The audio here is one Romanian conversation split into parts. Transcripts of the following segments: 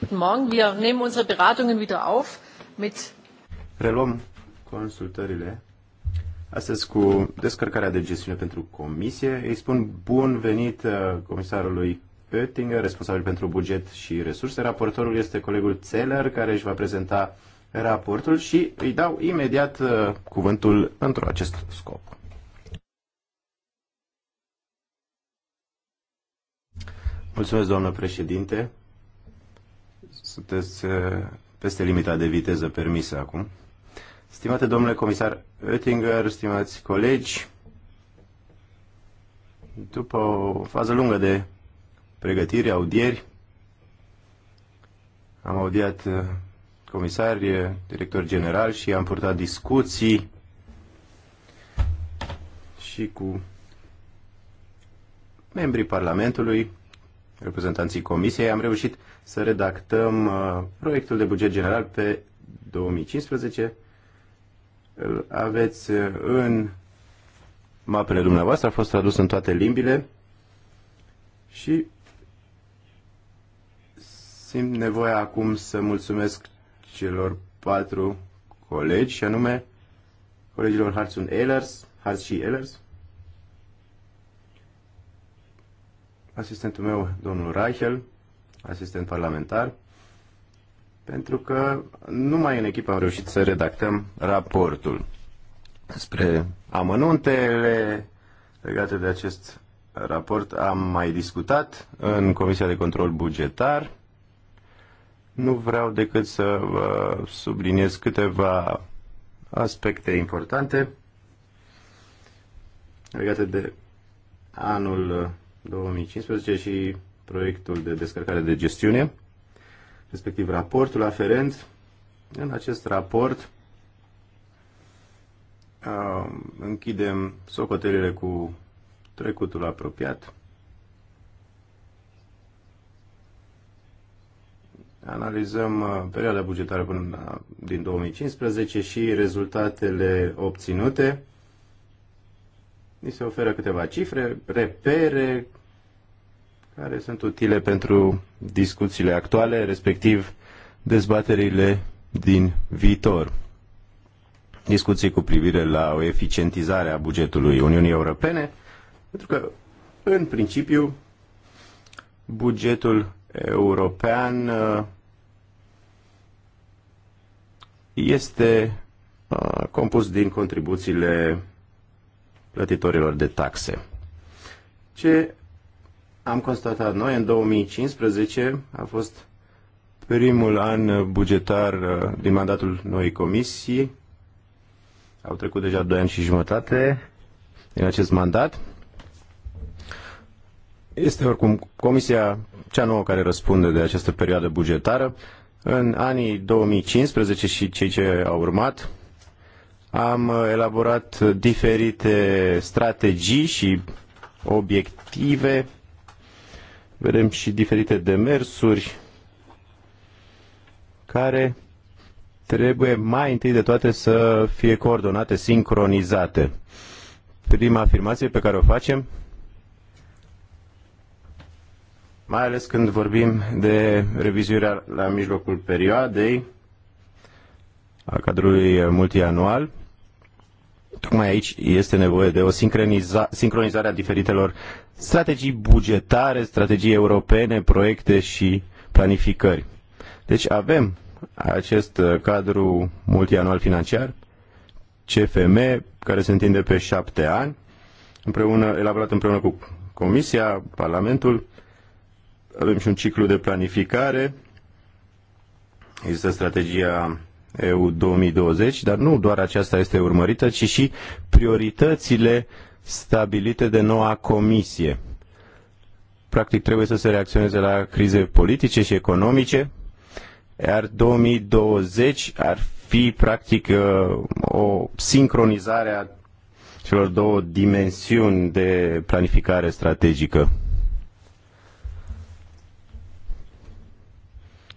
Guten Morgen, wir nehmen unsere Beratungen wieder auf mit Reluăm consultările astăzi cu descărcarea de gestiune pentru comisie. Îi spun bun venit uh, comisarului Oettinger, responsabil pentru buget și resurse. Raportorul este colegul Zeller, care își va prezenta raportul și îi dau imediat uh, cuvântul pentru acest scop. Mulțumesc, doamnă președinte. Sunteți eh, peste limita de viteză permisă acum. Stimate domnule comisar Oettinger, stimați colegi, după o fază lungă de pregătiri, audieri, am audiat eh, comisari, eh, director general și am purtat discuții și cu membrii Parlamentului, reprezentanții Comisiei, am reușit să redactăm uh, proiectul de buget general pe 2015. Îl aveți uh, în mapele dumneavoastră, a fost tradus în toate limbile și simt nevoia acum să mulțumesc celor patru colegi, și anume colegilor Harțun Ehlers, Harț și Ehlers, asistentul meu, domnul Reichel, asistent parlamentar, pentru că numai în echipă am reușit să redactăm raportul spre amănuntele legate de acest raport am mai discutat în Comisia de Control Bugetar. Nu vreau decât să vă subliniez câteva aspecte importante legate de anul 2015 și proiectul de descărcare de gestiune, respectiv raportul aferent. În acest raport uh, închidem socotelile cu trecutul apropiat, analizăm uh, perioada bugetară până din 2015 și rezultatele obținute Ni se oferă câteva cifre, repere, care sunt utile pentru discuțiile actuale, respectiv dezbaterile din viitor. Discuții cu privire la o eficientizare a bugetului Uniunii Europene, pentru că, în principiu, bugetul european uh, este uh, compus din contribuțiile plătitorilor de taxe. Ce am constatat noi în 2015 a fost primul an bugetar uh, din mandatul noii comisii. Au trecut deja 2 ani și jumătate din acest mandat. Este oricum comisia cea nouă care răspunde de această perioadă bugetară. În anii 2015 și cei ce au urmat, am elaborat diferite strategii și obiective, vedem și diferite demersuri care trebuie mai întâi de toate să fie coordonate, sincronizate. Prima afirmație pe care o facem, mai ales când vorbim de revizuirea la mijlocul perioadei a cadrului multianual, Tocmai aici este nevoie de o sincroniza- sincronizare a diferitelor strategii bugetare, strategii europene, proiecte și planificări. Deci avem acest uh, cadru multianual financiar, CFM, care se întinde pe șapte ani, împreună, elaborat împreună cu Comisia, Parlamentul. Avem și un ciclu de planificare. Există strategia EU 2020, dar nu doar aceasta este urmărită, ci și prioritățile stabilite de noua comisie. Practic trebuie să se reacționeze la crize politice și economice, iar 2020 ar fi practic uh, o sincronizare a celor două dimensiuni de planificare strategică.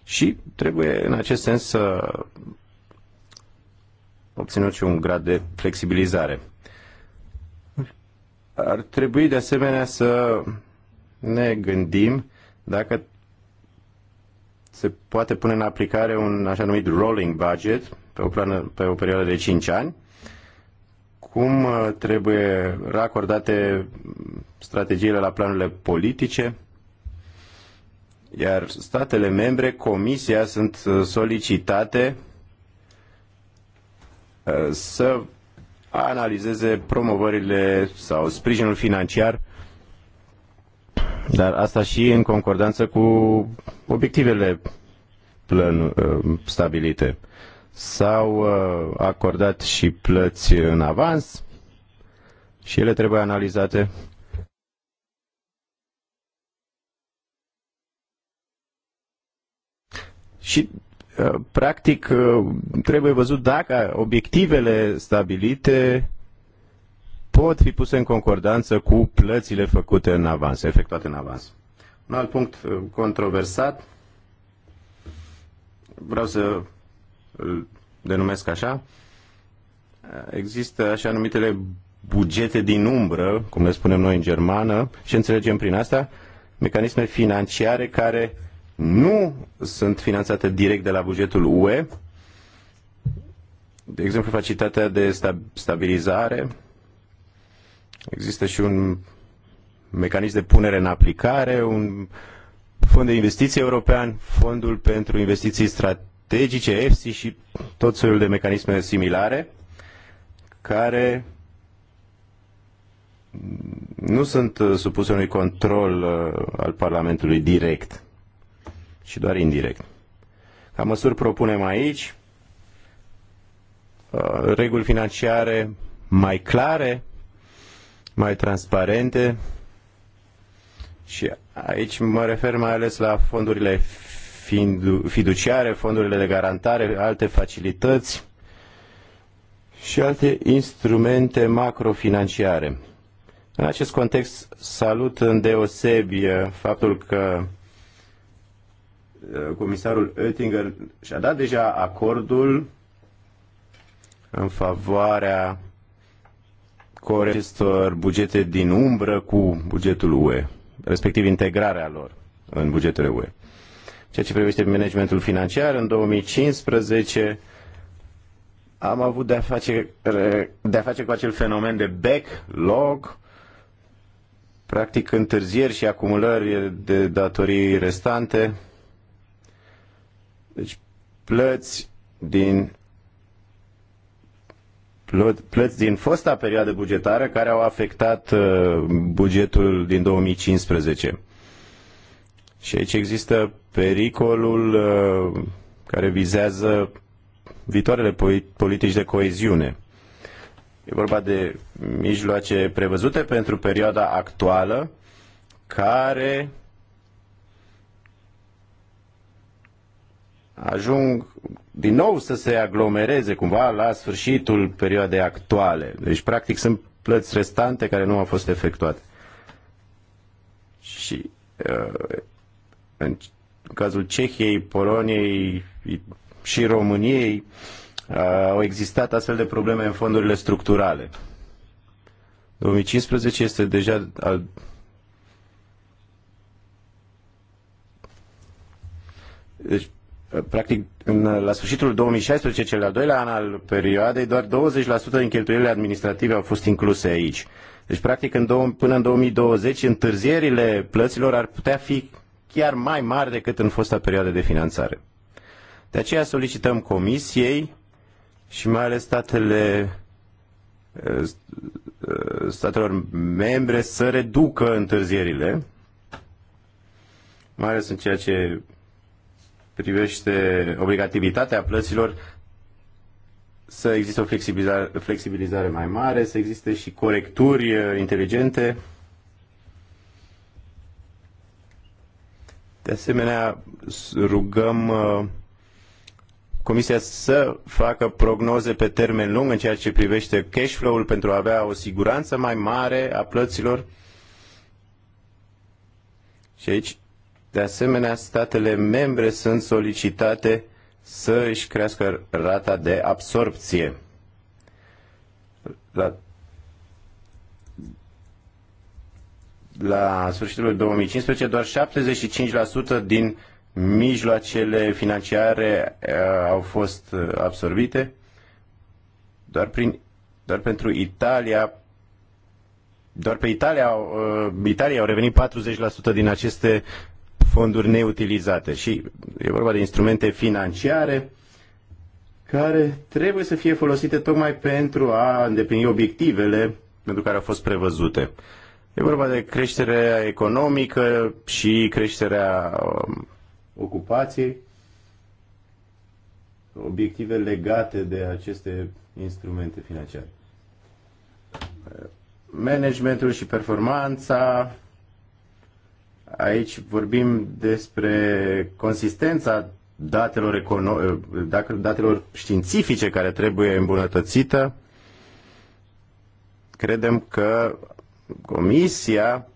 Și trebuie în acest sens să obținut și un grad de flexibilizare. Ar trebui de asemenea să ne gândim dacă se poate pune în aplicare un așa numit rolling budget pe o, plană, pe o perioadă de 5 ani, cum uh, trebuie racordate strategiile la planurile politice, iar statele membre, comisia, sunt uh, solicitate să analizeze promovările sau sprijinul financiar, dar asta și în concordanță cu obiectivele plan, uh, stabilite. S-au uh, acordat și plăți în avans și ele trebuie analizate. Și Eh, practic, eh, trebuie văzut dacă obiectivele stabilite pot fi puse în concordanță cu plățile făcute în avans, efectuate în avans. Un alt punct eh, controversat, vreau să îl denumesc așa, există așa numitele bugete din umbră, cum le spunem noi în germană, și înțelegem prin asta mecanisme financiare care nu sunt finanțate direct de la bugetul UE, de exemplu, facilitatea de stabilizare, există și un mecanism de punere în aplicare, un fond de investiții european, fondul pentru investiții strategice, EFSI și tot felul de mecanisme similare, care nu sunt supuse unui control uh, al Parlamentului direct și doar indirect. Ca măsuri propunem aici uh, reguli financiare mai clare, mai transparente și aici mă refer mai ales la fondurile fiduciare, fondurile de garantare, alte facilități și alte instrumente macrofinanciare. În acest context salut îndeosebi uh, faptul că Uh, comisarul Oettinger și-a dat deja acordul în favoarea corecestor bugete din umbră cu bugetul UE, respectiv integrarea lor în bugetul UE. Ceea ce privește managementul financiar, în 2015 am avut de-a face, de face cu acel fenomen de backlog, practic întârzieri și acumulări de datorii restante, deci plăți din plăți din fosta perioadă bugetară care au afectat uh, bugetul din 2015. Și aici există pericolul uh, care vizează viitoarele politici de coeziune. E vorba de mijloace prevăzute pentru perioada actuală care ajung din nou să se aglomereze cumva la sfârșitul perioadei actuale. Deci, practic, sunt plăți restante care nu au fost efectuate. Și uh, în cazul Cehiei, Poloniei și României uh, au existat astfel de probleme în fondurile structurale. 2015 este deja al Deci Uh, practic, în, uh, la sfârșitul 2016, cel de-al doilea an al perioadei, doar 20% din cheltuielile administrative au fost incluse aici. Deci, practic, în două, până în 2020, întârzierile plăților ar putea fi chiar mai mari decât în fosta perioadă de finanțare. De aceea solicităm Comisiei și mai ales statele, uh, statelor membre să reducă întârzierile, mai ales în ceea ce privește obligativitatea plăților, să existe o flexibilizare, flexibilizare mai mare, să existe și corecturi uh, inteligente. De asemenea, rugăm uh, Comisia să facă prognoze pe termen lung în ceea ce privește cash flow-ul pentru a avea o siguranță mai mare a plăților. Și aici de asemenea, statele membre sunt solicitate să își crească rata de absorpție. La, la sfârșitul 2015, doar 75% din mijloacele financiare uh, au fost uh, absorbite. Doar, prin, doar pentru Italia, doar pe Italia, uh, Italia au revenit 40% din aceste fonduri neutilizate și e vorba de instrumente financiare care trebuie să fie folosite tocmai pentru a îndeplini obiectivele pentru care au fost prevăzute. E vorba de creșterea economică și creșterea um, ocupației, obiective legate de aceste instrumente financiare. Managementul și performanța, Aici vorbim despre consistența datelor, econo- datelor științifice care trebuie îmbunătățită. Credem că Comisia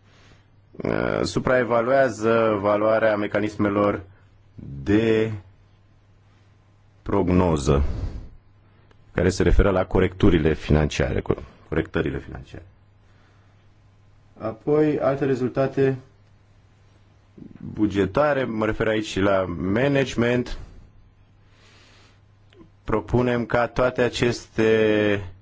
uh, supraevaluează valoarea mecanismelor de prognoză care se referă la corecturile financiare, corectările financiare. Apoi, alte rezultate bugetare, mă refer aici la management. Propunem ca toate aceste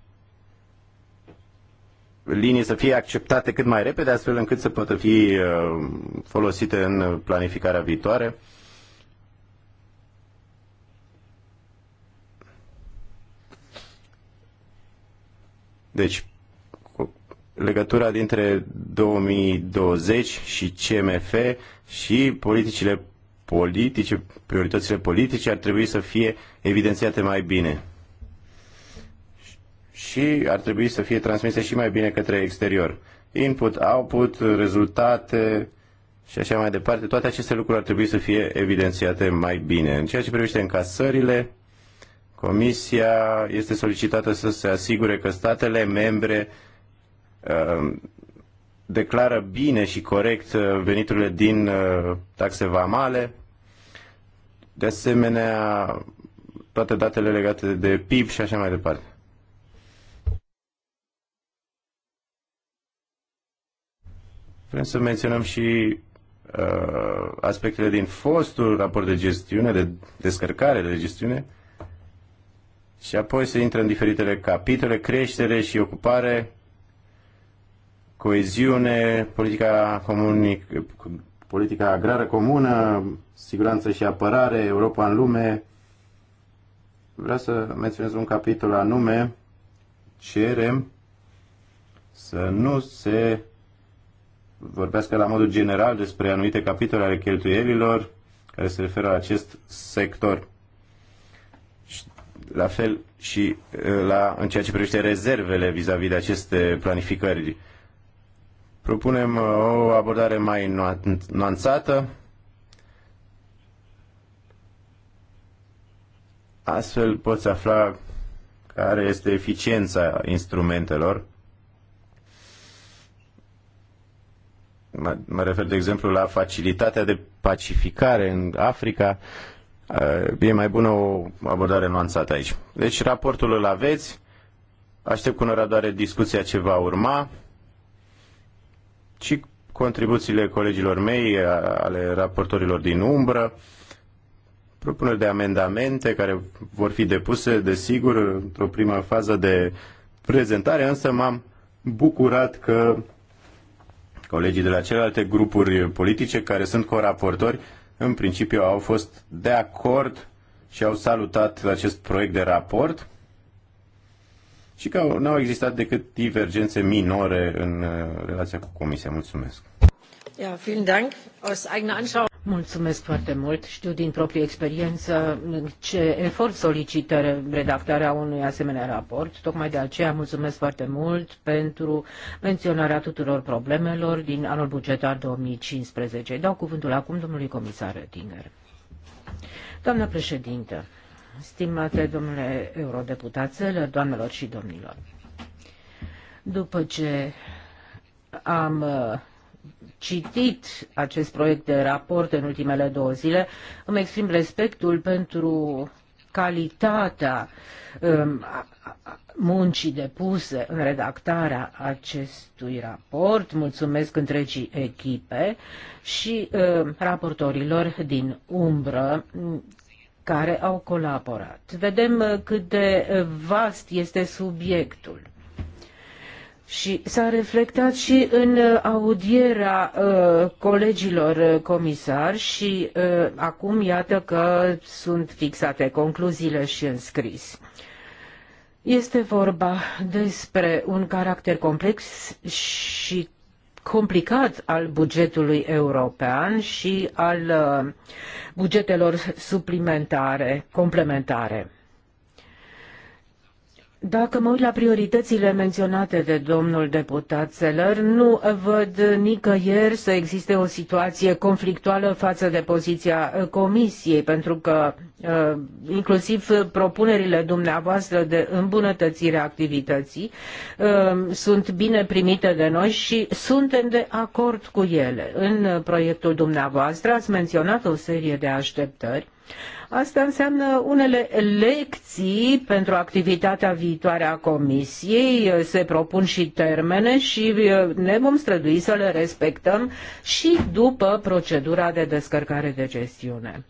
linii să fie acceptate cât mai repede, astfel încât să poată fi uh, folosite în planificarea viitoare. Deci, legătura dintre 2020 și CMF și politicile politice, prioritățile politice ar trebui să fie evidențiate mai bine și ar trebui să fie transmise și mai bine către exterior. Input, output, rezultate și așa mai departe, toate aceste lucruri ar trebui să fie evidențiate mai bine. În ceea ce privește încasările, Comisia este solicitată să se asigure că statele membre uh, declară bine și corect uh, veniturile din uh, taxe vamale. De asemenea, toate datele legate de PIB și așa mai departe. Vrem să menționăm și uh, aspectele din fostul raport de gestiune, de descărcare de gestiune, și apoi se intră în diferitele capitole, creștere și ocupare, coeziune, politica, comunic, politica agrară comună, siguranță și apărare, Europa în lume. Vreau să menționez un capitol anume. Cerem să nu se vorbească la modul general despre anumite capitole ale cheltuielilor care se referă la acest sector. La fel și uh, la, în ceea ce privește rezervele vis-a-vis -vis de aceste planificări Propunem uh, o abordare mai nuanțată, Astfel poți afla care este eficiența instrumentelor. Mă, mă refer, de exemplu, la facilitatea de pacificare în Africa. Uh, e mai bună o abordare nuanțată aici. Deci, raportul îl aveți. Aștept cu nerăbdare discuția ce va urma ci contribuțiile colegilor mei, ale raportorilor din umbră, propuneri de amendamente care vor fi depuse, desigur, într-o prima fază de prezentare, însă m-am bucurat că colegii de la celelalte grupuri politice care sunt coraportori, în principiu au fost de acord și au salutat acest proiect de raport și că n-au existat decât divergențe minore în uh, relația cu Comisia. Mulțumesc! Ja, vielen Dank. Aus eigener Anschauung. Mulțumesc foarte mult. Știu din proprie experiență ce efort solicită redactarea unui asemenea raport. Tocmai de aceea mulțumesc foarte mult pentru menționarea tuturor problemelor din anul bugetar 2015. Dau cuvântul acum domnului comisar Oettinger. Doamnă președintă, Stimate domnule eurodeputațelor, doamnelor și domnilor, după ce am uh, citit acest proiect de raport în ultimele două zile, îmi exprim respectul pentru calitatea um, muncii depuse în redactarea acestui raport. Mulțumesc întregii echipe și um, raportorilor din umbră care au colaborat. Vedem uh, cât de uh, vast este subiectul. Și s-a reflectat și în uh, audierea colegilor comisari și acum iată că sunt fixate concluziile și în scris. Este vorba despre un caracter complex și complicat al bugetului european și al uh, bugetelor suplimentare, complementare. Dacă mă uit la prioritățile menționate de domnul deputat Seller, nu văd nicăieri să existe o situație conflictuală față de poziția uh, Comisiei, pentru că uh, inclusiv propunerile dumneavoastră de îmbunătățire a activității uh, sunt bine primite de noi și suntem de acord cu ele. În proiectul dumneavoastră ați menționat o serie de așteptări Asta înseamnă unele lecții pentru activitatea viitoare a Comisiei, se propun și termene și uh, ne vom strădui să le respectăm și după procedura de descărcare de gestiune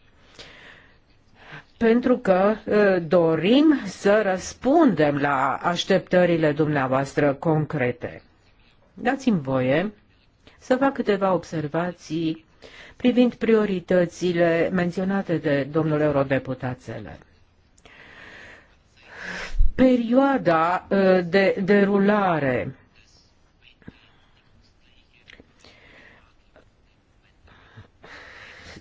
pentru că uh, dorim să răspundem la așteptările dumneavoastră concrete. Dați-mi voie să fac câteva observații privind prioritățile menționate de domnul eurodeputat Zeller. Perioada uh, de derulare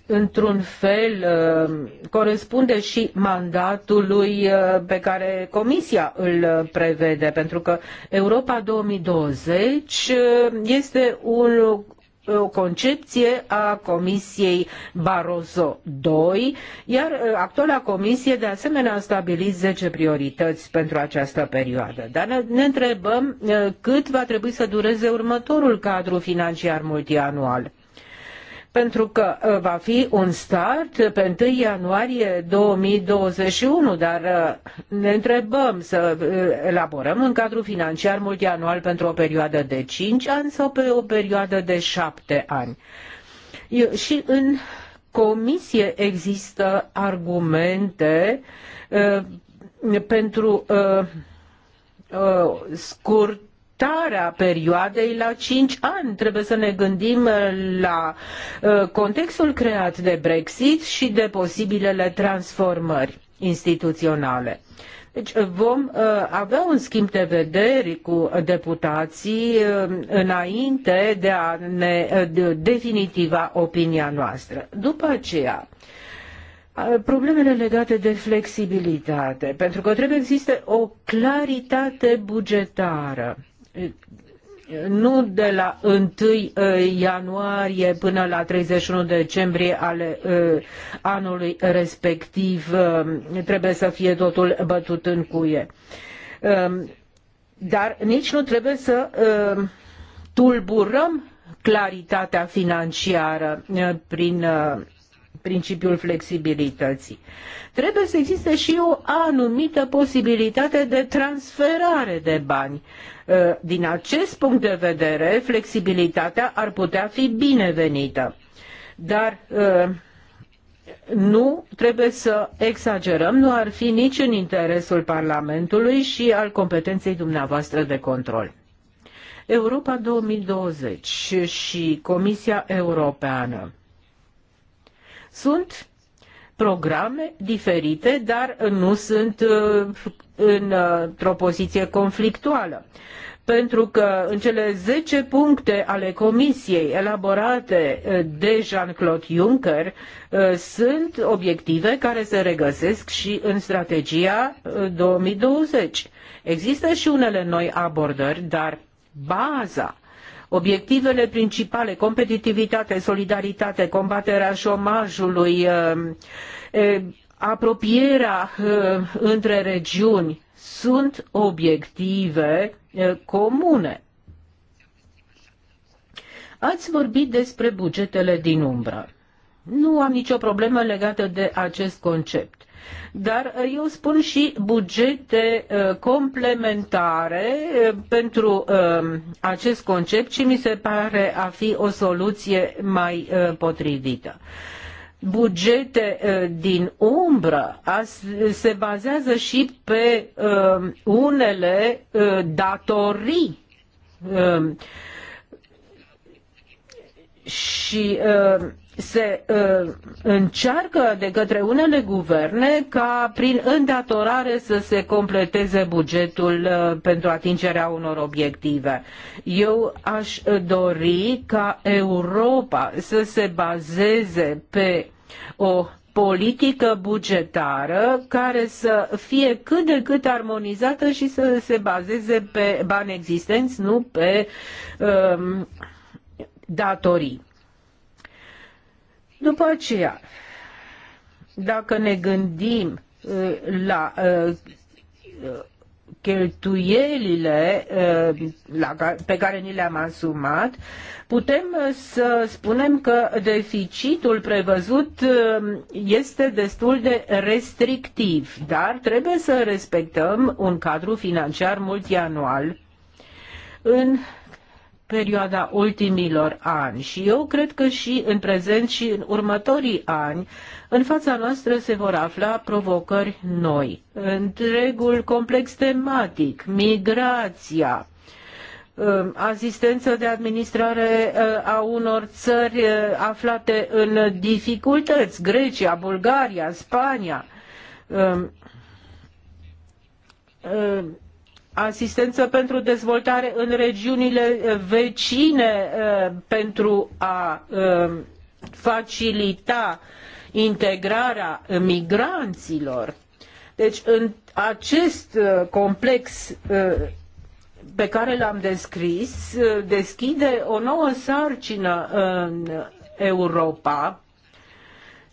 într-un fel uh, corespunde și mandatului uh, pe care Comisia îl prevede, pentru că Europa 2020 este un, o concepție a Comisiei Barroso II, iar actuala comisie de asemenea a stabilit 10 priorități pentru această perioadă. Dar ne, ne întrebăm cât va trebui să dureze următorul cadru financiar multianual pentru că uh, va fi un start pe 1 ianuarie 2021, dar uh, ne întrebăm să uh, elaborăm un cadru financiar multianual pentru o perioadă de 5 ani sau pe o perioadă de 7 ani. Eu, și în comisie există argumente uh, pentru uh, uh, scurt limitarea perioadei la 5 ani. Trebuie să ne gândim uh, la uh, contextul creat de Brexit și de posibilele transformări instituționale. Deci uh, vom avea un schimb de vederi cu deputații înainte de a ne definitiva opinia noastră. După aceea, problemele legate de flexibilitate, pentru că trebuie să existe o claritate bugetară nu de la 1 uh, ianuarie până la 31 decembrie ale uh, anului respectiv uh, trebuie să fie totul bătut în cuie. Um, dar nici nu trebuie să tulburăm claritatea financiară prin principiul flexibilității. Trebuie să existe și o anumită posibilitate de transferare de bani. Uh, din acest punct de vedere, flexibilitatea ar putea fi binevenită. Dar uh, nu trebuie să exagerăm, nu ar fi nici în interesul Parlamentului și al competenței dumneavoastră de control. Europa 2020 și Comisia Europeană sunt programe diferite, dar nu sunt uh, Uh, într-o poziție conflictuală. Pentru că în cele 10 puncte ale comisiei elaborate uh, de Jean-Claude Juncker uh, sunt obiective care se regăsesc și în strategia 2020. Există și unele noi abordări, dar baza obiectivele principale, competitivitate, solidaritate, combaterea șomajului, apropierea între regiuni sunt obiective comune. Ați vorbit despre bugetele din umbră. Nu am nicio problemă legată de acest concept. Dar eu spun și bugete complementare pentru acest concept și mi se pare a fi o soluție mai potrivită bugete uh, din umbră se bazează și pe um, unele uh, datorii um, și uh, se uh, încearcă de către unele guverne ca prin îndatorare să se completeze bugetul uh, pentru atingerea unor obiective. Eu aș uh, dori ca Europa să se bazeze pe o politică bugetară care să fie cât de cât armonizată și să se bazeze pe bani existenți, nu pe um, datorii. După aceea, dacă ne gândim uh, la uh, cheltuielile uh, pe care ni le-am asumat, putem să spunem că deficitul prevăzut este destul de restrictiv, dar trebuie să respectăm un cadru financiar multianual în perioada ultimilor ani și eu cred că și în prezent și în următorii ani în fața noastră se vor afla provocări noi. Întregul complex tematic, migrația, um, asistență de administrare uh, a unor țări uh, aflate în dificultăți, Grecia, Bulgaria, Spania, um, um, asistență pentru dezvoltare în regiunile eh, vecine eh, pentru a eh, facilita integrarea migranților. Deci în acest complex pe care l-am descris deschide o nouă sarcină în Europa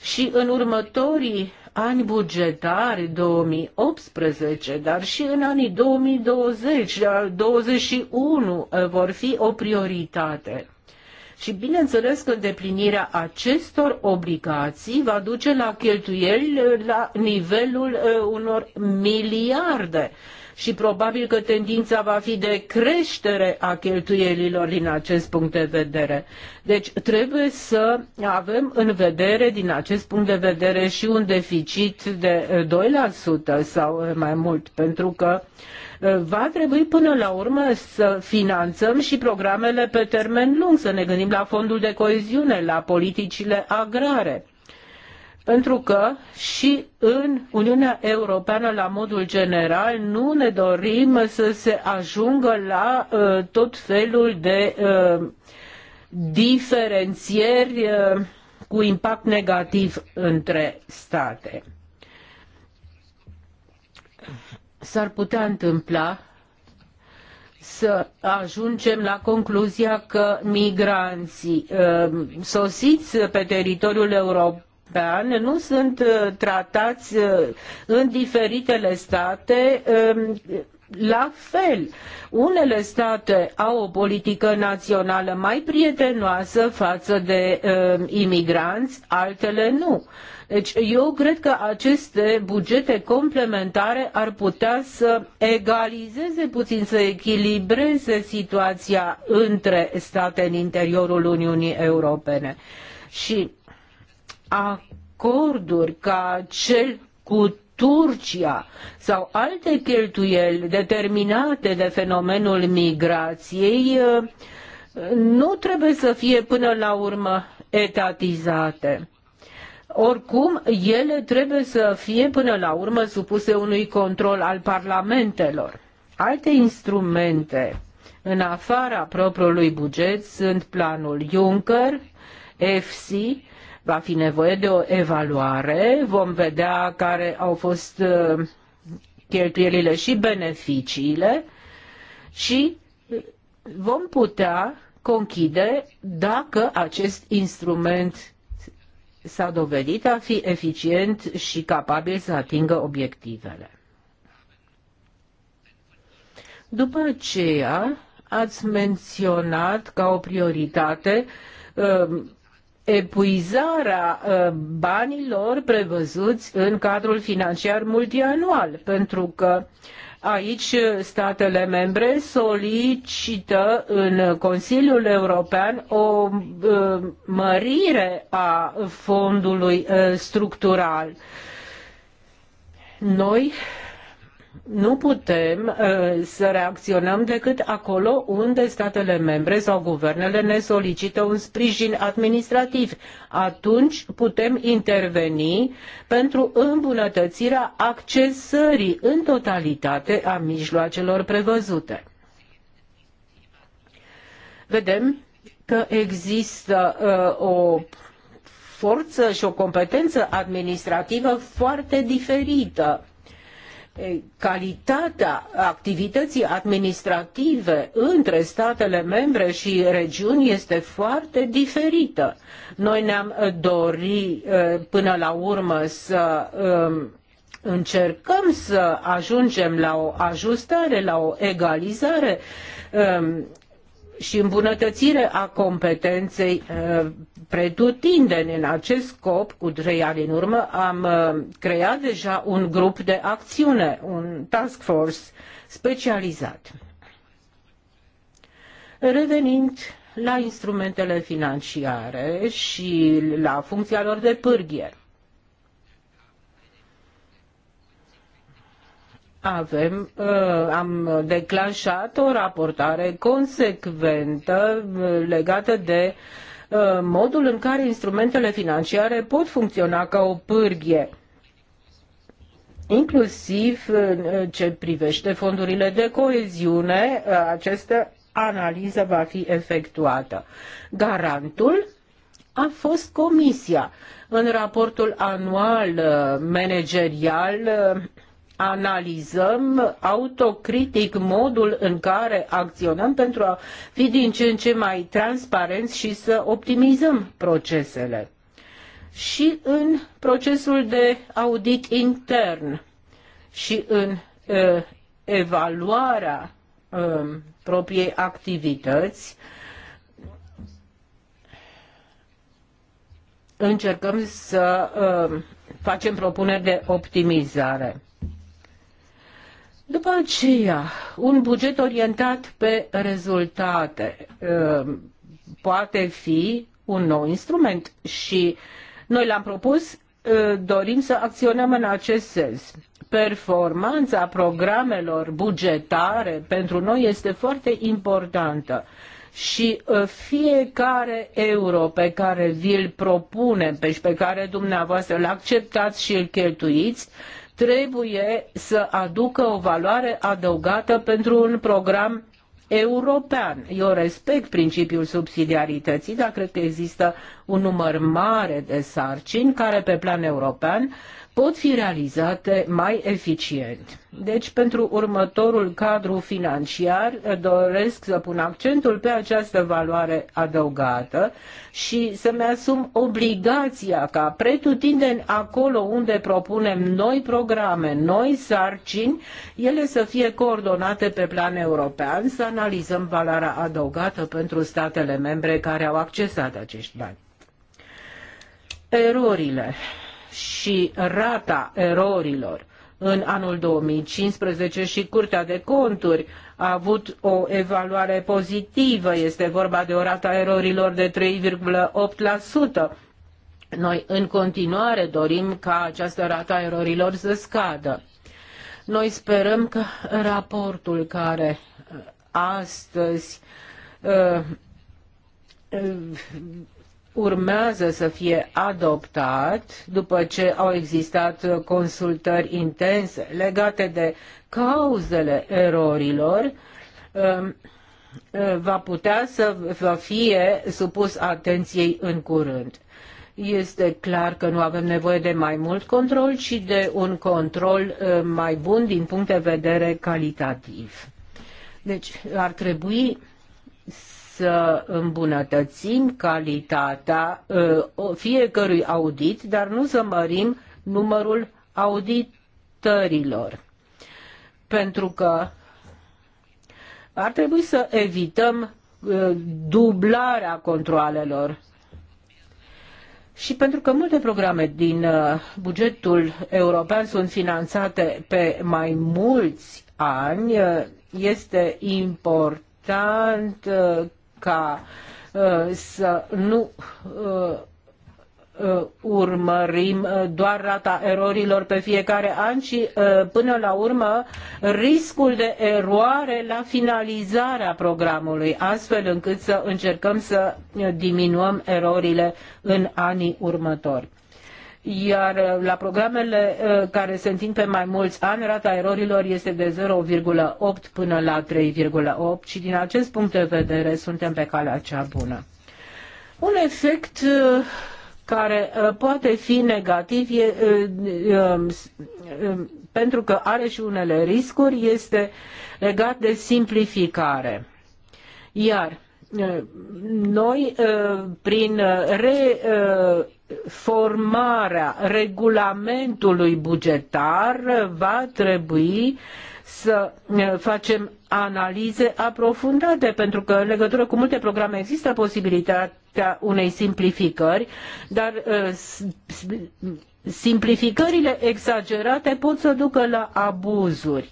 și în următorii ani bugetari 2018, dar și în anii 2020, 2021 eh, vor fi o prioritate. Și bineînțeles că îndeplinirea acestor obligații va duce la cheltuieli eh, la nivelul eh, unor miliarde și probabil că tendința va fi de creștere a cheltuielilor din acest punct de vedere. Deci trebuie să avem în vedere din acest punct de vedere și un deficit de 2% eh, sau mai mult, pentru că eh, va trebui până la urmă să finanțăm și programele pe termen lung, să ne gândim la fondul de coeziune, la politicile agrare pentru că și în Uniunea Europeană, la modul general, nu ne dorim să se ajungă la uh, tot felul de uh, diferențieri uh, cu impact negativ între state. S-ar putea întâmpla să ajungem la concluzia că migranții uh, sosiți pe teritoriul european pe an nu sunt uh, tratați uh, în diferitele state um, la fel, unele state au o politică națională mai prietenoasă față de uh, imigranți, altele nu. Deci eu cred că aceste bugete complementare ar putea să egalizeze puțin, să echilibreze situația între state în interiorul Uniunii Europene. Și acorduri ca cel cu Turcia sau alte cheltuieli determinate de fenomenul migrației nu trebuie să fie până la urmă etatizate. Oricum, ele trebuie să fie până la urmă supuse unui control al parlamentelor. Alte instrumente în afara propriului buget sunt planul Juncker, EFSI Va fi nevoie de o evaluare, vom vedea care au fost uh, cheltuielile și beneficiile și uh, vom putea conchide dacă acest instrument s-a dovedit a fi eficient și capabil să atingă obiectivele. După aceea, ați menționat ca o prioritate uh, epuizarea uh, banilor prevăzuți în cadrul financiar multianual, pentru că aici statele membre solicită în Consiliul European o uh, mărire a fondului uh, structural. Noi nu putem uh, să reacționăm decât acolo unde statele membre sau guvernele ne solicită un sprijin administrativ. Atunci putem interveni pentru îmbunătățirea accesării în totalitate a mijloacelor prevăzute. Vedem că există uh, o forță și o competență administrativă foarte diferită calitatea activității administrative între statele membre și regiuni este foarte diferită. Noi ne-am dori până la urmă să încercăm să ajungem la o ajustare, la o egalizare și îmbunătățire a competenței uh, pretutindeni. În acest scop, cu trei ani în urmă, am uh, creat deja un grup de acțiune, un task force specializat. Revenind la instrumentele financiare și la funcția lor de pârghie. avem, uh, am declanșat o raportare consecventă uh, legată de uh, modul în care instrumentele financiare pot funcționa ca o pârghie inclusiv în ce privește fondurile de coeziune, această analiză va fi efectuată. Garantul a fost comisia. În raportul anual managerial analizăm autocritic modul în care acționăm pentru a fi din ce în ce mai transparenți și să optimizăm procesele. Și în procesul de audit intern și în uh, evaluarea uh, propriei activități, încercăm să uh, facem propuneri de optimizare. După aceea, un buget orientat pe rezultate uh, poate fi un nou instrument și noi l-am propus, uh, dorim să acționăm în acest sens. Performanța programelor bugetare pentru noi este foarte importantă și uh, fiecare euro pe care vi-l propunem și pe care dumneavoastră îl acceptați și îl cheltuiți trebuie să aducă o valoare adăugată pentru un program european. Eu respect principiul subsidiarității, dar cred că există un număr mare de sarcini care pe plan european pot fi realizate mai eficient. Deci, pentru următorul cadru financiar, doresc să pun accentul pe această valoare adăugată și să-mi asum obligația ca pretutindeni acolo unde propunem noi programe, noi sarcini, ele să fie coordonate pe plan european, să analizăm valoarea adăugată pentru statele membre care au accesat acești bani. Erorile și rata erorilor. În anul 2015 și Curtea de Conturi a avut o evaluare pozitivă, este vorba de o rata erorilor de 3,8%. Noi în continuare dorim ca această rată erorilor să scadă. Noi sperăm că raportul care uh, astăzi uh, uh urmează să fie adoptat după ce au existat consultări intense legate de cauzele erorilor um, uh, va putea să va fie supus atenției în curând. Este clar că nu avem nevoie de mai mult control, ci de un control uh, mai bun din punct de vedere calitativ. Deci ar trebui să îmbunătățim calitatea ă, fiecărui audit, dar nu să mărim numărul auditărilor. Pentru că ar trebui să evităm ă, dublarea controalelor. Și pentru că multe programe din ă, bugetul european sunt finanțate pe mai mulți ani, este important ca uh, să nu uh, uh, urmărim doar rata erorilor pe fiecare an, ci până la urmă riscul de eroare la finalizarea programului, astfel încât să încercăm să diminuăm erorile în anii următori iar uh, la programele uh, care se întind pe mai mulți ani, rata erorilor este de 0,8 până la 3,8 și din acest punct de vedere suntem pe calea cea bună. Un efect uh, care poate fi negativ e, um, um, pentru că are și unele riscuri, este legat de simplificare. Iar noi, uh, prin uh, reformarea regulamentului bugetar, va trebui să uh, facem analize aprofundate, pentru că în legătură cu multe programe există posibilitatea unei simplificări, dar simplificările exagerate pot să ducă la abuzuri.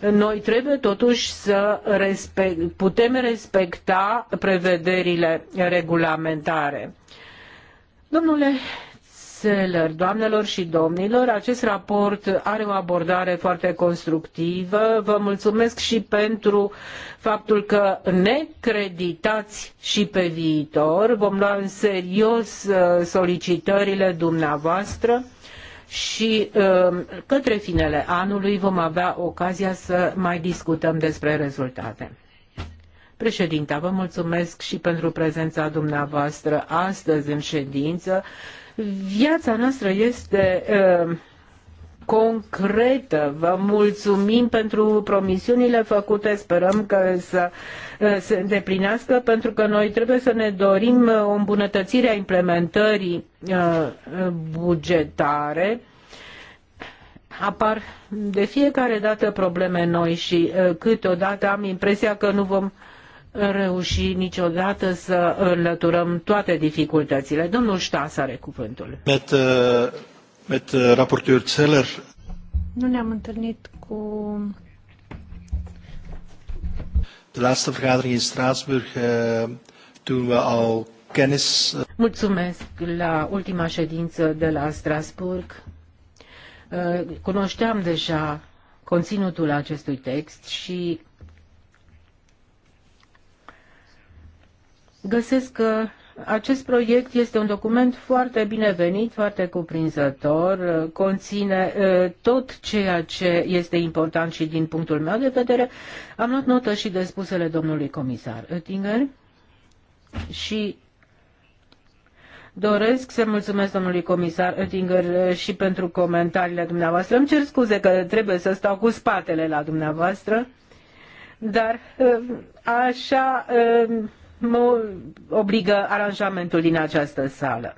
Noi trebuie totuși să respect, putem respecta prevederile regulamentare. Domnule Seller, doamnelor și domnilor, acest raport are o abordare foarte constructivă. Vă mulțumesc și pentru faptul că ne creditați și pe viitor. Vom lua în serios uh, solicitările dumneavoastră și um, către finele anului vom avea ocazia să mai discutăm despre rezultate. Președinta, vă mulțumesc și pentru prezența dumneavoastră astăzi în ședință. Viața noastră este uh, concretă. Vă mulțumim pentru promisiunile făcute, sperăm că să eh, se îndeplinească, pentru că noi trebuie să ne dorim eh, o îmbunătățire a implementării eh, bugetare. Apar de fiecare dată probleme noi și câteodată am impresia că nu vom reuși niciodată să înlăturăm toate dificultățile. Domnul Ștas are cuvântul. uh met eh, raporteur Zeller. Nu ne-am întâlnit cu... De laatste vergadering in Straatsburg, uh, toen we al kennis... Eh, Mulțumesc la ultima ședință de la Strasburg. Uh, cunoșteam deja conținutul acestui text și găsesc că acest proiect este un document foarte binevenit, foarte cuprinzător, conține tot ceea ce este important și din punctul meu de vedere. Am luat notă și de spusele domnului comisar Oettinger și Doresc să mulțumesc domnului comisar Oettinger și pentru comentariile dumneavoastră. Îmi cer scuze că trebuie să stau cu spatele la dumneavoastră, dar așa mă obligă aranjamentul din această sală.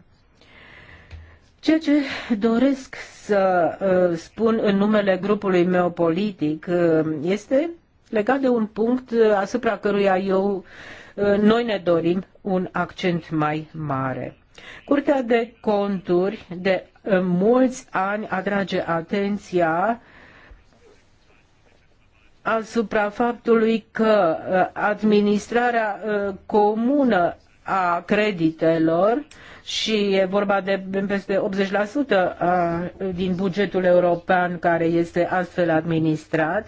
Ceea ce doresc să uh, spun în numele grupului meu politic uh, este legat de un punct uh, asupra căruia eu, uh, noi ne dorim un accent mai mare. Curtea de conturi de uh, mulți ani atrage atenția asupra faptului că uh, administrarea uh, comună a creditelor și e vorba de peste 80% uh, din bugetul european care este astfel administrat,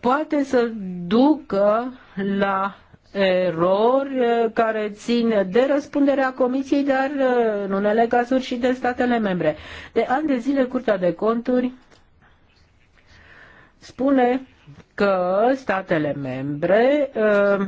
poate să ducă la erori care țin de răspunderea Comisiei, dar în unele cazuri și de statele membre. De ani de zile, Curtea de Conturi spune că statele membre uh,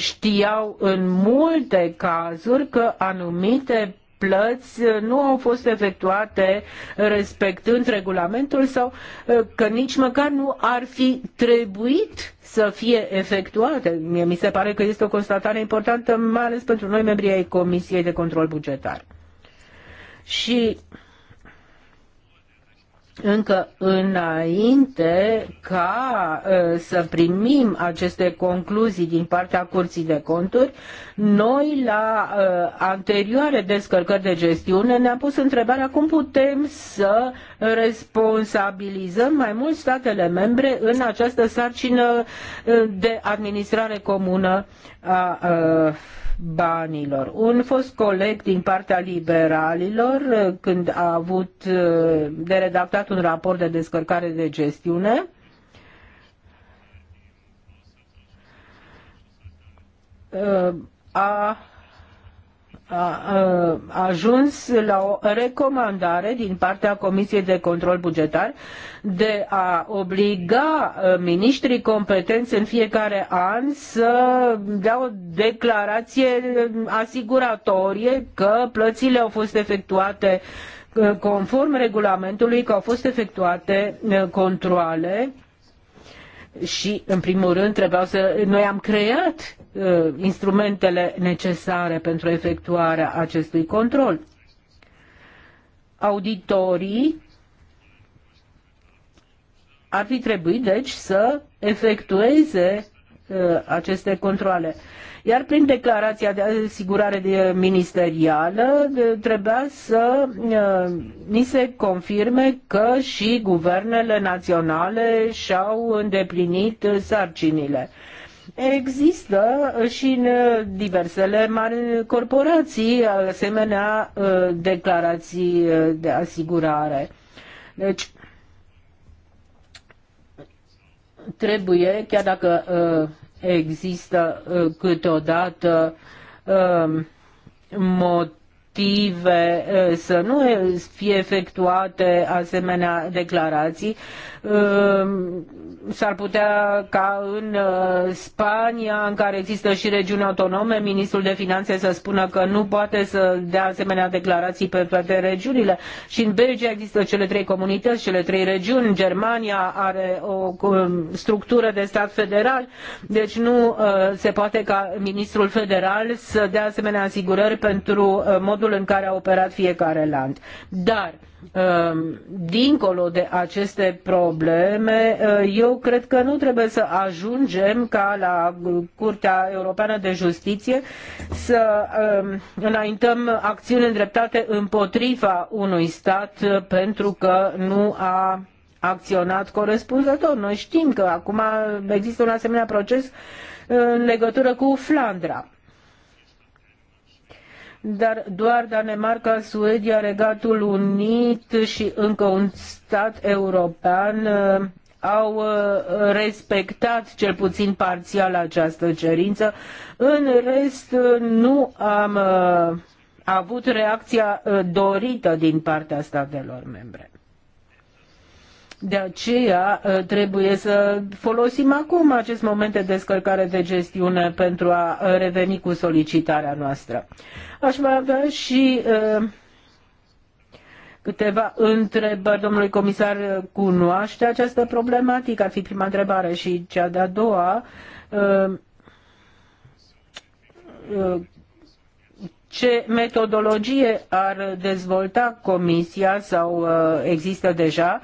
știau în multe cazuri că anumite plăți uh, nu au fost efectuate respectând regulamentul sau uh, că nici măcar nu ar fi trebuit să fie efectuate. Mie mi se pare că este o constatare importantă, mai ales pentru noi, membrii ai Comisiei de Control Bugetar. Și încă înainte ca ă, să primim aceste concluzii din partea Curții de Conturi, noi la ă, anterioare descărcări de gestiune ne-am pus întrebarea cum putem să responsabilizăm mai mult statele membre în această sarcină ă, de administrare comună a banilor. Un fost coleg din partea liberalilor, uh, când a avut uh, de redactat un raport de descărcare de gestiune, uh, a a ajuns la o recomandare din partea Comisiei de Control Bugetar de a obliga ministrii competenți în fiecare an să dea o declarație asiguratorie că plățile au fost efectuate conform regulamentului, că au fost efectuate controle și, în primul rând, trebuiau să... Noi am creat uh, instrumentele necesare pentru efectuarea acestui control. Auditorii ar fi trebuit, deci, să efectueze Uh, aceste controle. Iar prin declarația de asigurare ministerială uh, trebuia să uh, ni se confirme că și guvernele naționale și-au îndeplinit sarcinile. Există și în diversele mari corporații asemenea declarații de asigurare. Deci, trebuie, chiar dacă există uh, câteodată um, motive uh, să nu fie efectuate asemenea declarații Ehm, s-ar putea ca în eh, Spania, în care există și regiuni autonome, ministrul de finanțe să spună că nu poate să dea asemenea declarații pe toate regiunile. Și în Belgia există cele trei comunități, cele trei regiuni. Germania are o ehm, structură de stat federal, deci nu eh, se poate ca ministrul federal să dea asemenea asigurări pentru eh, modul în care a operat fiecare land. Dar Um, dincolo de aceste probleme, uh, eu cred că nu trebuie să ajungem ca la Curtea Europeană de Justiție să um, înaintăm acțiuni îndreptate împotriva unui stat pentru că nu a acționat corespunzător. Noi știm că acum există un asemenea proces uh, în legătură cu Flandra dar doar Danemarca, Suedia, Regatul Unit și încă un stat european uh, au uh, respectat cel puțin parțial această cerință. În rest, uh, nu am avut reacția dorită din partea statelor membre. De aceea ă, trebuie să folosim acum acest moment de descărcare de gestiune pentru a ă, reveni cu solicitarea noastră. Aș mai avea și ă, câteva întrebări. Domnului comisar, cunoaște această problematică? Ar fi prima întrebare. Și cea de-a doua, ce metodologie ar dezvolta Comisia sau uh, există deja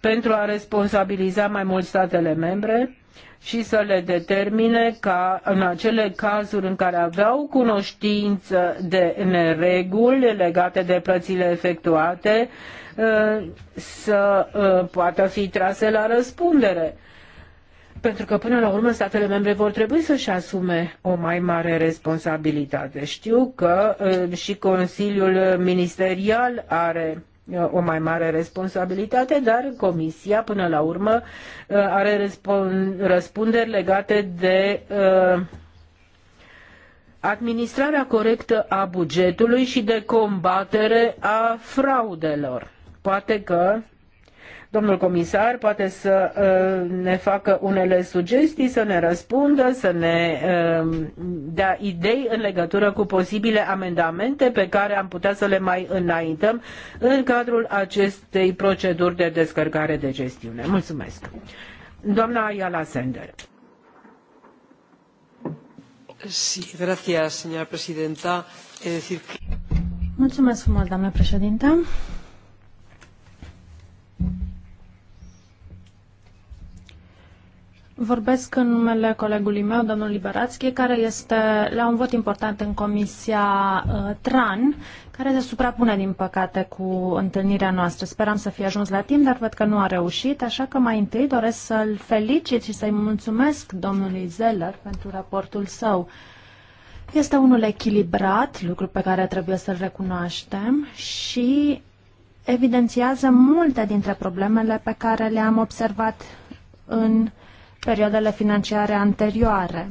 pentru a responsabiliza mai mult statele membre și să le determine ca în acele cazuri în care aveau cunoștință de nereguli legate de plățile efectuate uh, să uh, poată fi trase la răspundere pentru că, până la urmă, statele membre vor trebui să-și asume o mai mare responsabilitate. Știu că uh, și Consiliul Ministerial are uh, o mai mare responsabilitate, dar Comisia, până la urmă, uh, are răspunderi legate de administrarea corectă a bugetului și de combatere a fraudelor. Poate că Domnul comisar poate să uh, ne facă unele sugestii, să ne răspundă, să ne uh, dea idei în legătură cu posibile amendamente pe care am putea să le mai înaintăm în cadrul acestei proceduri de descărcare de gestiune. Mulțumesc. Doamna Ayala Sender. Sí, gracias, señora presidenta. Es decir... Mulțumesc frumos, doamnă președintă. Vorbesc în numele colegului meu, domnul Liberațchi, care este la un vot important în Comisia uh, TRAN, care se suprapune, din păcate, cu întâlnirea noastră. Speram să fie ajuns la timp, dar văd că nu a reușit, așa că mai întâi doresc să-l felicit și să-i mulțumesc domnului Zeller pentru raportul său. Este unul echilibrat, lucru pe care trebuie să-l recunoaștem, și evidențiază multe dintre problemele pe care le-am observat în uh, perioadele financiare anterioare.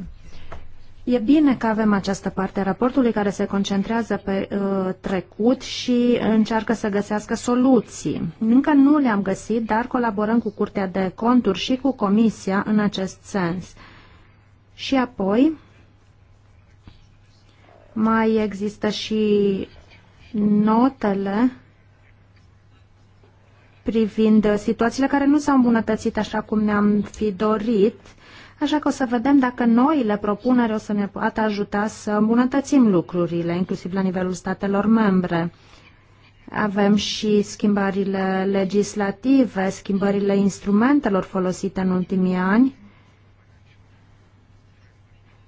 E bine că avem această parte a raportului care se concentrează pe uh, trecut și încearcă să găsească soluții. Încă nu le-am găsit, dar colaborăm cu Curtea de Conturi și cu Comisia în acest sens. Și apoi mai există și notele privind situațiile care nu s-au îmbunătățit așa cum ne-am fi dorit, așa că o să vedem dacă noile propuneri o să ne poată ajuta să îmbunătățim lucrurile, inclusiv la nivelul statelor membre. Avem și schimbările legislative, schimbările instrumentelor folosite în ultimii ani,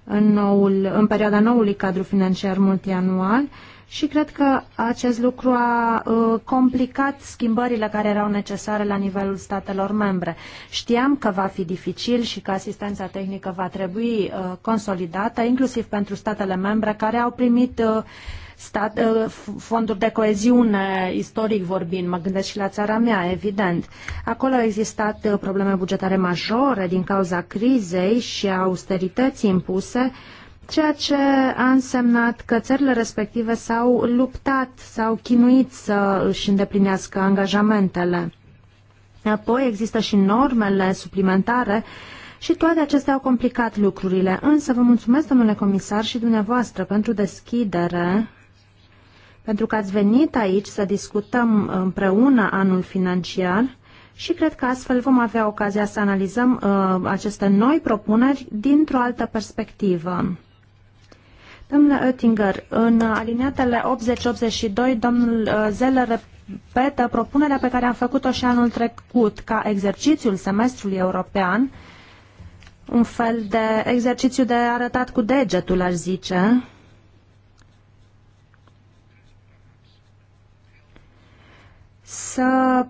în, noul, în perioada noului cadru financiar multianual și cred că acest lucru a uh, complicat schimbările care erau necesare la nivelul statelor membre. Știam că va fi dificil și că asistența tehnică va trebui uh, consolidată, inclusiv pentru statele membre care au primit uh, stat, uh, fonduri de coeziune, istoric vorbind, mă gândesc și la țara mea, evident. Acolo au existat uh, probleme bugetare majore din cauza crizei și austerității impuse, uh, ceea ce a însemnat că țările respective s-au luptat, s-au chinuit să își îndeplinească angajamentele. Apoi există și normele suplimentare și toate acestea au complicat lucrurile. Însă vă mulțumesc, domnule comisar, și dumneavoastră pentru deschidere, pentru că ați venit aici să discutăm împreună anul financiar și cred că astfel vom avea ocazia să analizăm uh, aceste noi propuneri dintr-o altă perspectivă. Domnule Oettinger, în aliniatele 80-82, domnul uh, Zeller repetă propunerea pe care am făcut-o și anul trecut ca exercițiul semestrului european, un fel de exercițiu de arătat cu degetul, aș zice, să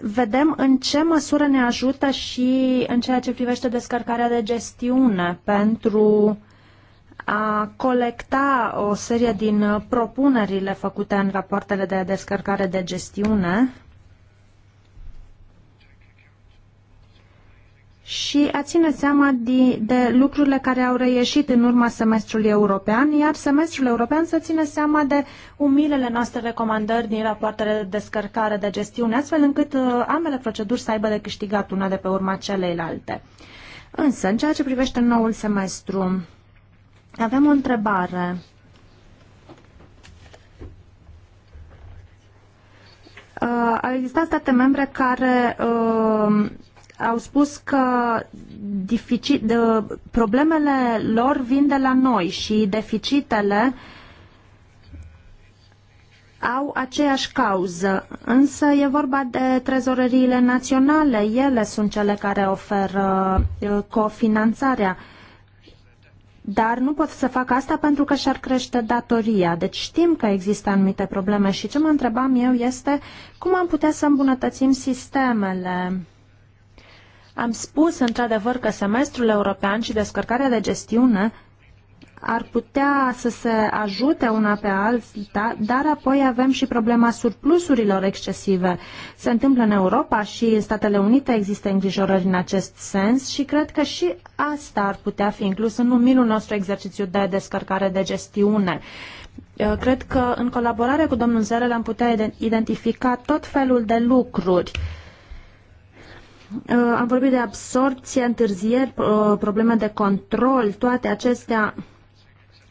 vedem în ce măsură ne ajută și în ceea ce privește descărcarea de gestiune pentru a colecta o serie din propunerile făcute în rapoartele de descărcare de gestiune și a ține seama de, de lucrurile care au reieșit în urma semestrului european, iar semestrul european să ține seama de umilele noastre recomandări din rapoartele de descărcare de gestiune, astfel încât uh, ambele proceduri să aibă de câștigat una de pe urma celeilalte. Însă, în ceea ce privește noul semestru, avem o întrebare. Uh, au existat state membre care uh, au spus că dificil, de, uh, problemele lor vin de la noi și deficitele au aceeași cauză, însă e vorba de trezoreriile naționale, ele sunt cele care oferă uh, cofinanțarea. Uh, dar nu pot să fac asta pentru că și-ar crește datoria. Deci știm că există anumite probleme și ce mă întrebam eu este cum am putea să îmbunătățim sistemele. Am spus într-adevăr că semestrul european și descărcarea de gestiune ar putea să se ajute una pe alta, dar apoi avem și problema surplusurilor excesive. Se întâmplă în Europa și în Statele Unite există îngrijorări în acest sens și cred că și asta ar putea fi inclus în numirul nostru exercițiu de descărcare de gestiune. Cred că în colaborare cu domnul Zerel am putea identifica tot felul de lucruri uh, am vorbit de absorpție, întârzieri, uh, probleme de control, toate acestea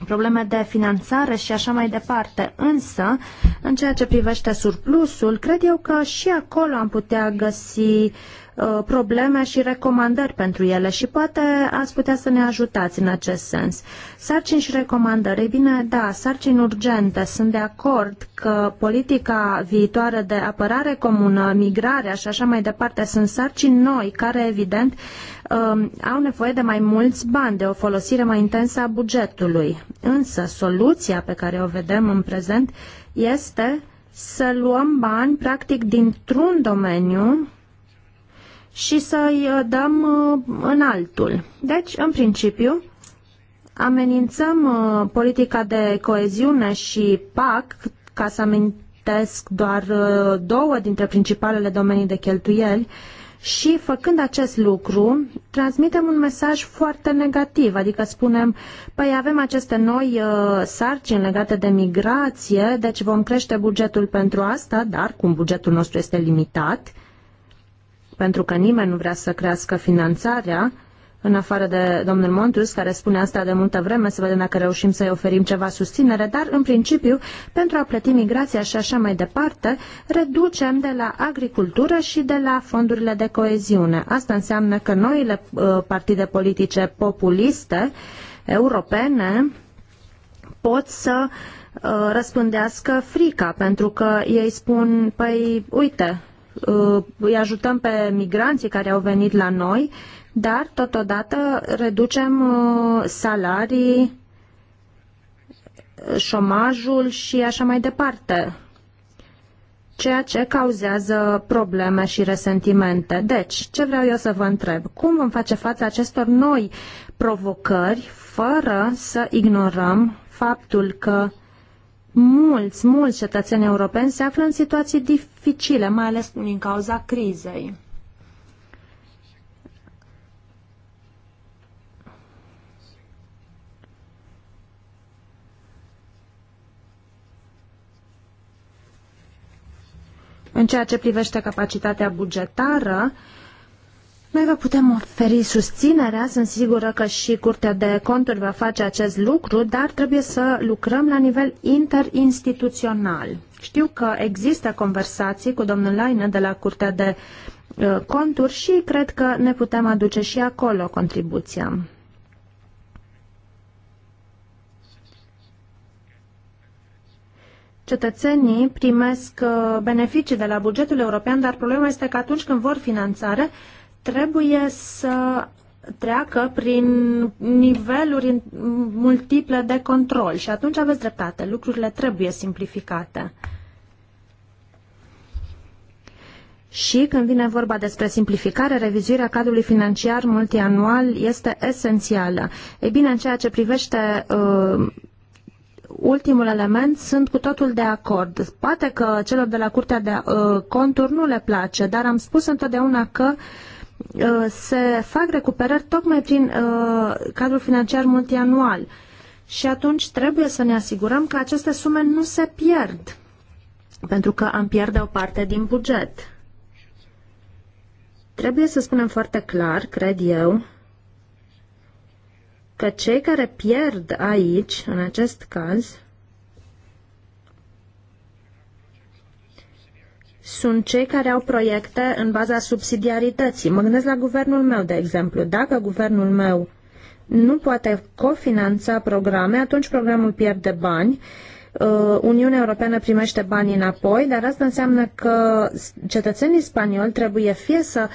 probleme de finanțare și așa mai departe. Însă, în ceea ce privește surplusul, cred eu că și acolo am putea găsi uh, Uh, probleme și recomandări pentru ele și poate ați putea să ne ajutați în acest sens. Sarcini și recomandări. Ei bine, da, sarcini urgente. Sunt de acord că politica viitoare de apărare comună, migrarea și așa mai departe sunt sarcini noi care, evident, um, au nevoie de mai mulți bani, de o folosire mai intensă a bugetului. Însă, soluția pe care o vedem în prezent este să luăm bani, practic, dintr-un domeniu și să-i uh, dăm uh, în altul. Deci, în principiu, amenințăm uh, politica de coeziune și PAC, ca să amintesc doar două dintre principalele domenii de cheltuieli, și făcând acest lucru, transmitem un mesaj foarte negativ, adică spunem, păi avem aceste noi uh, sarcini legate de migrație, deci vom crește bugetul pentru asta, dar cum bugetul nostru este limitat, pentru că nimeni nu vrea să crească finanțarea, în afară de domnul Montus, care spune asta de multă vreme, să vedem dacă reușim să-i oferim ceva susținere, dar, în principiu, pentru a plăti migrația și așa mai departe, reducem de la agricultură și de la fondurile de coeziune. Asta înseamnă că noile uh, partide politice populiste europene pot să uh, răspândească frica, pentru că ei spun, păi, uite, Uh, îi ajutăm pe migranții care au venit la noi, dar totodată reducem uh, salarii, șomajul și așa mai departe, ceea ce cauzează probleme și resentimente. Deci, ce vreau eu să vă întreb? Cum vom face față acestor noi provocări fără să ignorăm faptul că mulți, mulți cetățeni europeni se află în situații dificile, mai ales din cauza crizei. În ceea ce privește capacitatea bugetară, noi vă putem oferi susținerea, sunt sigură că și Curtea de Conturi va face acest lucru, dar trebuie să lucrăm la nivel interinstituțional. Știu că există conversații cu domnul Laine de la Curtea de uh, Conturi și cred că ne putem aduce și acolo contribuția. cetățenii primesc uh, beneficii de la bugetul european, dar problema este că atunci când vor finanțare, trebuie să treacă prin niveluri multiple de control și atunci aveți dreptate, lucrurile trebuie simplificate. Și când vine vorba despre simplificare, revizuirea cadrului financiar multianual este esențială. Ei bine, în ceea ce privește uh, ultimul element, sunt cu totul de acord. Poate că celor de la Curtea de uh, Conturi nu le place, dar am spus întotdeauna că uh, Uh, se fac recuperări tocmai prin uh, cadrul financiar multianual. Și atunci trebuie să ne asigurăm că aceste sume nu se pierd, pentru că am pierde o parte din buget. Trebuie să spunem foarte clar, cred eu, că cei care pierd aici, în acest caz, sunt cei care au proiecte în baza subsidiarității. Mă gândesc la guvernul meu, de exemplu. Dacă guvernul meu nu poate cofinanța programe, atunci programul pierde bani. Uh, Uniunea Europeană primește bani înapoi, dar asta înseamnă că cetățenii spanioli trebuie fie să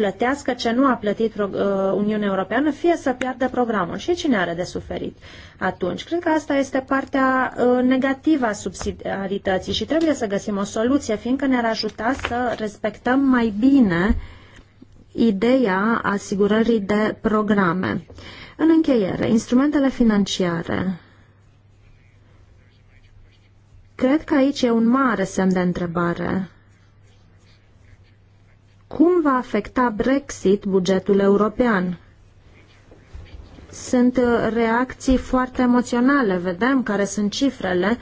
plătească ce nu a plătit uh, Uniunea Europeană, fie să piardă programul. Și cine are de suferit atunci? Cred că asta este partea uh, negativă a subsidiarității și trebuie să găsim o soluție, fiindcă ne-ar ajuta să respectăm mai bine ideea asigurării de programe. În încheiere, instrumentele financiare. Cred că aici e un mare semn de întrebare. Cum va afecta Brexit bugetul european? Sunt uh, reacții foarte emoționale, vedem care sunt cifrele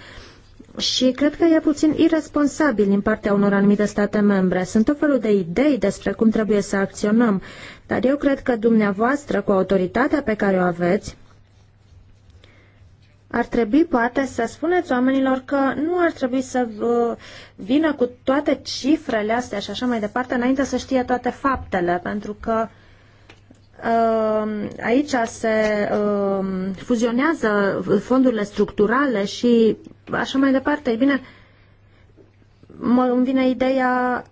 și cred că e puțin irresponsabil din partea unor anumite state membre. Sunt tot felul de idei despre cum trebuie să acționăm, dar eu cred că dumneavoastră, cu autoritatea pe care o aveți, ar trebui, poate, să spuneți oamenilor că nu ar trebui să uh, vină cu toate cifrele astea și așa mai departe, înainte să știe toate faptele, pentru că uh, aici se uh, fuzionează fondurile structurale și așa mai departe. E bine, mă, îmi vine ideea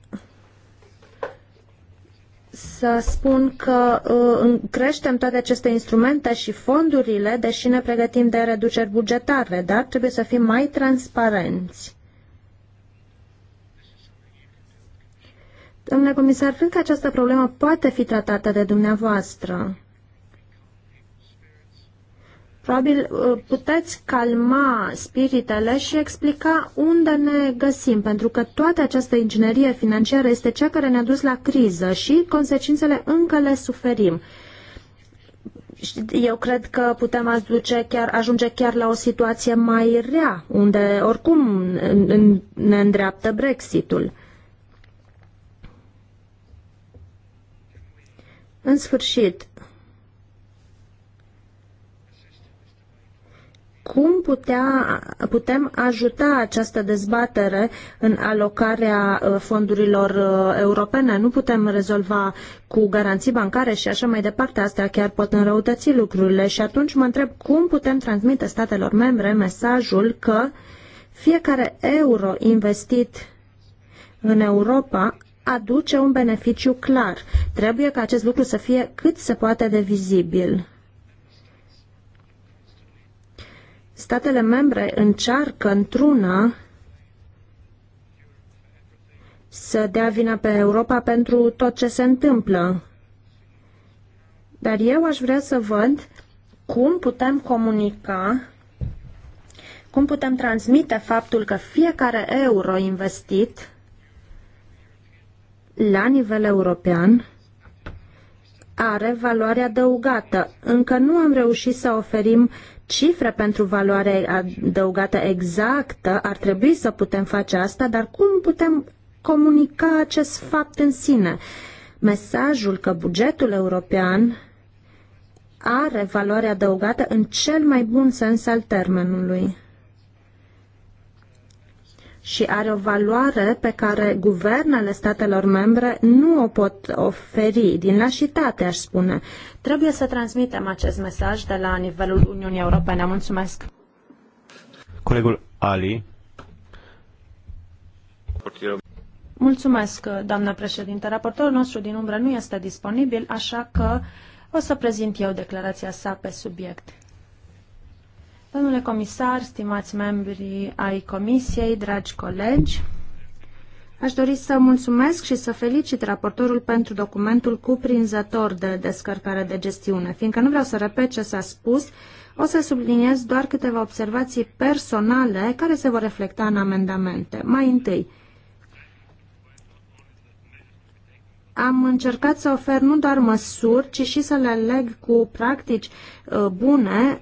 să spun că uh, creștem toate aceste instrumente și fondurile, deși ne pregătim de reduceri bugetare, dar trebuie să fim mai transparenți. Domnule comisar, cred că această problemă poate fi tratată de dumneavoastră. Probabil uh, puteți calma spiritele și explica unde ne găsim, pentru că toată această inginerie financiară este cea care ne-a dus la criză și consecințele încă le suferim. Eu cred că putem aduce chiar, ajunge chiar la o situație mai rea, unde oricum ne îndreaptă Brexitul. În sfârșit, cum putea, putem ajuta această dezbatere în alocarea uh, fondurilor uh, europene. Nu putem rezolva cu garanții bancare și așa mai departe. Astea chiar pot înrăutăți lucrurile și atunci mă întreb cum putem transmite statelor membre mesajul că fiecare euro investit în Europa aduce un beneficiu clar. Trebuie ca acest lucru să fie cât se poate de vizibil. statele membre încearcă într-una să dea vina pe Europa pentru tot ce se întâmplă. Dar eu aș vrea să văd cum putem comunica, cum putem transmite faptul că fiecare euro investit la nivel european are valoare adăugată. Încă nu am reușit să oferim cifre pentru valoarea adăugată exactă, ar trebui să putem face asta, dar cum putem comunica acest fapt în sine? Mesajul că bugetul european are valoare adăugată în cel mai bun sens al termenului și are o valoare pe care guvernele statelor membre nu o pot oferi, din lașitate, aș spune. Trebuie să transmitem acest mesaj de la nivelul Uniunii Europene. Mulțumesc! Colegul Ali. Mulțumesc, doamnă președinte. Raportorul nostru din umbră nu este disponibil, așa că o să prezint eu declarația sa pe subiect. Domnule comisar, stimați membri ai comisiei, dragi colegi, aș dori să mulțumesc și să felicit raportorul pentru documentul cuprinzător de descărcare de gestiune. Fiindcă nu vreau să repet ce s-a spus, o să subliniez doar câteva observații personale care se vor reflecta în amendamente. Mai întâi, am încercat să ofer nu doar măsuri, ci și să le leg cu practici uh, bune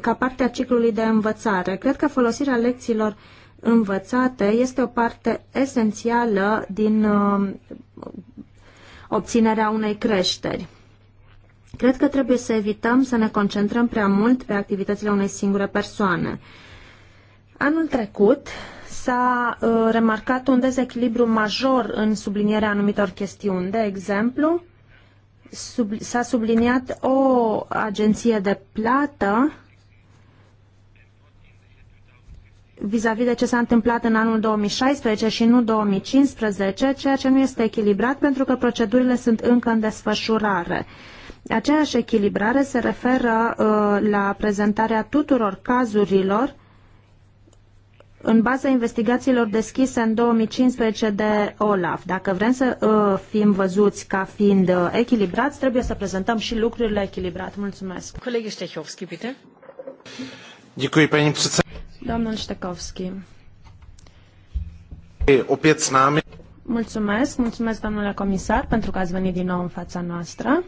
ca parte a ciclului de învățare. Cred că folosirea lecțiilor învățate este o parte esențială din uh, obținerea unei creșteri. Cred că trebuie să evităm să ne concentrăm prea mult pe activitățile unei singure persoane. Anul trecut s-a uh, remarcat un dezechilibru major în sublinierea anumitor chestiuni. De exemplu, sub, s-a subliniat o agenție de plată vis-a-vis -vis de ce s-a întâmplat în anul 2016 și nu 2015, ceea ce nu este echilibrat pentru că procedurile sunt încă în desfășurare. Aceeași echilibrare se referă uh, la prezentarea tuturor cazurilor în baza investigațiilor deschise în 2015 de OLAF. Dacă vrem să uh, fim văzuți ca fiind uh, echilibrați, trebuie să prezentăm și lucrurile echilibrat. Mulțumesc. Colegii Ștehovski, bine. pe nimțuță. Domnul Ștechovski. Opět s Mulțumesc, mulțumesc, domnule comisar, pentru că ați venit din nou în fața noastră.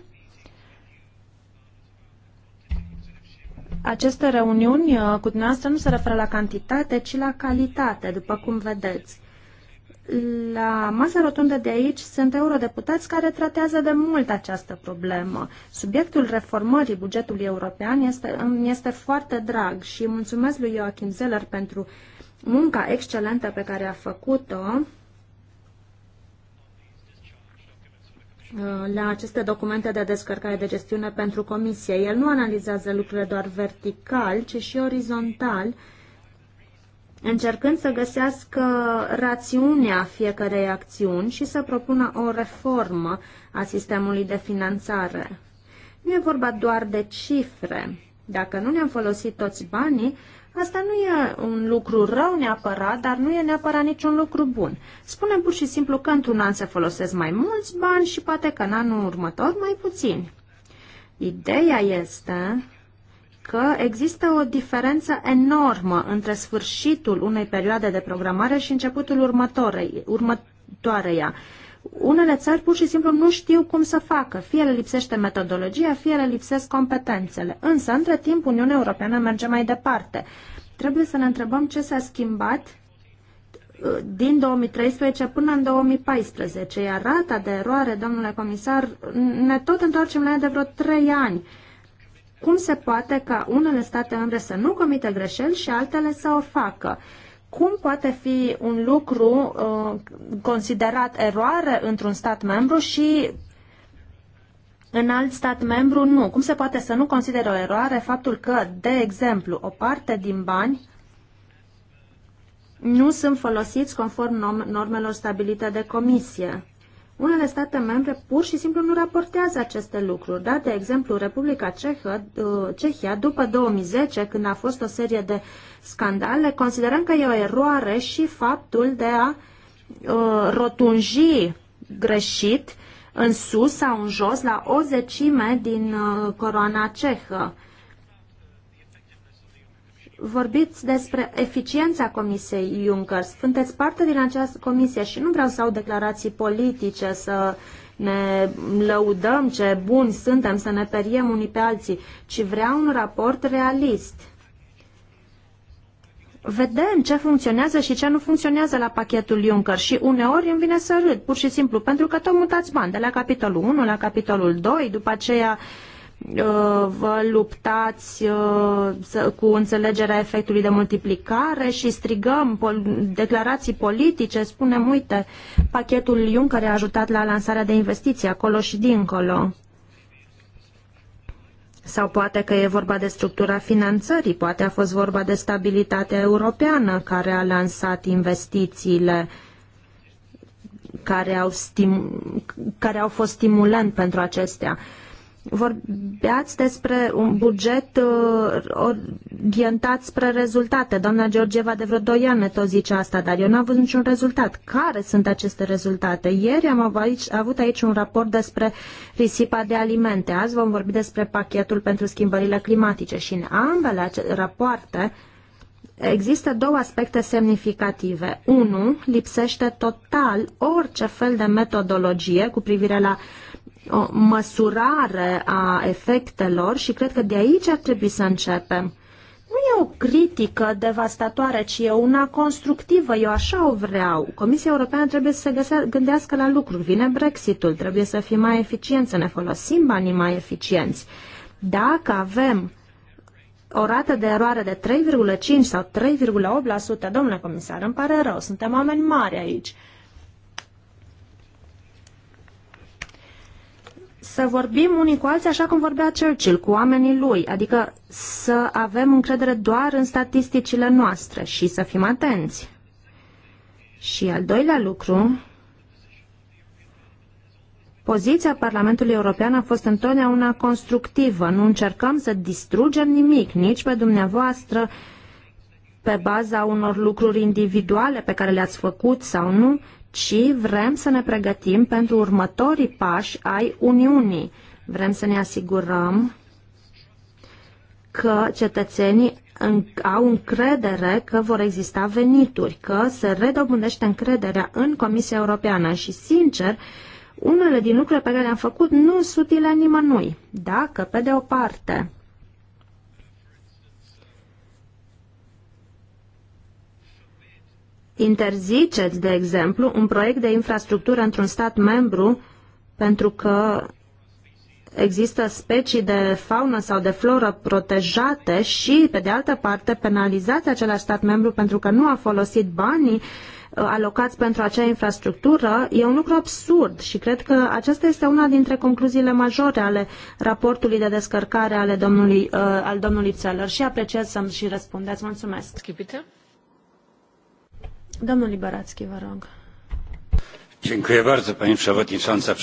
aceste reuniuni uh, cu dumneavoastră nu se referă la cantitate, ci la calitate, după cum vedeți. La masa rotundă de aici sunt eurodeputați care tratează de mult această problemă. Subiectul reformării bugetului european este, îmi este foarte drag și mulțumesc lui Joachim Zeller pentru munca excelentă pe care a făcut-o Uh, la aceste documente de descărcare de gestiune pentru comisie. El nu analizează lucrurile doar vertical, ci și orizontal, încercând să găsească rațiunea fiecarei acțiuni și să propună o reformă a sistemului de finanțare. Nu e vorba doar de cifre. Dacă nu ne-am folosit toți banii, Asta nu e un lucru rău neapărat, dar nu e neapărat niciun lucru bun. Spune pur și simplu că într-un an se folosesc mai mulți bani și poate că în anul următor mai puțini. Ideea este că există o diferență enormă între sfârșitul unei perioade de programare și începutul următoarei, următoareia unele țări pur și simplu nu știu cum să facă. Fie le lipsește metodologia, fie le lipsesc competențele. Însă, între timp, Uniunea Europeană merge mai departe. Trebuie să ne întrebăm ce s-a schimbat uh, din 2013 până în 2014, iar rata de eroare, domnule comisar, ne tot întoarcem la ea de vreo 3 ani. Cum se poate ca unele state membre să nu comite greșeli și altele să o facă? Uh, cum poate fi un lucru uh, considerat eroare într-un stat membru și în alt stat membru nu? Cum se poate să nu consideră o eroare faptul că, de exemplu, o parte din bani nu sunt folosiți conform normelor stabilite de comisie? Unele state membre pur și simplu nu raportează aceste lucruri. Da? De exemplu, Republica Cehă, Cehia, după 2010, când a fost o serie de scandale, considerăm că e o eroare și faptul de a uh, rotunji greșit în sus sau în jos la o zecime din uh, coroana cehă vorbiți despre eficiența Comisiei Juncker. Sunteți parte din această comisie și nu vreau să au declarații politice, să ne lăudăm ce buni suntem, să ne periem unii pe alții, ci vreau un raport realist. Vedem ce funcționează și ce nu funcționează la pachetul Juncker și uneori îmi vine să râd, pur și simplu, pentru că tot mutați bani de la capitolul 1 la capitolul 2, după aceea uh, Uh, vă luptați uh, cu înțelegerea efectului de multiplicare și strigăm declarații politice, spunem, uite, pachetul Juncker a ajutat la lansarea de investiții acolo și dincolo. Sau poate că e vorba de structura finanțării, poate a fost vorba de stabilitatea europeană care a lansat investițiile care au, stim, care au fost stimulant pentru acestea. Vorbeați despre un buget uh, orientat spre rezultate. Doamna Georgieva de vreo 2 ani tot zice asta, dar eu n-am văzut niciun rezultat. Care sunt aceste rezultate? Ieri am aici, avut aici un raport despre risipa de alimente. Azi vom vorbi despre pachetul pentru schimbările climatice și în ambele rapoarte Există două aspecte semnificative. Unu, lipsește total orice fel de metodologie cu privire la o măsurare a efectelor și cred că de aici ar trebui să începem. Nu e o critică devastatoare, ci e una constructivă, eu așa o vreau. Comisia Europeană trebuie să se gândească la lucruri. Vine Brexitul, trebuie să fim mai eficienți, să ne folosim banii mai eficienți. Dacă avem o rată de eroare de 3,5 sau 3,8%, domnule comisar, îmi pare rău, suntem oameni mari aici. Uh, să vorbim unii cu alții așa cum vorbea Churchill, cu oamenii lui, adică să avem încredere doar în statisticile noastre și să fim atenți. Și al doilea lucru, poziția Parlamentului European a fost întotdeauna constructivă. Nu încercăm să distrugem nimic, nici pe dumneavoastră, pe baza unor lucruri individuale pe care le-ați făcut sau nu, ci vrem să ne pregătim pentru următorii pași ai Uniunii. Vrem să ne asigurăm că cetățenii au încredere că vor exista venituri, că se redobândește încrederea în Comisia Europeană și, sincer, unele din lucrurile pe care le-am făcut nu sunt utile nimănui. Dacă, pe de o parte, interziceți, de exemplu, un proiect de infrastructură într-un stat membru pentru că există specii de faună sau de floră protejate și, pe de altă parte, penalizați același stat membru pentru că nu a folosit banii uh, alocați pentru acea infrastructură, e un lucru absurd și cred că aceasta este una dintre concluziile majore ale raportului de descărcare ale domnului, uh, al domnului Țelăr și apreciez să-mi și răspundeți. Mulțumesc! Schipite. Domnul Liberațchi, vă rog. Dziękuję bardzo, pani przewodnicząca.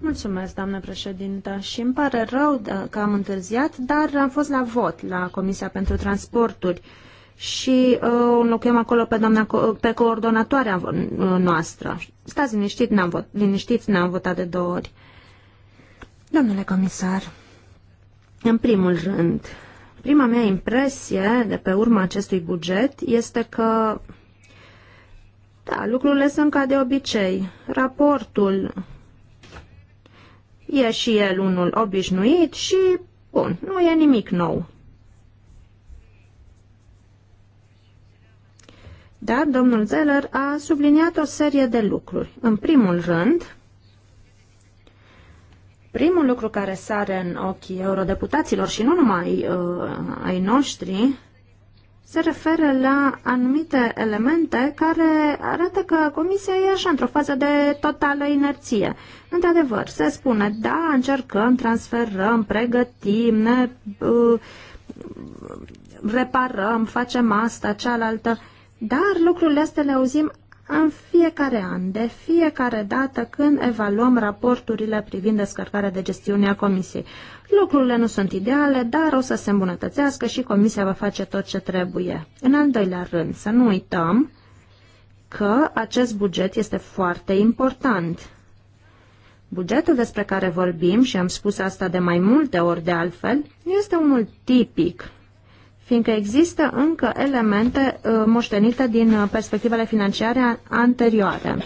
Mulțumesc, doamnă președintă. Și îmi pare rău da, că am întârziat, dar am fost la vot la Comisia pentru Transporturi și uh, înlocuiam acolo pe, doamna, pe coordonatoarea uh, noastră. Stați liniștit, n-am vot, liniștiți, n-am votat de două ori. Domnule comisar, în primul rând, prima mea impresie de pe urma acestui buget este că da, lucrurile sunt ca de obicei. Raportul e și el unul obișnuit și, bun, nu e nimic nou. Dar domnul Zeller a subliniat o serie de lucruri. În primul rând, primul lucru care sare în ochii eurodeputaților și nu numai uh, ai noștri se referă la anumite elemente care arată că Comisia e așa într-o fază de totală inerție. Într-adevăr, se spune, da, încercăm, transferăm, pregătim, ne uh, reparăm, facem asta, cealaltă, dar lucrurile astea le auzim în fiecare an, de fiecare dată când evaluăm raporturile privind descărcarea de gestiune a Comisiei. Lucrurile nu sunt ideale, dar o să se îmbunătățească și Comisia va face tot ce trebuie. În al doilea rând, să nu uităm că acest buget este foarte important. Bugetul despre care vorbim, și am spus asta de mai multe ori de altfel, este unul tipic fiindcă există încă elemente uh, moștenite din uh, perspectivele financiare anterioare.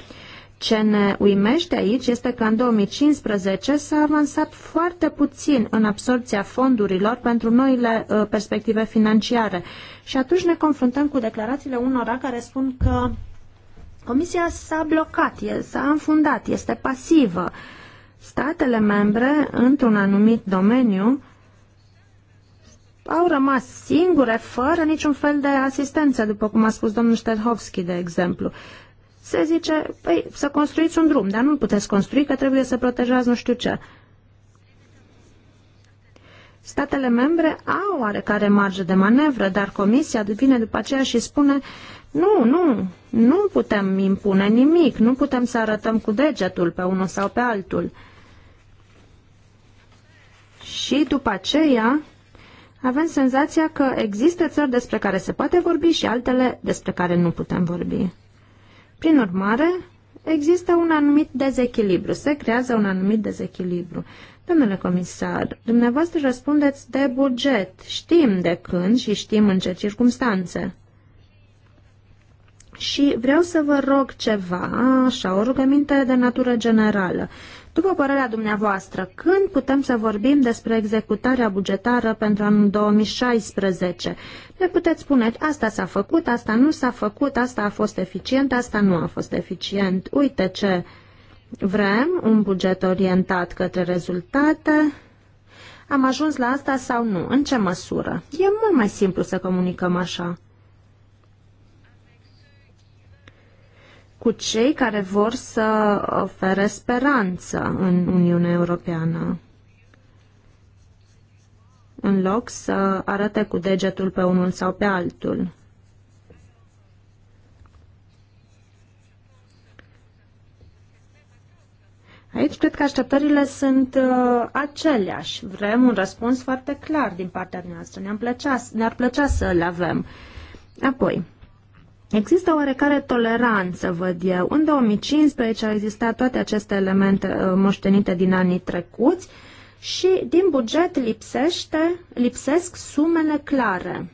Ce ne uimește aici este că în 2015 s-a avansat foarte puțin în absorpția fondurilor pentru noile uh, perspective financiare. Și atunci ne confruntăm cu declarațiile unora care spun că Comisia s-a blocat, s-a înfundat, este pasivă. Statele membre, într-un anumit domeniu, au rămas singure, fără niciun fel de asistență, după cum a spus domnul Șterhovski, de exemplu. Se zice, păi, să construiți un drum, dar nu puteți construi, că trebuie să protejați nu știu ce. Statele membre au oarecare marge de manevră, dar Comisia vine după aceea și spune, nu, nu, nu putem impune nimic, nu putem să arătăm cu degetul pe unul sau pe altul. Și după aceea, avem senzația că există țări despre care se poate vorbi și altele despre care nu putem vorbi. Prin urmare, există un anumit dezechilibru, se creează un anumit dezechilibru. Domnule comisar, dumneavoastră răspundeți de buget. Știm de când și știm în ce circunstanțe. Și vreau să vă rog ceva, așa, o rugăminte de natură generală. După părerea dumneavoastră, când putem să vorbim despre executarea bugetară pentru anul 2016? Ne puteți spune, asta s-a făcut, asta nu s-a făcut, asta a fost eficient, asta nu a fost eficient. Uite ce vrem, un buget orientat către rezultate. Am ajuns la asta sau nu? În ce măsură? E mult mai simplu să comunicăm așa. cu cei care vor să ofere speranță în Uniunea Europeană. În loc să arate cu degetul pe unul sau pe altul. Aici cred că așteptările sunt uh, aceleași. Vrem un răspuns foarte clar din partea noastră. Ne-ar plăcea, ne plăcea să-l avem. Apoi, Există oarecare toleranță, văd eu. În 2015 au existat toate aceste elemente uh, moștenite din anii trecuți și din buget lipsește, lipsesc sumele clare.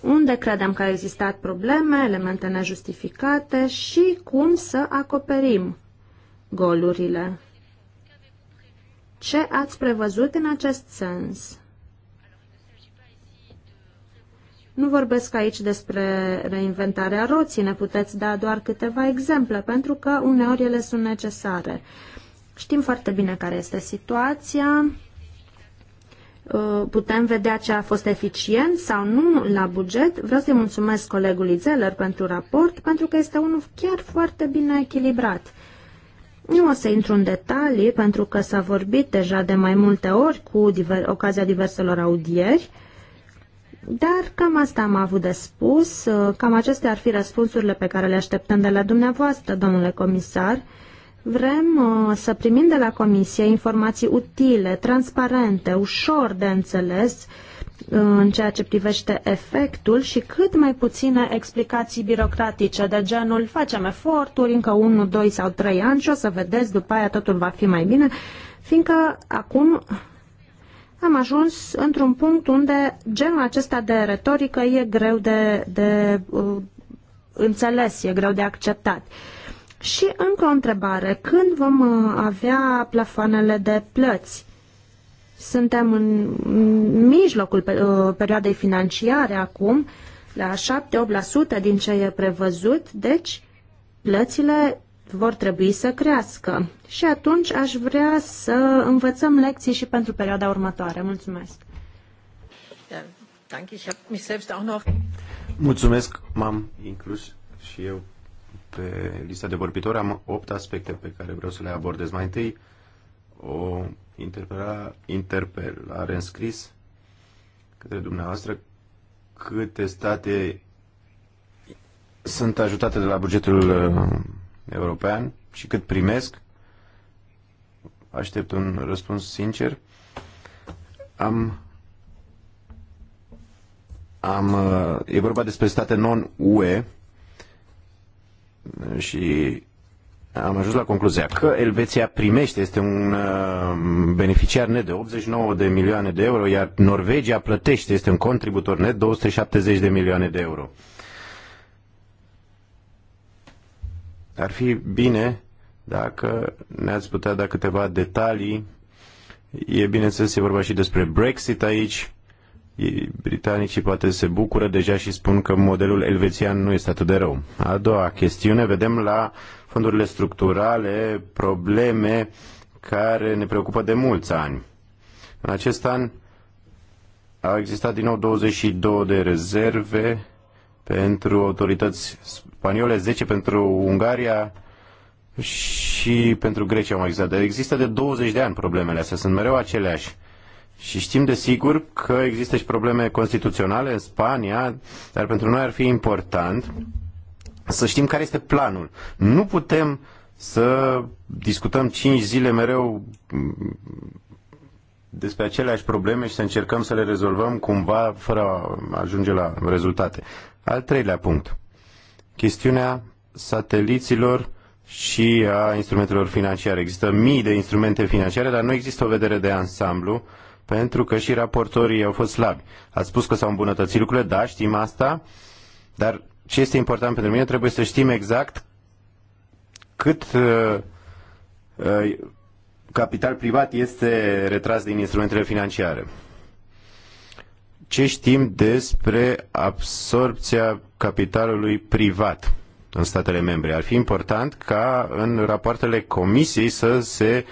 Unde credem că au existat probleme, elemente nejustificate și cum să acoperim golurile. Ce ați prevăzut în acest sens? Nu vorbesc aici despre reinventarea roții, ne puteți da doar câteva exemple, pentru că uneori ele sunt necesare. Știm foarte bine care este situația, uh, putem vedea ce a fost eficient sau nu la buget. Vreau să-i mulțumesc colegului Zeller pentru raport, pentru că este unul chiar foarte bine echilibrat. Nu o să intru în detalii, pentru că s-a vorbit deja de mai multe ori cu diver- ocazia diverselor audieri, dar cam asta am avut de spus, cam acestea ar fi răspunsurile pe care le așteptăm de la dumneavoastră, domnule comisar. Vrem uh, să primim de la Comisie informații utile, transparente, ușor de înțeles uh, în ceea ce privește efectul și cât mai puține explicații birocratice de genul facem eforturi încă 1, 2 sau 3 ani și o să vedeți, după aia totul va fi mai bine, fiindcă acum am ajuns într-un punct unde genul acesta de retorică e greu de, de uh, înțeles, e greu de acceptat. Și încă o întrebare. Când vom uh, avea plafoanele de plăți? Suntem în mijlocul uh, perioadei financiare acum, la 7-8% din ce e prevăzut, deci plățile vor trebui să crească. Și atunci aș vrea să învățăm lecții și pentru perioada următoare. Mulțumesc! Mulțumesc, m-am inclus și eu pe lista de vorbitori. Am opt aspecte pe care vreau să le abordez. Mai întâi, o interpelare, în scris către dumneavoastră câte state sunt ajutate de la bugetul uh, european și cât primesc. Aștept un răspuns sincer. Am, am, e vorba despre state non-UE și am ajuns la concluzia că Elveția primește, este un uh, beneficiar net de 89 de milioane de euro, iar Norvegia plătește, este un contributor net 270 de milioane de euro. Ar fi bine dacă ne-ați putea da câteva detalii. E bine să se vorba și despre Brexit aici. Britanicii poate se bucură deja și spun că modelul elvețian nu este atât de rău. A doua chestiune, vedem la fondurile structurale probleme care ne preocupă de mulți ani. În acest an au existat din nou 22 de rezerve pentru autorități spaniole, 10 pentru Ungaria și pentru Grecia mai exact. Dar există de 20 de ani problemele astea, sunt mereu aceleași. Și știm de sigur că există și probleme constituționale în Spania, dar pentru noi ar fi important să știm care este planul. Nu putem să discutăm 5 zile mereu despre aceleași probleme și să încercăm să le rezolvăm cumva fără a ajunge la rezultate. Al treilea punct chestiunea sateliților și a instrumentelor financiare. Există mii de instrumente financiare, dar nu există o vedere de ansamblu, pentru că și raportorii au fost slabi. Ați spus că s-au îmbunătățit lucrurile, da, știm asta, dar ce este important pentru mine, trebuie să știm exact cât uh, uh, capital privat este retras din instrumentele financiare ce știm despre absorpția capitalului privat în statele membre? Ar fi important ca în rapoartele comisiei să se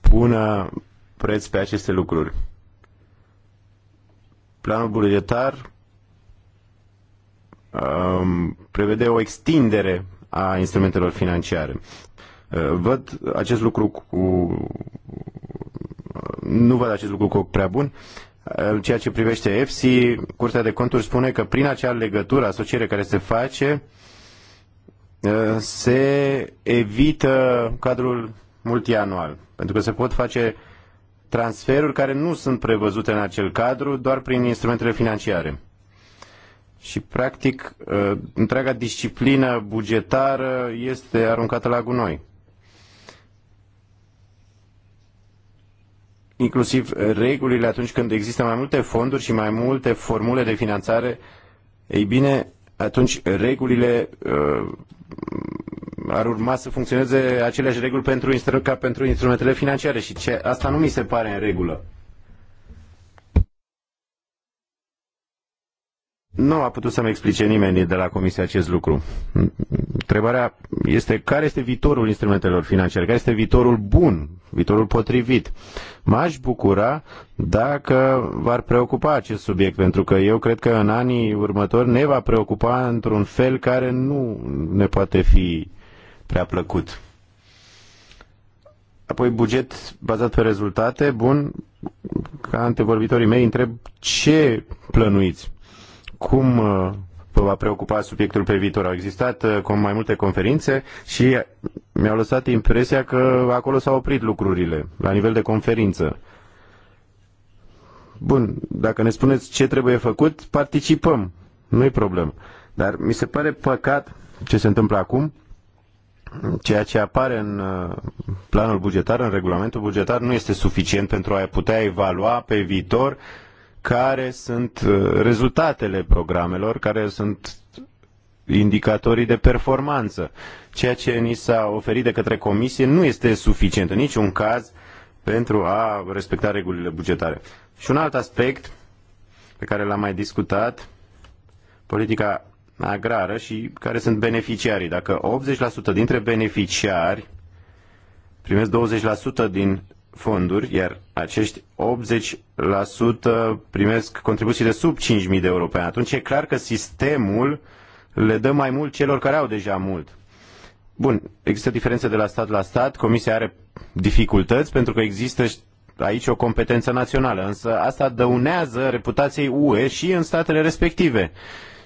pună preț pe aceste lucruri. Planul bugetar um, prevede o extindere a instrumentelor financiare. Uh, văd acest lucru cu... Uh, nu văd acest lucru cu prea bun. În ceea ce privește EFSI, Curtea de Conturi spune că prin acea legătură, asociere care se face, uh, se evită cadrul multianual, pentru că se pot face transferuri care nu sunt prevăzute în acel cadru, doar prin instrumentele financiare. Și, practic, uh, întreaga disciplină bugetară este aruncată la gunoi. inclusiv regulile atunci când există mai multe fonduri și mai multe formule de finanțare, ei bine, atunci regulile uh, ar urma să funcționeze aceleași reguli pentru, ca pentru instrumentele financiare și ce, asta nu mi se pare în regulă. Nu a putut să-mi explice nimeni de la Comisie acest lucru. Întrebarea este care este viitorul instrumentelor financiare, care este viitorul bun, viitorul potrivit. M-aș bucura dacă v-ar preocupa acest subiect, pentru că eu cred că în anii următori ne va preocupa într-un fel care nu ne poate fi prea plăcut. Apoi buget bazat pe rezultate, bun, ca antevorbitorii mei întreb ce plănuiți cum uh, vă va preocupa subiectul pe viitor. Au existat uh, cu mai multe conferințe și mi-au lăsat impresia că acolo s-au oprit lucrurile, la nivel de conferință. Bun, dacă ne spuneți ce trebuie făcut, participăm. Nu-i problemă. Dar mi se pare păcat ce se întâmplă acum, ceea ce apare în uh, planul bugetar, în regulamentul bugetar, nu este suficient pentru a putea evalua pe viitor uh, care sunt uh, rezultatele programelor, care sunt indicatorii de performanță. Ceea ce ni s-a oferit de către comisie nu este suficient în niciun caz pentru a respecta regulile bugetare. Și un alt aspect pe care l-am mai discutat, politica agrară și care sunt beneficiarii. Dacă 80% dintre beneficiari primesc 20% din fonduri, iar acești 80% primesc contribuții de sub 5.000 de euro pe an. Atunci e clar că sistemul le dă mai mult celor care au deja mult. Bun, există diferențe de la stat la stat, Comisia are dificultăți pentru că există aici o competență națională, însă asta dăunează reputației UE și în statele respective.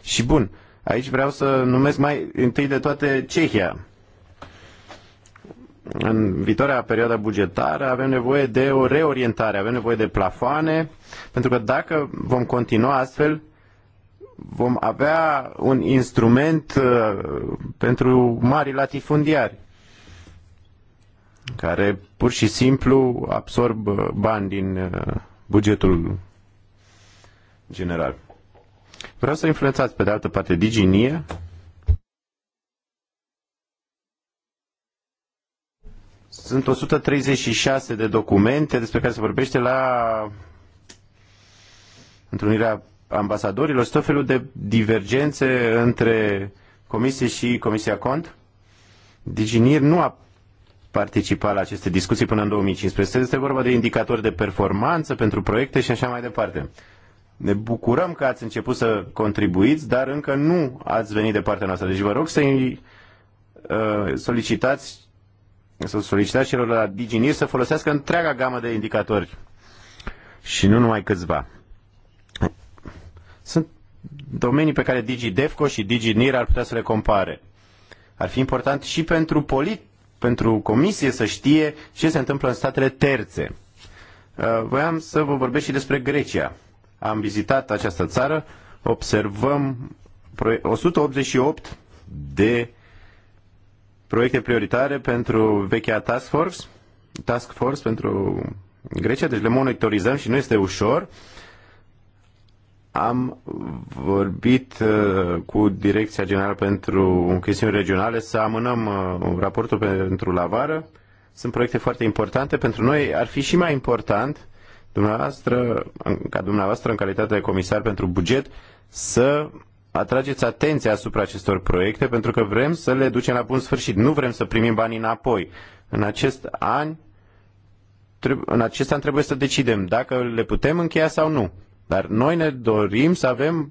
Și bun, aici vreau să numesc mai întâi de toate Cehia în viitoarea perioadă bugetară avem nevoie de o reorientare, avem nevoie de plafoane, pentru că dacă vom continua astfel, vom avea un instrument uh, pentru mari latifundiari care pur și simplu absorb uh, bani din uh, bugetul general. Vreau să influențați pe de altă parte Diginie sunt 136 de documente despre care se vorbește la întrunirea ambasadorilor, sunt tot felul de divergențe între comisie și Comisia Cont. Diginir nu a participat la aceste discuții până în 2015. Este vorba de indicatori de performanță pentru proiecte și așa mai departe. Ne bucurăm că ați început să contribuiți, dar încă nu ați venit de partea noastră. Deci vă rog să uh, solicitați să solicita celor la DigiNIR să folosească întreaga gamă de indicatori și nu numai câțiva. Sunt domenii pe care DigiDefco și DigiNIR ar putea să le compare. Ar fi important și pentru, polit, pentru comisie să știe ce se întâmplă în statele terțe. Uh, voiam să vă vorbesc și despre Grecia. Am vizitat această țară, observăm 188 de proiecte prioritare pentru vechea task force, task force pentru Grecia, deci le monitorizăm și nu este ușor. Am vorbit uh, cu Direcția Generală pentru chestiuni regionale să amânăm uh, raportul pentru la vară. Sunt proiecte foarte importante. Pentru noi ar fi și mai important dumneavoastră, ca dumneavoastră în calitate de comisar pentru buget, să atrageți atenția asupra acestor proiecte pentru că vrem să le ducem la bun sfârșit. Nu vrem să primim banii înapoi. În acest an, în acest an trebuie să decidem dacă le putem încheia sau nu. Dar noi ne dorim să avem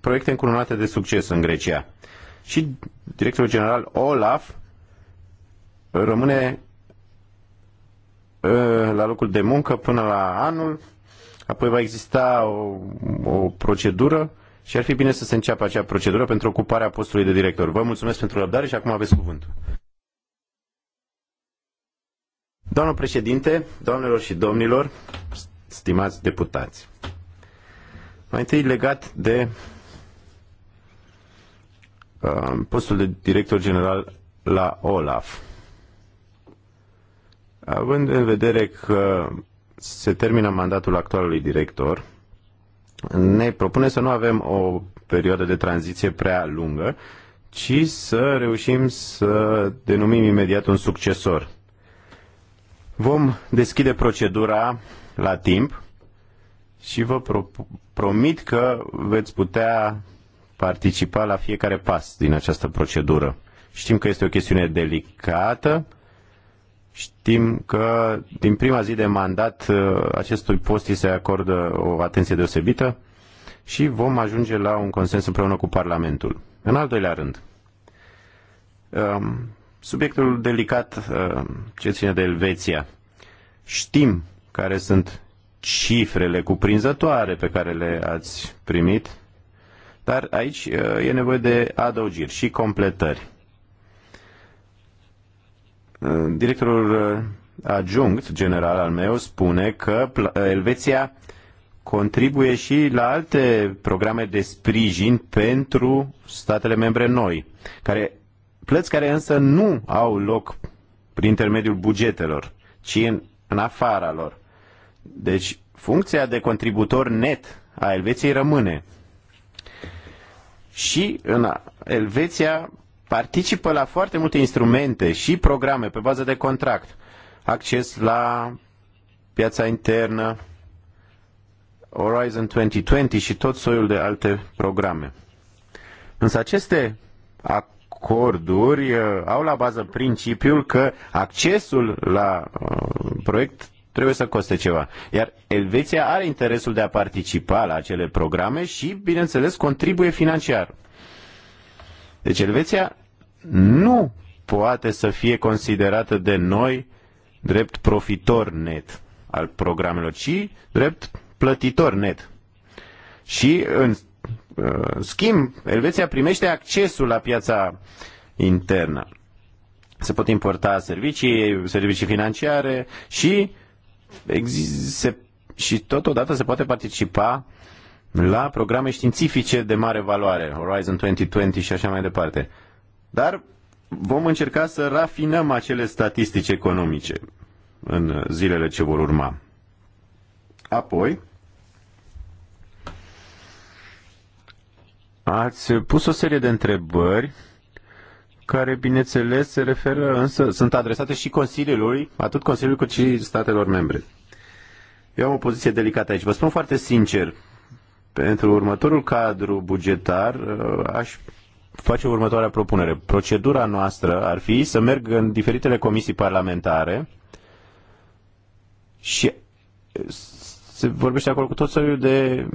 proiecte încununate de succes în Grecia. Și directorul general Olaf rămâne ă, la locul de muncă până la anul, apoi va exista o, o procedură și ar fi bine să se înceapă acea procedură pentru ocuparea postului de director. Vă mulțumesc pentru răbdare și acum aveți cuvântul. Doamnă președinte, doamnelor și domnilor, stimați deputați, mai întâi legat de uh, postul de director general la OLAF. Având în vedere că se termină mandatul actualului director, ne propune să nu avem o perioadă de tranziție prea lungă, ci să reușim să denumim imediat un succesor. Vom deschide procedura la timp și vă pro- promit că veți putea participa la fiecare pas din această procedură. Știm că este o chestiune delicată, Știm că din prima zi de mandat uh, acestui post îi se acordă o atenție deosebită și vom ajunge la un consens împreună cu Parlamentul. În al doilea rând, um, subiectul delicat uh, ce ține de Elveția. Știm care sunt cifrele cuprinzătoare pe care le ați primit, dar aici uh, e nevoie de adăugiri și completări. Uh, directorul uh, adjunct general al meu spune că uh, Elveția contribuie și la alte programe de sprijin pentru statele membre noi, care, plăți care însă nu au loc prin intermediul bugetelor, ci în, în afara lor. Deci, funcția de contributor net a Elveției rămâne. Și în Elveția participă la foarte multe instrumente și programe pe bază de contract. Acces la piața internă, Horizon 2020 și tot soiul de alte programe. Însă aceste acorduri uh, au la bază principiul că accesul la uh, proiect trebuie să coste ceva. Iar Elveția are interesul de a participa la acele programe și, bineînțeles, contribuie financiar. Deci Elveția nu poate să fie considerată de noi drept profitor net al programelor, ci drept plătitor net. Și în schimb, Elveția primește accesul la piața internă. Se pot importa servicii, servicii financiare și, se, și totodată se poate participa la programe științifice de mare valoare, Horizon 2020 și așa mai departe. Dar vom încerca să rafinăm acele statistici economice în zilele ce vor urma. Apoi, ați pus o serie de întrebări care, bineînțeles, se referă însă, sunt adresate și Consiliului, atât Consiliului cât și statelor membre. Eu am o poziție delicată aici. Vă spun foarte sincer, pentru următorul cadru bugetar uh, aș face următoarea propunere. Procedura noastră ar fi să merg în diferitele comisii parlamentare și uh, se vorbește acolo cu tot soiul de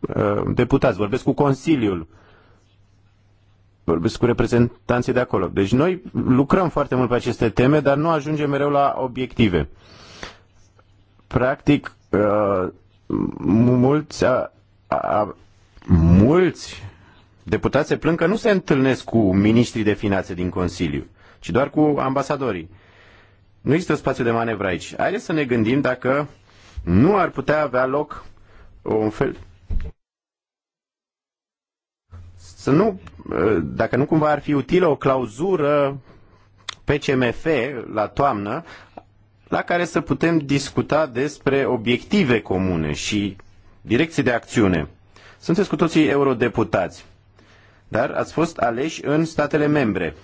uh, deputați, vorbesc cu Consiliul, vorbesc cu reprezentanții de acolo. Deci noi lucrăm foarte mult pe aceste teme, dar nu ajungem mereu la obiective. Practic, uh, mulți uh, a, mulți deputați se plâng că nu se întâlnesc cu ministrii de finanțe din Consiliu, ci doar cu ambasadorii. Nu există spațiu de manevră aici. Haideți să ne gândim dacă nu ar putea avea loc un fel... Să nu, ă, dacă nu cumva ar fi utilă o clauzură pe CMF la toamnă, la care să putem discuta despre obiective comune și direcții de acțiune. Sunteți cu toții eurodeputați, dar ați fost aleși în statele membre.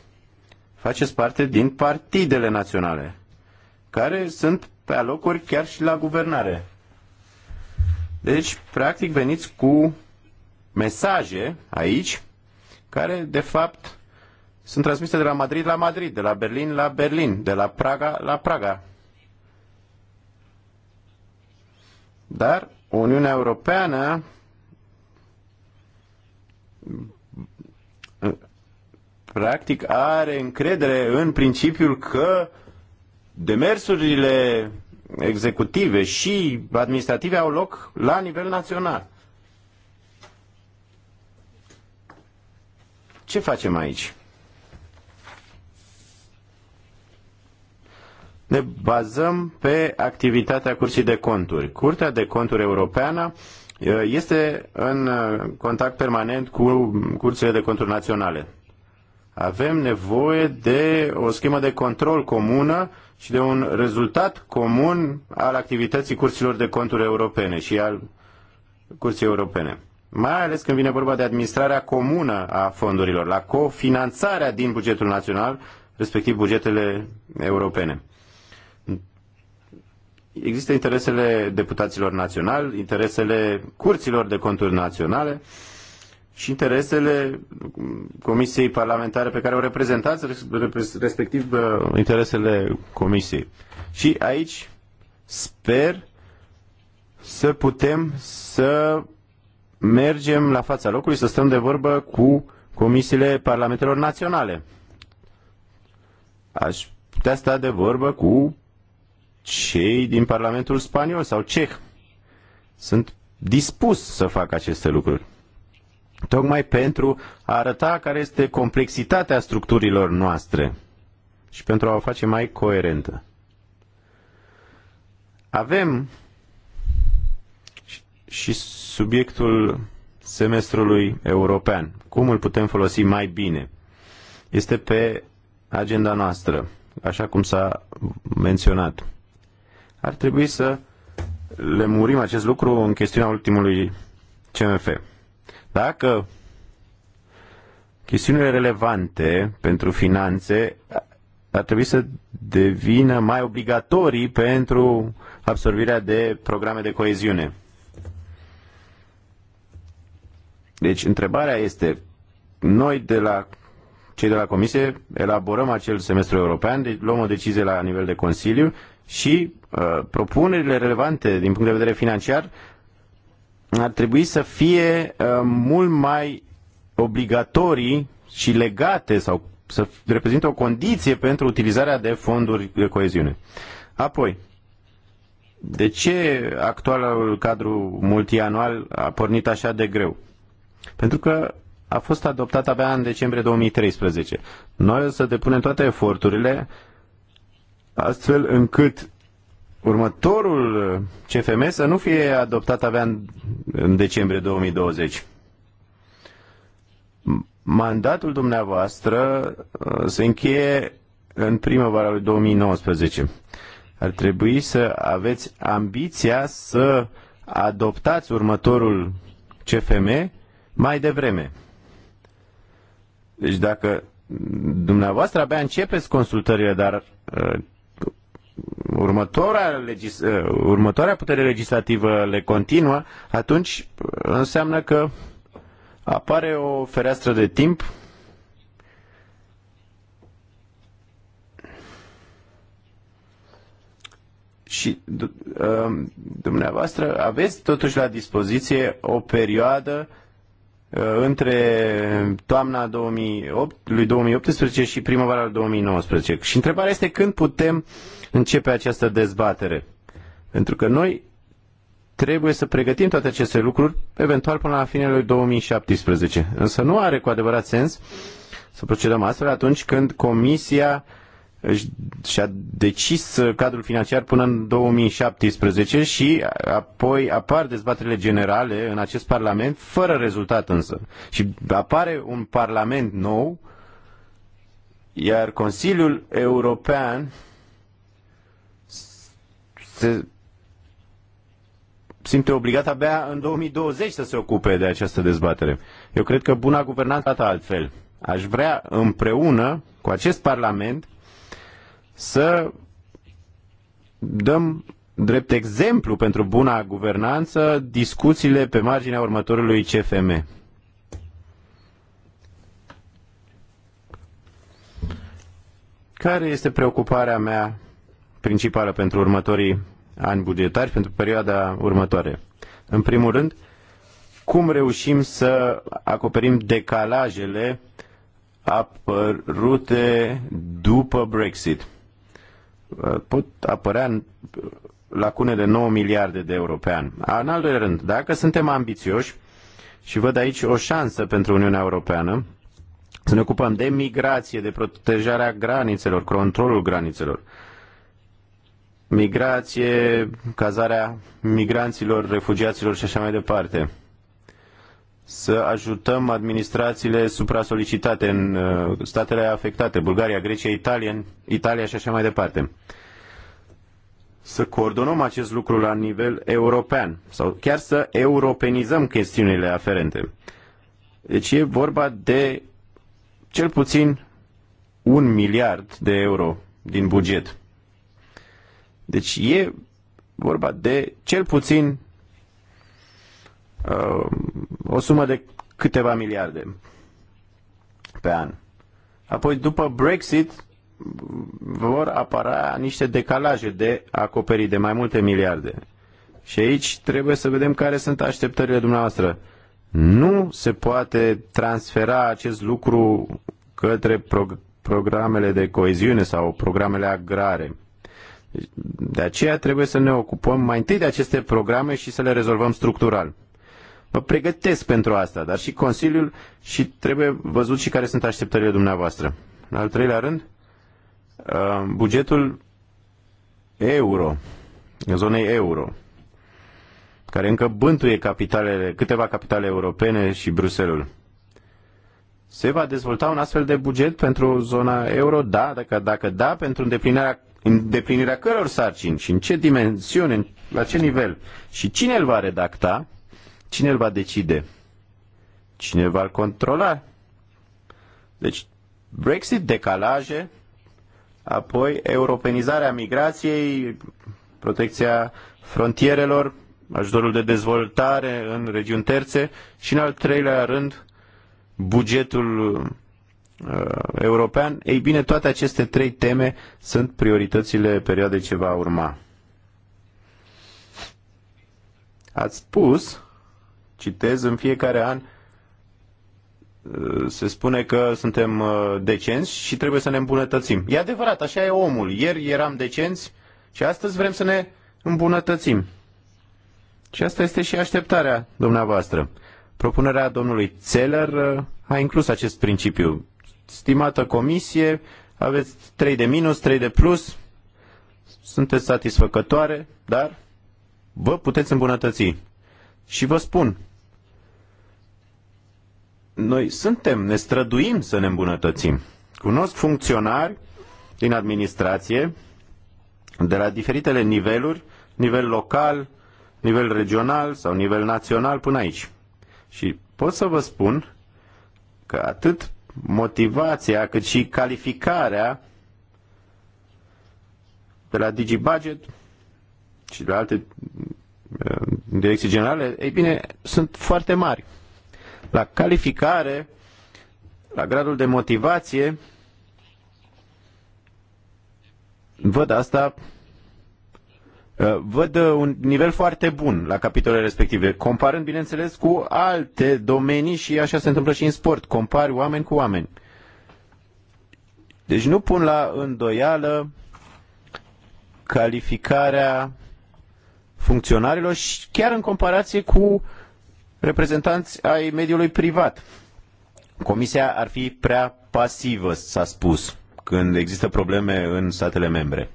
Faceți parte din partidele naționale, care sunt pe alocuri chiar și la guvernare. Deci, practic, veniți cu mesaje aici, care, de fapt, sunt transmise de la Madrid la Madrid, de la Berlin la Berlin, de la Praga la Praga. Dar Uniunea Europeană practic are încredere în principiul că demersurile executive și administrative au loc la nivel național. Ce facem aici? ne bazăm pe activitatea Curții de Conturi. Curtea de Conturi Europeană uh, este în uh, contact permanent cu curțile de conturi naționale. Avem nevoie de o schemă de control comună și de un rezultat comun al activității curților de conturi europene și al curții europene. Mai ales când vine vorba de administrarea comună a fondurilor, la cofinanțarea din bugetul național, respectiv bugetele europene există interesele deputaților naționali, interesele curților de conturi naționale și interesele comisiei parlamentare pe care o reprezentați, respectiv uh, interesele comisiei. Și aici sper să putem să mergem la fața locului, să stăm de vorbă cu comisiile parlamentelor naționale. Aș putea sta de vorbă cu cei din Parlamentul spaniol sau ceh sunt dispus să facă aceste lucruri. Tocmai pentru a arăta care este complexitatea structurilor noastre și pentru a o face mai coerentă. Avem și subiectul semestrului european. Cum îl putem folosi mai bine? Este pe agenda noastră, așa cum s-a menționat. Ar trebui să le murim acest lucru în chestiunea ultimului CMF. Dacă chestiunile relevante pentru finanțe ar trebui să devină mai obligatorii pentru absorbirea de programe de coeziune. Deci, întrebarea este, noi de la cei de la Comisie elaborăm acel semestru european, deci luăm o decizie la nivel de Consiliu și uh, propunerile relevante din punct de vedere financiar ar trebui să fie uh, mult mai obligatorii și legate sau să reprezintă o condiție pentru utilizarea de fonduri de coeziune. Apoi, de ce actualul cadru multianual a pornit așa de greu? Pentru că a fost adoptat abia în decembrie 2013. Noi o să depunem toate eforturile astfel încât următorul CFM să nu fie adoptat avea în, în decembrie 2020. Mandatul dumneavoastră uh, se încheie în primăvara lui 2019. Ar trebui să aveți ambiția să adoptați următorul CFM mai devreme. Deci dacă dumneavoastră abia începeți consultările, dar uh, următoarea, legis, eh, următoarea putere legislativă le continuă, atunci înseamnă că apare o fereastră de timp și ehm, dumneavoastră aveți totuși la dispoziție o perioadă eh, între toamna 2008, lui 2018 și primăvara 2019. Și întrebarea este când putem uh, începe această dezbatere. Pentru că noi trebuie să pregătim toate aceste lucruri, eventual până la finele lui 2017. Însă nu are cu adevărat sens să procedăm astfel atunci când Comisia și-a decis uh, cadrul financiar până în 2017 și apoi apar dezbaterile generale în acest Parlament, fără rezultat însă. Și apare un Parlament nou, iar Consiliul European se simte obligat abia în 2020 să se ocupe de această dezbatere. Eu cred că buna guvernanță altfel. Aș vrea împreună cu acest Parlament să dăm drept exemplu pentru buna guvernanță discuțiile pe marginea următorului CFM. Care este preocuparea mea principală pentru următorii ani bugetari, pentru perioada următoare. În primul rând, cum reușim să acoperim decalajele apărute după Brexit. Pot apărea lacune de 9 miliarde de euro pe an. În al doilea rând, dacă suntem ambițioși și văd aici o șansă pentru Uniunea Europeană, să ne ocupăm de migrație, de protejarea granițelor, controlul granițelor, migrație, cazarea migranților, refugiaților și așa mai departe. Să ajutăm administrațiile supra-solicitate în uh, statele afectate, Bulgaria, Grecia, Italia, Italia și așa mai departe. Să coordonăm acest lucru la nivel european sau chiar să europenizăm chestiunile aferente. Deci e vorba de cel puțin un miliard de euro din buget. Deci e vorba de cel puțin uh, o sumă de câteva miliarde pe an. Apoi, după Brexit, vor apara niște decalaje de acoperi de mai multe miliarde. Și aici trebuie să vedem care sunt așteptările dumneavoastră. Nu se poate transfera acest lucru către pro- programele de coeziune sau programele agrare. De aceea trebuie să ne ocupăm mai întâi de aceste programe și să le rezolvăm structural. Mă pregătesc pentru asta, dar și Consiliul și trebuie văzut și care sunt așteptările dumneavoastră. În al treilea rând, uh, bugetul euro, zonei euro, care încă bântuie capitalele, câteva capitale europene și Bruselul. Se va dezvolta un astfel de buget pentru zona euro? Da, dacă, dacă da, pentru îndeplinirea îndeplinirea căror sarcini și în ce dimensiune, la ce nivel și cine îl va redacta, cine îl va decide, cine îl va controla. Deci, Brexit, decalaje, apoi europenizarea migrației, protecția frontierelor, ajutorul de dezvoltare în regiuni terțe și, în al treilea rând, bugetul Uh, european, ei bine, toate aceste trei teme sunt prioritățile perioadei ce va urma. Ați spus, citez, în fiecare an uh, se spune că suntem uh, decenți și trebuie să ne îmbunătățim. E adevărat, așa e omul. Ieri eram decenți și astăzi vrem să ne îmbunătățim. Și asta este și așteptarea dumneavoastră. Propunerea domnului Zeller a inclus acest principiu. Stimată comisie, aveți 3 de minus, 3 de plus, sunteți satisfăcătoare, dar vă puteți îmbunătăți. Și vă spun, noi suntem, ne străduim să ne îmbunătățim. Cunosc funcționari din administrație, de la diferitele niveluri, nivel local, nivel regional sau nivel național până aici. Și pot să vă spun că atât motivația, cât și calificarea de la DigiBudget și de la alte uh, direcții generale, ei bine, sunt foarte mari. La calificare, la gradul de motivație, văd asta Uh, văd uh, un nivel foarte bun la capitolele respective, comparând, bineînțeles, cu alte domenii și așa se întâmplă și în sport. Compari oameni cu oameni. Deci nu pun la îndoială calificarea funcționarilor și chiar în comparație cu reprezentanți ai mediului privat. Comisia ar fi prea pasivă, s-a spus, când există probleme în statele membre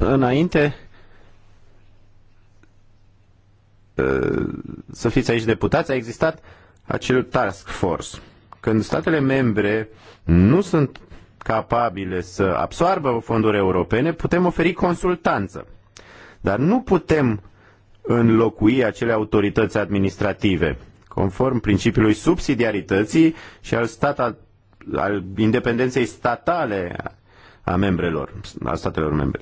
înainte ă, să fiți aici deputați, a existat acel task force. Când statele membre nu sunt capabile să absoarbă fonduri europene, putem oferi consultanță. Dar nu putem înlocui acele autorități administrative. Conform principiului subsidiarității și al, stat, al, al independenței statale a membrelor, a statelor membre.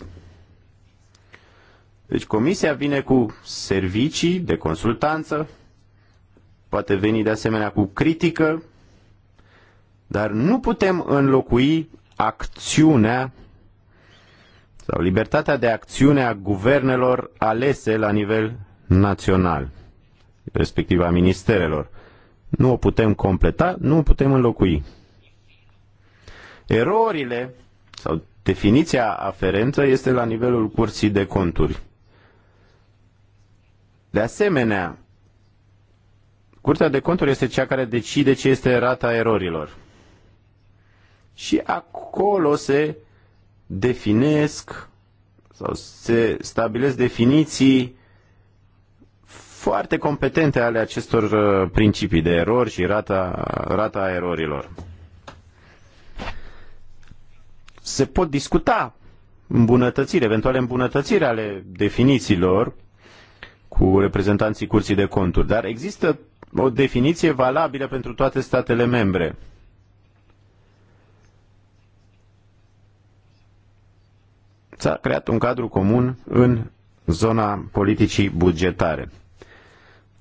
Deci comisia vine cu servicii de consultanță, poate veni de asemenea cu critică, dar nu putem înlocui acțiunea sau libertatea de acțiune a guvernelor alese la nivel național, respectiv a ministerelor. Nu o putem completa, nu o putem înlocui. Erorile sau definiția aferentă este la nivelul curții de conturi. De asemenea, Curtea de conturi este cea care decide ce este rata erorilor. Și acolo se definesc sau se stabilesc definiții foarte competente ale acestor uh, principii de erori și rata, rata erorilor. Se pot discuta îmbunătățiri, eventuale îmbunătățiri ale definițiilor cu reprezentanții Curții de Conturi, dar există o definiție valabilă pentru toate statele membre. S-a creat un cadru comun în zona politicii bugetare.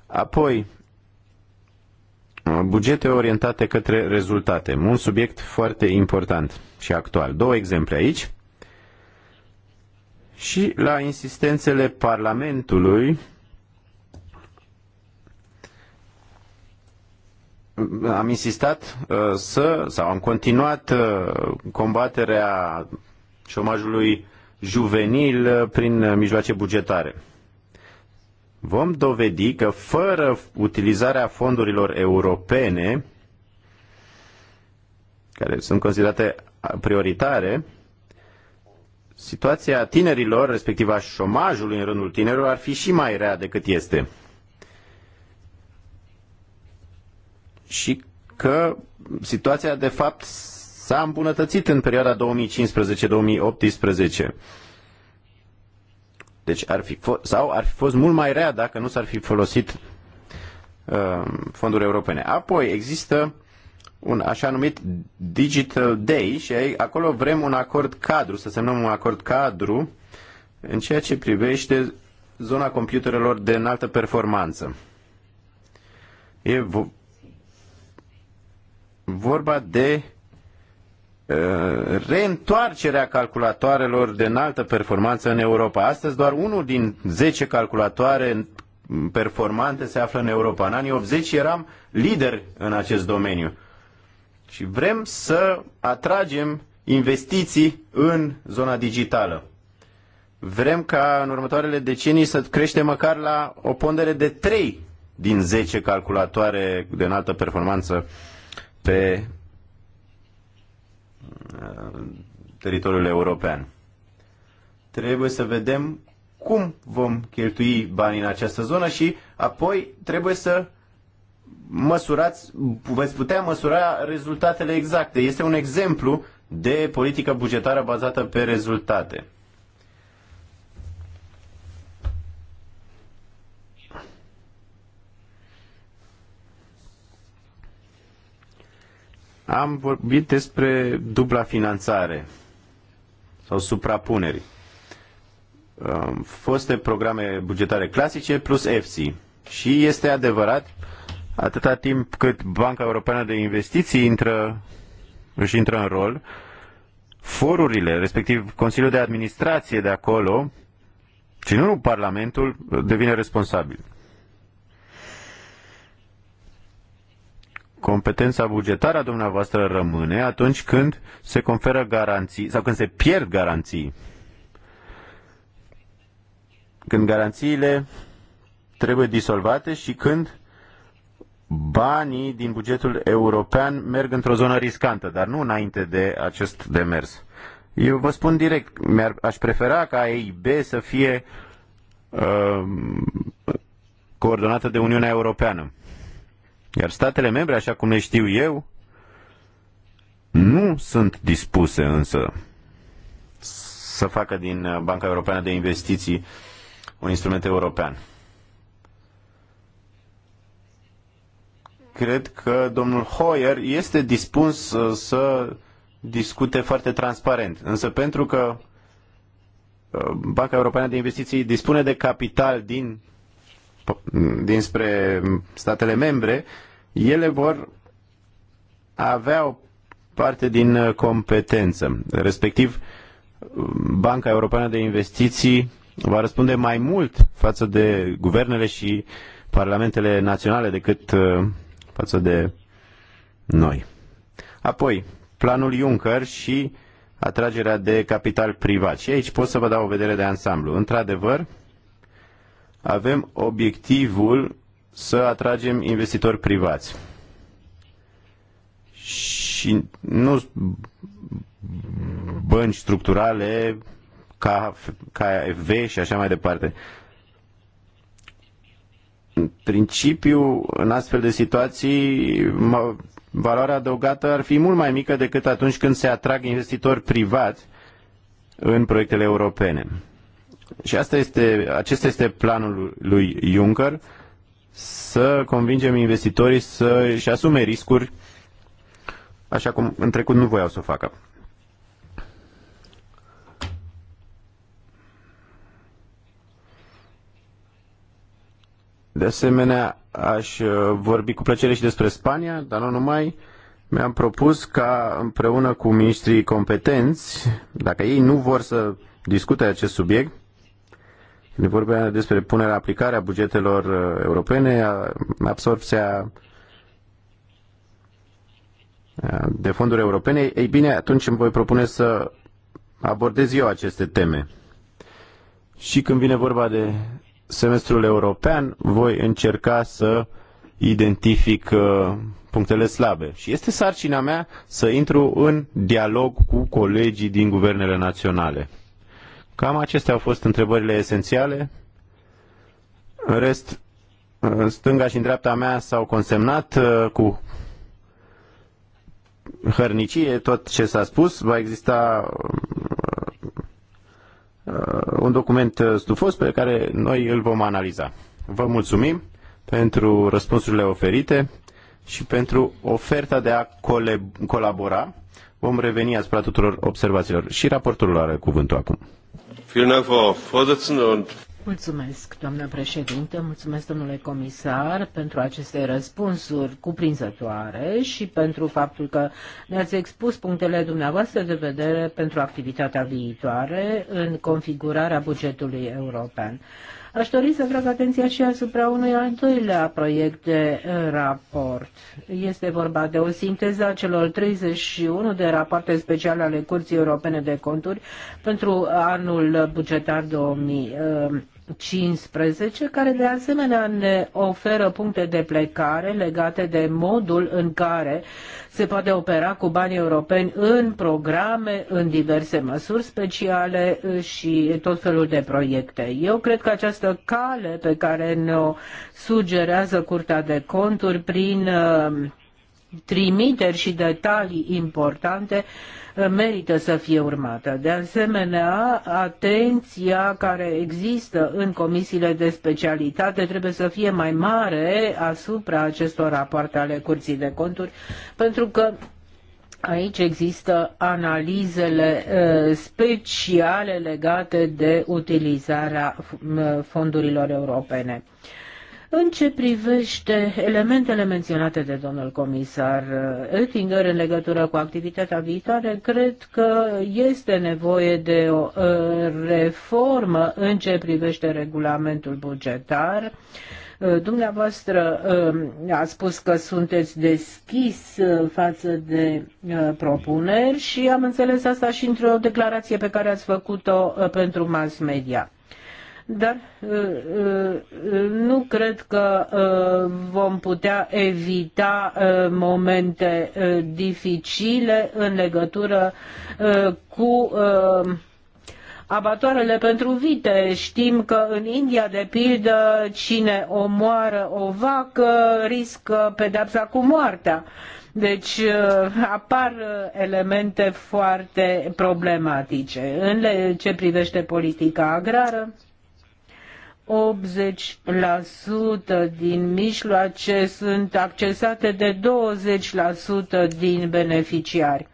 Apoi, bugete orientate către rezultate. Un subiect foarte important și actual. Două exemple aici. Și la insistențele Parlamentului am insistat uh, să, sau am continuat uh, combaterea șomajului juvenil uh, prin mijloace bugetare. Vom dovedi că fără utilizarea fondurilor europene, care sunt considerate prioritare, situația tinerilor, respectiv a șomajului în rândul tinerilor, ar fi și mai rea decât este. și că situația de fapt s-a îmbunătățit în perioada 2015-2018. Deci ar fi sau ar fi fost mult mai rea dacă nu s-ar fi folosit uh, fonduri europene. Apoi există un așa numit Digital Day și acolo vrem un acord cadru, să semnăm un acord cadru în ceea ce privește zona computerelor de înaltă performanță. E vorba de uh, reîntoarcerea calculatoarelor de înaltă performanță în Europa. Astăzi doar unul din 10 calculatoare performante se află în Europa. În anii 80 eram lideri în acest domeniu. Și vrem să atragem investiții în zona digitală. Vrem ca în următoarele decenii să creștem măcar la o pondere de 3 din 10 calculatoare de înaltă performanță pe uh, teritoriul european. Trebuie să vedem cum vom cheltui banii în această zonă și apoi trebuie să măsurați, veți putea măsura rezultatele exacte. Este un exemplu de politică bugetară bazată pe rezultate. Am vorbit despre dubla finanțare sau suprapuneri. Foste programe bugetare clasice plus EFSI. Și este adevărat, atâta timp cât Banca Europeană de Investiții intră, își intră în rol, forurile, respectiv Consiliul de Administrație de acolo, și nu Parlamentul, devine responsabil. competența bugetară a dumneavoastră rămâne atunci când se conferă garanții sau când se pierd garanții. Când garanțiile trebuie disolvate și când banii din bugetul european merg într-o zonă riscantă, dar nu înainte de acest demers. Eu vă spun direct, mi-ar, aș prefera ca EIB să fie uh, coordonată de Uniunea Europeană. Iar statele membre, așa cum le știu eu, nu sunt dispuse însă să facă din Banca Europeană de Investiții un instrument european. Cred că domnul Hoyer este dispus uh, să discute foarte transparent, însă pentru că uh, Banca Europeană de Investiții dispune de capital din dinspre statele membre, ele vor avea o parte din competență. Respectiv, Banca Europeană de Investiții va răspunde mai mult față de guvernele și parlamentele naționale decât uh, față de noi. Apoi, planul Juncker și atragerea de capital privat. Și aici pot să vă dau o vedere de ansamblu. Într-adevăr, avem obiectivul să atragem investitori privați. Și nu bănci structurale ca, ca EV și așa mai departe. În principiu, în astfel de situații, valoarea adăugată ar fi mult mai mică decât atunci când se atrag investitori privați în proiectele europene. Și asta este, acesta este planul lui Juncker, să convingem investitorii să-și asume riscuri, așa cum în trecut nu voiau să o facă. De asemenea, aș uh, vorbi cu plăcere și despre Spania, dar nu numai. Mi-am propus ca împreună cu ministrii competenți, dacă ei nu vor să discute acest subiect, E vorba despre punerea aplicarea bugetelor uh, europene, absorpția de fonduri europene. Ei bine, atunci îmi voi propune să abordez eu aceste teme. Și când vine vorba de semestrul european, voi încerca să identific uh, punctele slabe. Și este sarcina mea să intru în dialog cu colegii din guvernele naționale. Cam acestea au fost întrebările esențiale. În rest, stânga și în dreapta mea s-au consemnat uh, cu hărnicie tot ce s-a spus. Va exista uh, un document uh, stufos pe care noi îl vom analiza. Vă mulțumim pentru răspunsurile oferite și pentru oferta de a colabora. Vom reveni asupra tuturor observațiilor. Și raportul are cuvântul acum. Mulțumesc, doamnă președinte, mulțumesc, domnule comisar, pentru aceste răspunsuri cuprinzătoare și pentru faptul că ne-ați expus punctele dumneavoastră de vedere pentru activitatea viitoare în configurarea bugetului european. Aș dori să atrag atenția și asupra unui al doilea proiect de uh, raport. Este vorba de o sinteză a celor 31 de rapoarte speciale ale Curții Europene de Conturi pentru anul bugetar 2000. 15, care de asemenea ne oferă puncte de plecare legate de modul în care se poate opera cu banii europeni în programe, în diverse măsuri speciale și tot felul de proiecte. Eu cred că această cale pe care ne-o sugerează Curtea de Conturi prin uh, trimiteri și detalii importante uh, merită să fie urmată. De asemenea, atenția care există în comisiile de specialitate trebuie să fie mai mare asupra acestor rapoarte ale Curții de Conturi, pentru că Aici există analizele uh, speciale legate de utilizarea uh, fondurilor europene. În ce privește elementele menționate de domnul comisar eh, Oettinger în legătură cu activitatea viitoare, cred că este nevoie de o eh, reformă în ce privește regulamentul bugetar. Eh, dumneavoastră a spus că sunteți deschis față de propuneri și am înțeles asta și într-o declarație pe care ați făcut-o pentru mass media dar uh, uh, nu cred că uh, vom putea evita momente dificile în legătură cu abatoarele pentru vite. Știm că în India, de pildă, cine omoară o vacă riscă pedepsa cu moartea. Deci apar elemente foarte problematice. În ce privește politica agrară, 80% din mijloace sunt accesate de 20% din beneficiari.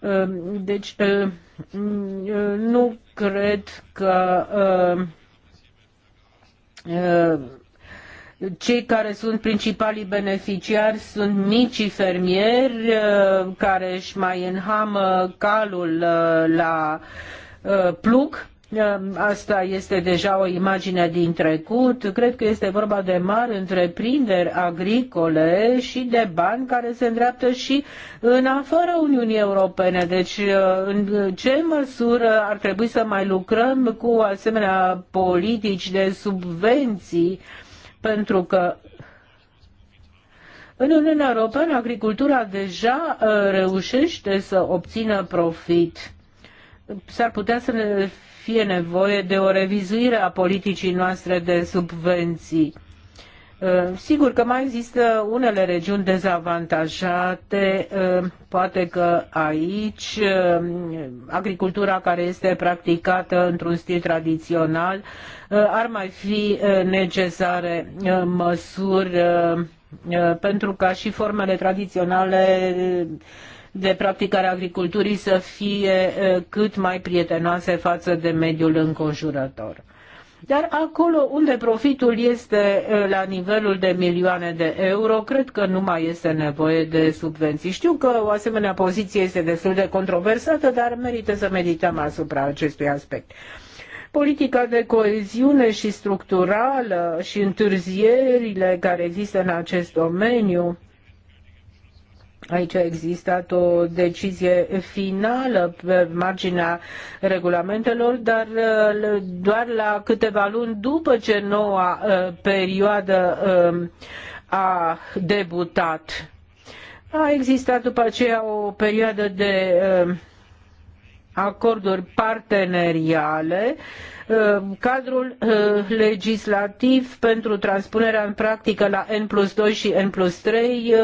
Ehm, deci ehm, mm, nu cred că ehm, cei care sunt principalii beneficiari sunt micii fermieri care își mai înhamă calul la plug Ehm, asta este deja o imagine din trecut. Cred că este vorba de mari întreprinderi agricole și de bani care se îndreaptă și în afara Uniunii Europene. Deci, ehm, în ce măsură ar trebui să mai lucrăm cu asemenea politici de subvenții? Pentru că în Uniunea Europeană agricultura deja ehm, reușește să obțină profit. S-ar putea să ne fie nevoie de o revizuire a politicii noastre de subvenții. Uh, sigur că mai există unele regiuni dezavantajate, uh, poate că aici uh, agricultura care este practicată într-un stil tradițional ar mai fi necesare măsuri pentru ca și formele tradiționale de practicarea a agriculturii să fie cât mai prietenoase față de mediul înconjurător. Dar acolo unde profitul este la nivelul de milioane de euro, cred că nu mai este nevoie de subvenții. Știu că o asemenea poziție este destul de controversată, dar merită să medităm asupra acestui aspect politica de coeziune și structurală și întârzierile care există în acest domeniu Aici a existat o decizie finală pe marginea regulamentelor, dar uh, doar la câteva luni după ce noua uh, perioadă um, a debutat. A existat după aceea o perioadă de um, acorduri parteneriale, um, cadrul uh, legislativ pentru transpunerea în practică la N plus 2 și N plus 3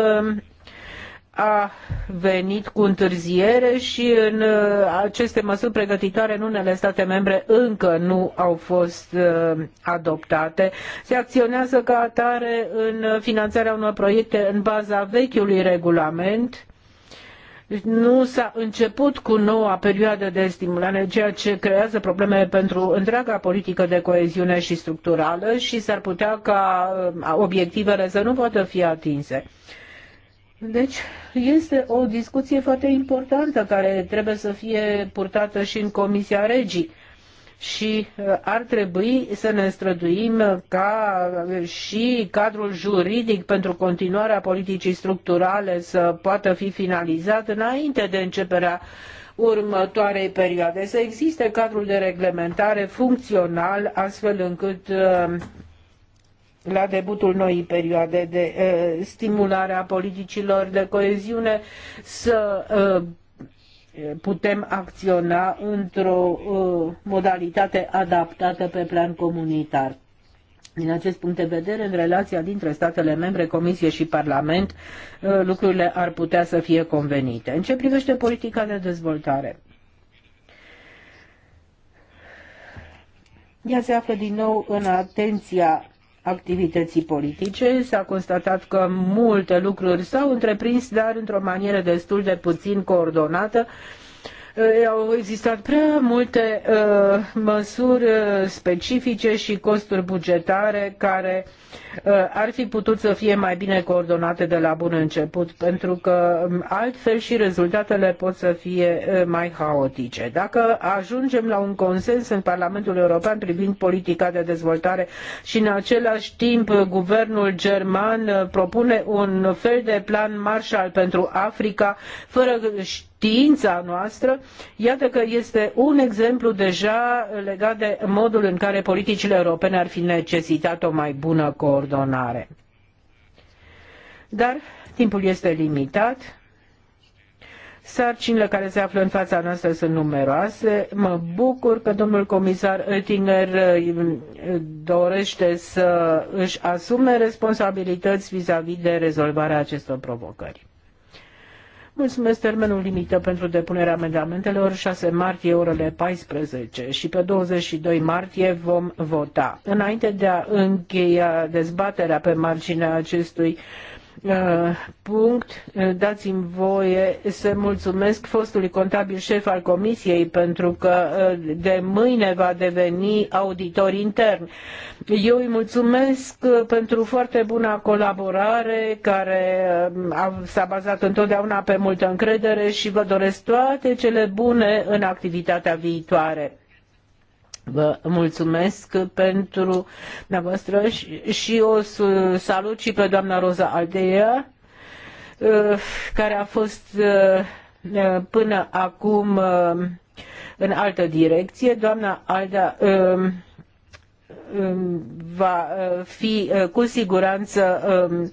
a venit cu întârziere și în uh, aceste măsuri pregătitoare în unele state membre încă nu au fost uh, adoptate. Se acționează ca atare în finanțarea unor proiecte în baza vechiului regulament nu s-a început cu noua perioadă de stimulare, ceea ce creează probleme pentru întreaga politică de coeziune și structurală și s-ar putea ca uh, obiectivele să nu poată fi atinse. Deci este o discuție foarte importantă care trebuie să fie purtată și în Comisia Regii și uh, ar trebui să ne străduim uh, ca uh, și cadrul juridic pentru continuarea politicii structurale să poată fi finalizat înainte de începerea următoarei perioade. Să existe cadrul de reglementare funcțional astfel încât la debutul noii perioade de uh, stimulare a politicilor de coeziune să uh, putem acționa într-o uh, modalitate adaptată pe plan comunitar. Din acest punct de vedere, în relația dintre statele membre, Comisie și Parlament, uh, lucrurile ar putea să fie convenite. În ce privește politica de dezvoltare? Ea se află din nou în atenția activității politice. S-a constatat că multe lucruri s-au întreprins, dar într-o manieră destul de puțin coordonată. Au existat prea multe uh, măsuri specifice și costuri bugetare care uh, Uh, ar fi putut să fie mai bine coordonate de la bun început, pentru că um, altfel și rezultatele pot să fie uh, mai haotice. Dacă ajungem la un consens în Parlamentul European privind politica de dezvoltare și în același timp guvernul german uh, propune un fel de plan Marshall pentru Africa, fără știința noastră, iată că este un exemplu deja legat de modul în care politicile europene ar fi necesitat o mai bună coordonare. Dar timpul este limitat. Sarcinile care se află în fața noastră sunt numeroase. Mă bucur că domnul comisar Oettinger uh, dorește să își asume responsabilități vis-a-vis -vis de rezolvarea acestor provocări. Mulțumesc termenul limită pentru depunerea amendamentelor 6 martie orele 14 și pe 22 martie vom vota. Înainte de a încheia dezbaterea pe marginea acestui punct, dați-mi voie să mulțumesc fostului contabil șef al Comisiei pentru că de mâine va deveni auditor intern. Eu îi mulțumesc pentru foarte bună colaborare care um, s-a bazat întotdeauna pe multă încredere și vă doresc toate cele bune în activitatea viitoare. Vă mulțumesc pentru dumneavoastră și, și o salut și pe doamna Roza Aldeia, uh, care a fost uh, uh, până acum în altă direcție. Doamna Alda um, um, va fi cu siguranță um,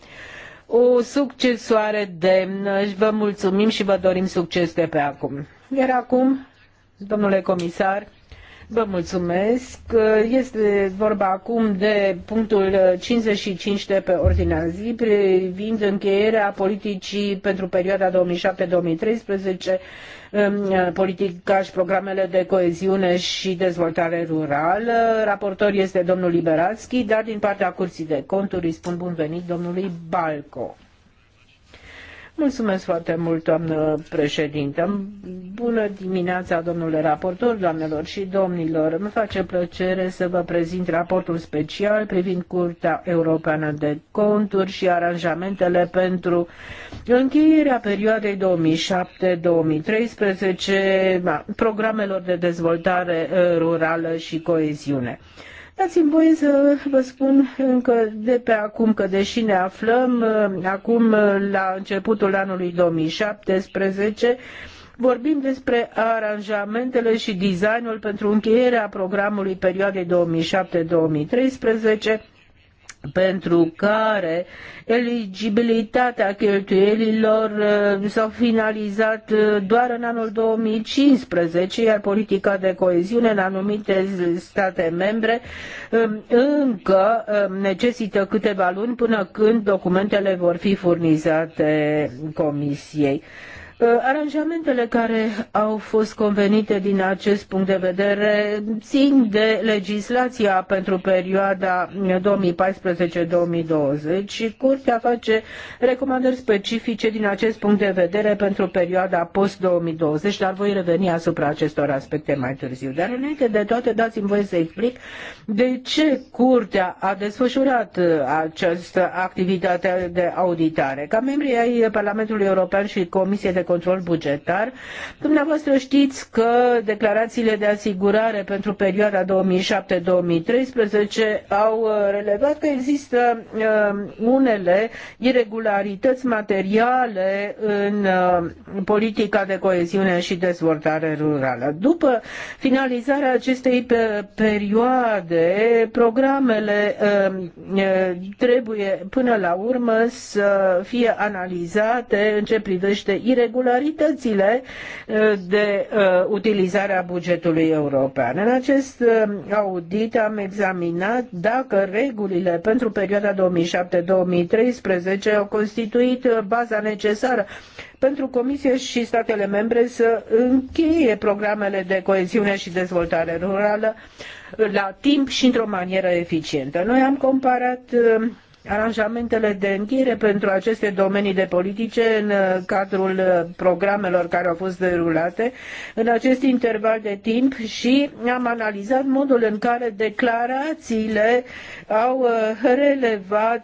o succesoare demnă. Vă mulțumim și vă dorim succes de pe acum. Iar acum, domnule comisar, Vă mulțumesc. Este vorba acum de punctul 55 de pe ordinea zi privind încheierea politicii pentru perioada 2007-2013, uh, politica și programele de coeziune și dezvoltare rurală. Raportor este domnul Liberatski, dar din partea Curții de Conturi îi spun bun venit domnului Balco. Mulțumesc foarte mult, doamnă președintă. Bună dimineața, domnule raportor, doamnelor și domnilor. Îmi face plăcere să vă prezint raportul special privind Curtea Europeană de Conturi și aranjamentele pentru încheierea perioadei 2007-2013 programelor de dezvoltare uh, rurală și coeziune. Dați-mi voie să vă spun încă de pe acum că deși ne aflăm uh, acum uh, la începutul anului 2017, Vorbim despre aranjamentele și designul pentru încheierea programului perioadei 2007-2013 pentru care eligibilitatea cheltuielilor uh, s-a finalizat uh, doar în anul 2015, iar politica de coeziune în anumite state membre um, încă um, necesită câteva luni până când documentele vor fi furnizate Comisiei. Uh, aranjamentele care au fost convenite din acest punct de vedere țin de legislația pentru perioada 2014-2020 și Curtea face recomandări specifice din acest punct de vedere pentru perioada post-2020, dar voi reveni asupra acestor aspecte mai târziu. Dar înainte de toate, dați-mi voie să explic de ce Curtea a desfășurat uh, această activitate de auditare. Ca membri ai Parlamentului European și Comisiei de control bugetar. Dumneavoastră știți că declarațiile de asigurare pentru perioada 2007-2013 au uh, relevat că există uh, unele irregularități materiale în uh, politica de coeziune și dezvoltare rurală. După finalizarea acestei perioade, programele trebuie până la urmă să fie analizate în ce privește irregularitățile neregularitățile uh, de uh, utilizarea bugetului european. În acest uh, audit am examinat dacă regulile pentru perioada 2007-2013 au constituit baza necesară pentru Comisie și statele membre să încheie programele de coeziune și dezvoltare rurală la timp și într-o manieră eficientă. Noi am comparat aranjamentele de încheiere pentru aceste domenii de politice în uh, cadrul uh, programelor care au fost derulate în acest interval de timp și am analizat modul în care declarațiile au uh, relevat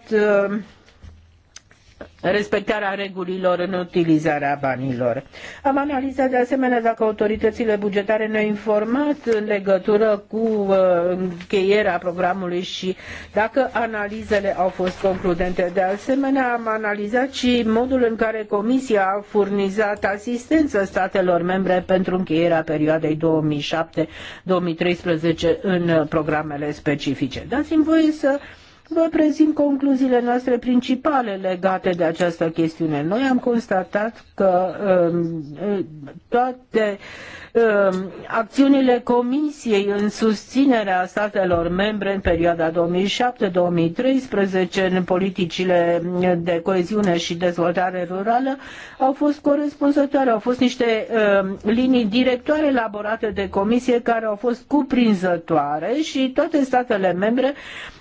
respectarea regulilor în utilizarea banilor. Am analizat de asemenea dacă autoritățile bugetare ne-au informat în legătură cu uh, încheierea programului și dacă analizele au fost concludente. De asemenea, am analizat și modul în care Comisia a furnizat asistență statelor membre pentru încheierea perioadei 2007-2013 în programele specifice. Dați-mi voie să vă prezint concluziile noastre principale legate de această chestiune. Noi am constatat că um, toate Ehm, acțiunile Comisiei în susținerea statelor membre în perioada 2007-2013 în politicile de coeziune și dezvoltare rurală au fost corespunzătoare, au fost niște ehm, linii directoare elaborate de Comisie care au fost cuprinzătoare și toate statele membre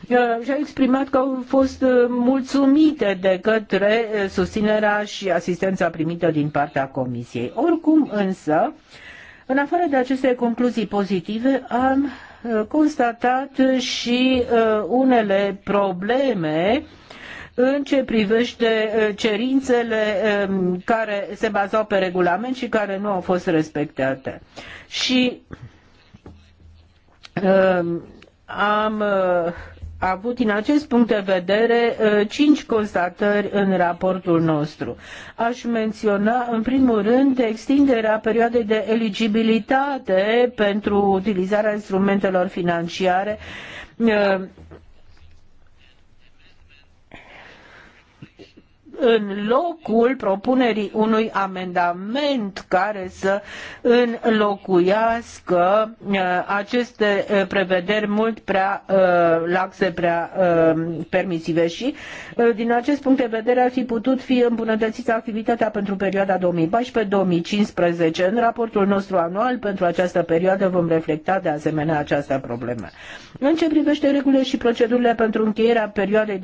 ehm, și-au exprimat că au fost mulțumite de către susținerea și asistența primită din partea Comisiei. Oricum însă, în afară de aceste concluzii pozitive, am uh, constatat și uh, unele probleme în ce privește uh, cerințele um, care se bazau pe regulament și care nu au fost respectate. Și um, am avut din acest punct de vedere uh, cinci constatări în raportul nostru. Aș menționa în primul rând extinderea perioadei de eligibilitate pentru utilizarea instrumentelor financiare uh, în locul propunerii unui amendament care să înlocuiască uh, aceste uh, prevederi mult prea uh, laxe, prea permisive și din acest punct de vedere ar fi putut fi îmbunătățită activitatea pentru perioada 2014-2015. În raportul nostru anual pentru această perioadă vom reflecta de asemenea această problemă. În ce privește regulile și procedurile pentru încheierea perioadei 2007-2013,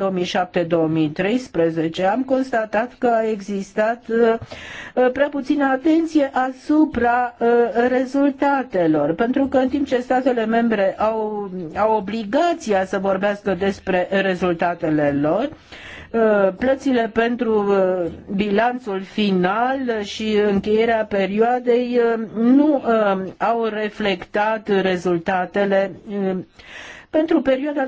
am constatat constatat că a existat uh, prea puțină atenție asupra uh, rezultatelor, pentru că în timp ce statele membre au, au obligația să vorbească despre rezultatele lor, uh, plățile pentru bilanțul final și încheierea perioadei nu au reflectat rezultatele pentru perioada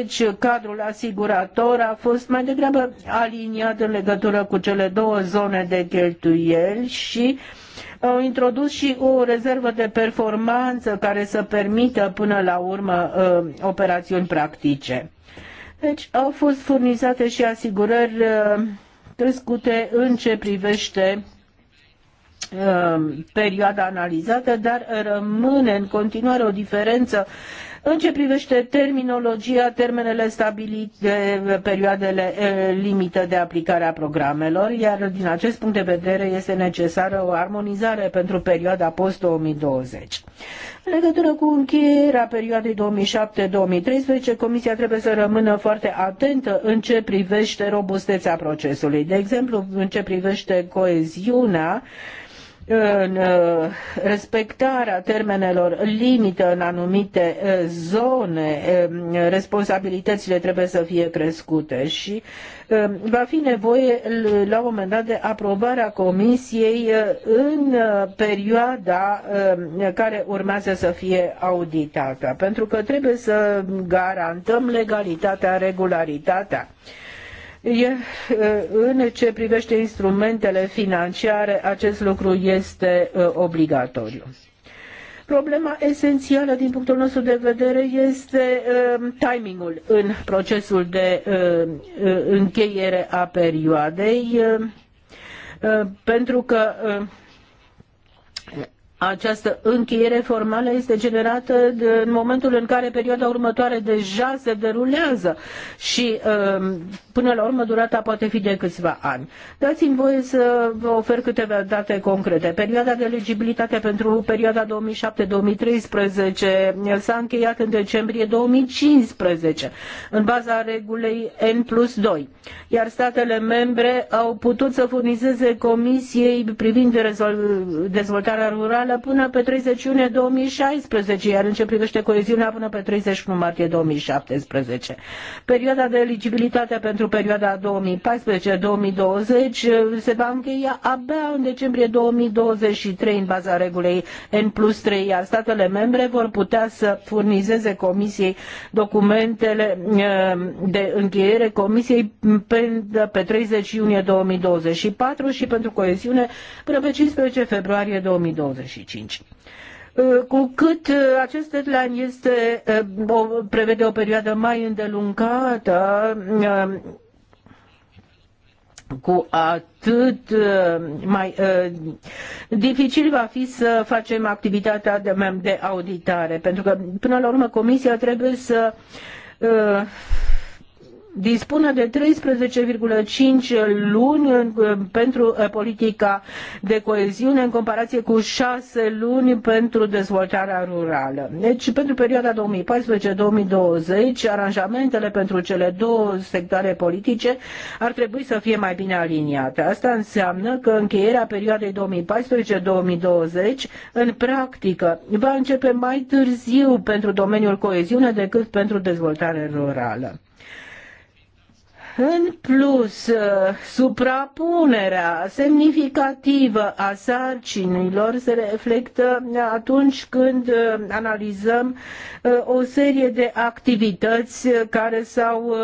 2014-2020, cadrul asigurator a fost mai degrabă aliniat în legătură cu cele două zone de cheltuieli și au introdus și o rezervă de performanță care să permită până la urmă uh, operațiuni practice. Deci au fost furnizate și asigurări uh, crescute în ce privește Um, perioada analizată, dar rămâne în continuare o diferență în ce privește terminologia, termenele stabilite, perioadele eh, limită de aplicare a programelor, iar din acest punct de vedere este necesară o armonizare pentru perioada post-2020. În legătură cu încheierea perioadei 2007-2013, Comisia trebuie să rămână foarte atentă în ce privește robustețea procesului. De exemplu, în ce privește coeziunea, în uh, respectarea termenelor limită în anumite uh, zone, um, responsabilitățile trebuie să fie crescute și um, va fi nevoie la un moment dat de aprobarea comisiei uh, în perioada um, care urmează să fie auditată, pentru că trebuie să garantăm legalitatea, regularitatea. În ce privește instrumentele financiare, acest lucru este obligatoriu. Problema esențială din punctul nostru de vedere este timingul în procesul de încheiere a perioadei, pentru că această încheiere formală este generată de, în momentul în care perioada următoare deja se derulează și Până la urmă, durata poate fi de câțiva ani. Dați-mi voie să vă ofer câteva date concrete. Perioada de eligibilitate pentru perioada 2007-2013 s-a încheiat în decembrie 2015, în baza regulei N plus 2, iar statele membre au putut să furnizeze Comisiei privind dezvoltarea rurală până pe 30 iunie 2016, iar în ce privește coeziunea până pe 31 martie 2017. Perioada de eligibilitate pentru perioada 2014-2020 se va încheia abia în decembrie 2023 în baza regulii N plus 3, iar statele membre vor putea să furnizeze Comisiei documentele eh, de încheiere Comisiei pe, pe 30 iunie 2024 și pentru coeziune până pe 15 februarie 2025. Uh, cu cât uh, acest deadline este, uh, o, prevede o perioadă mai îndelungată, cu atât mai dificil va fi să facem activitatea de, de auditare, pentru că, până la urmă, Comisia trebuie să dispună de 13,5 luni pentru uh, politica de coeziune în comparație cu 6 luni pentru dezvoltarea rurală. Deci pentru perioada 2014-2020 aranjamentele pentru cele două sectoare politice ar trebui să fie mai bine aliniate. Asta înseamnă că încheierea perioadei 2014-2020 în practică va începe mai târziu pentru domeniul coeziune decât pentru dezvoltare rurală. În plus, uh, suprapunerea semnificativă a sarcinilor se reflectă atunci când uh, analizăm uh, o serie de activități care s-au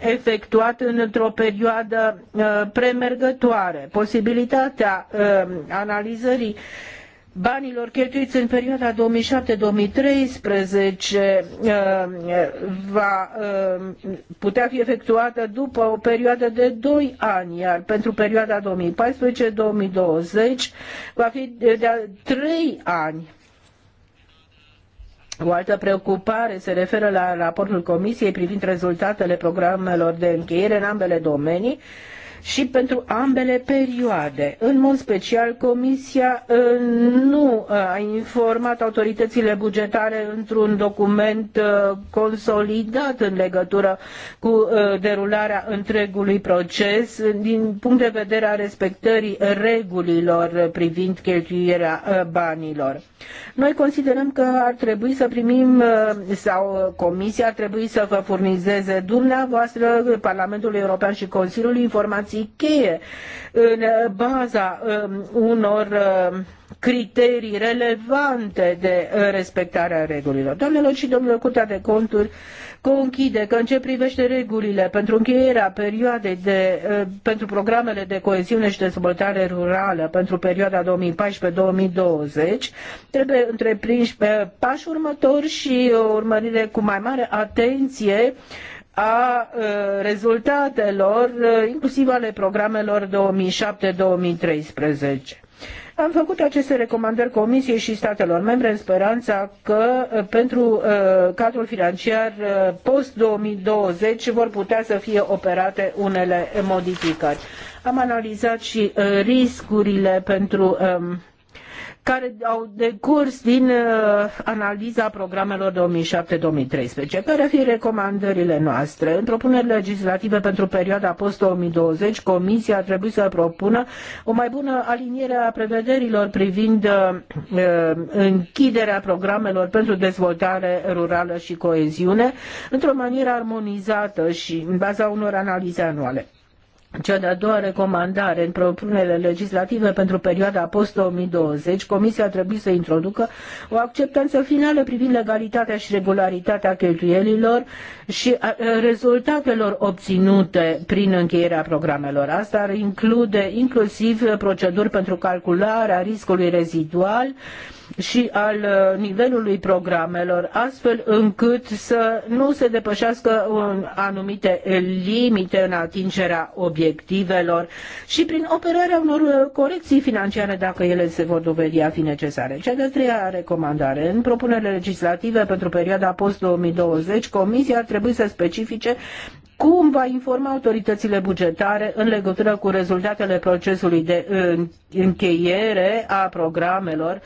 efectuat într-o perioadă premergătoare. Posibilitatea analizării banilor cheltuiți în perioada 2007-2013 uh, va uh, putea fi efectuată după o perioadă de 2 ani, iar pentru perioada 2014-2020 va fi de 3 ani. O altă preocupare se referă la raportul Comisiei privind rezultatele programelor de încheiere în ambele domenii, și pentru ambele perioade. În mod special, Comisia uh, nu uh, a informat autoritățile bugetare într-un document uh, consolidat în legătură cu derularea întregului proces din punct de vedere a respectării regulilor privind cheltuirea banilor. Noi considerăm că ar trebui să primim sau Comisia ar trebui să vă furnizeze dumneavoastră Parlamentului European și Consiliului informații și cheie în baza um, unor um, criterii relevante de uh, respectarea regulilor. Doamnelor și domnilor, Curtea de Conturi conchide că în ce privește regulile pentru încheierea perioadei de, uh, pentru programele de coeziune și dezvoltare rurală pentru perioada 2014-2020, trebuie întreprinși pe uh, pași următori și o urmărire cu mai mare atenție uh, a rezultatelor, inclusiv ale programelor 2007-2013. Am făcut aceste recomandări Comisiei și statelor membre în speranța că pentru uh, cadrul financiar uh, post-2020 vor putea să fie operate unele modificări. Am analizat și uh, riscurile pentru care au decurs din uh, analiza programelor 2007-2013. Care ar fi recomandările noastre? În propuneri legislative pentru perioada post-2020, Comisia ar trebui să propună o mai bună aliniere a prevederilor privind uh, uh, închiderea programelor pentru dezvoltare rurală și coeziune într-o manieră armonizată și în baza unor analize anuale. Cea de-a doua recomandare în propunerile legislative pentru perioada post-2020, Comisia trebuie să introducă o acceptanță finală privind legalitatea și regularitatea cheltuielilor și rezultatelor obținute prin încheierea programelor. Asta ar include inclusiv proceduri pentru calcularea riscului rezidual, și al uh, nivelului programelor, astfel încât să nu se depășească um, anumite limite în atingerea obiectivelor și prin operarea unor uh, corecții financiare dacă ele se vor dovedi a fi necesare. Cea de-a treia recomandare. În propunerile legislative pentru perioada post-2020, Comisia ar trebui să specifice cum va informa autoritățile bugetare în legătură cu rezultatele procesului de uh, încheiere a programelor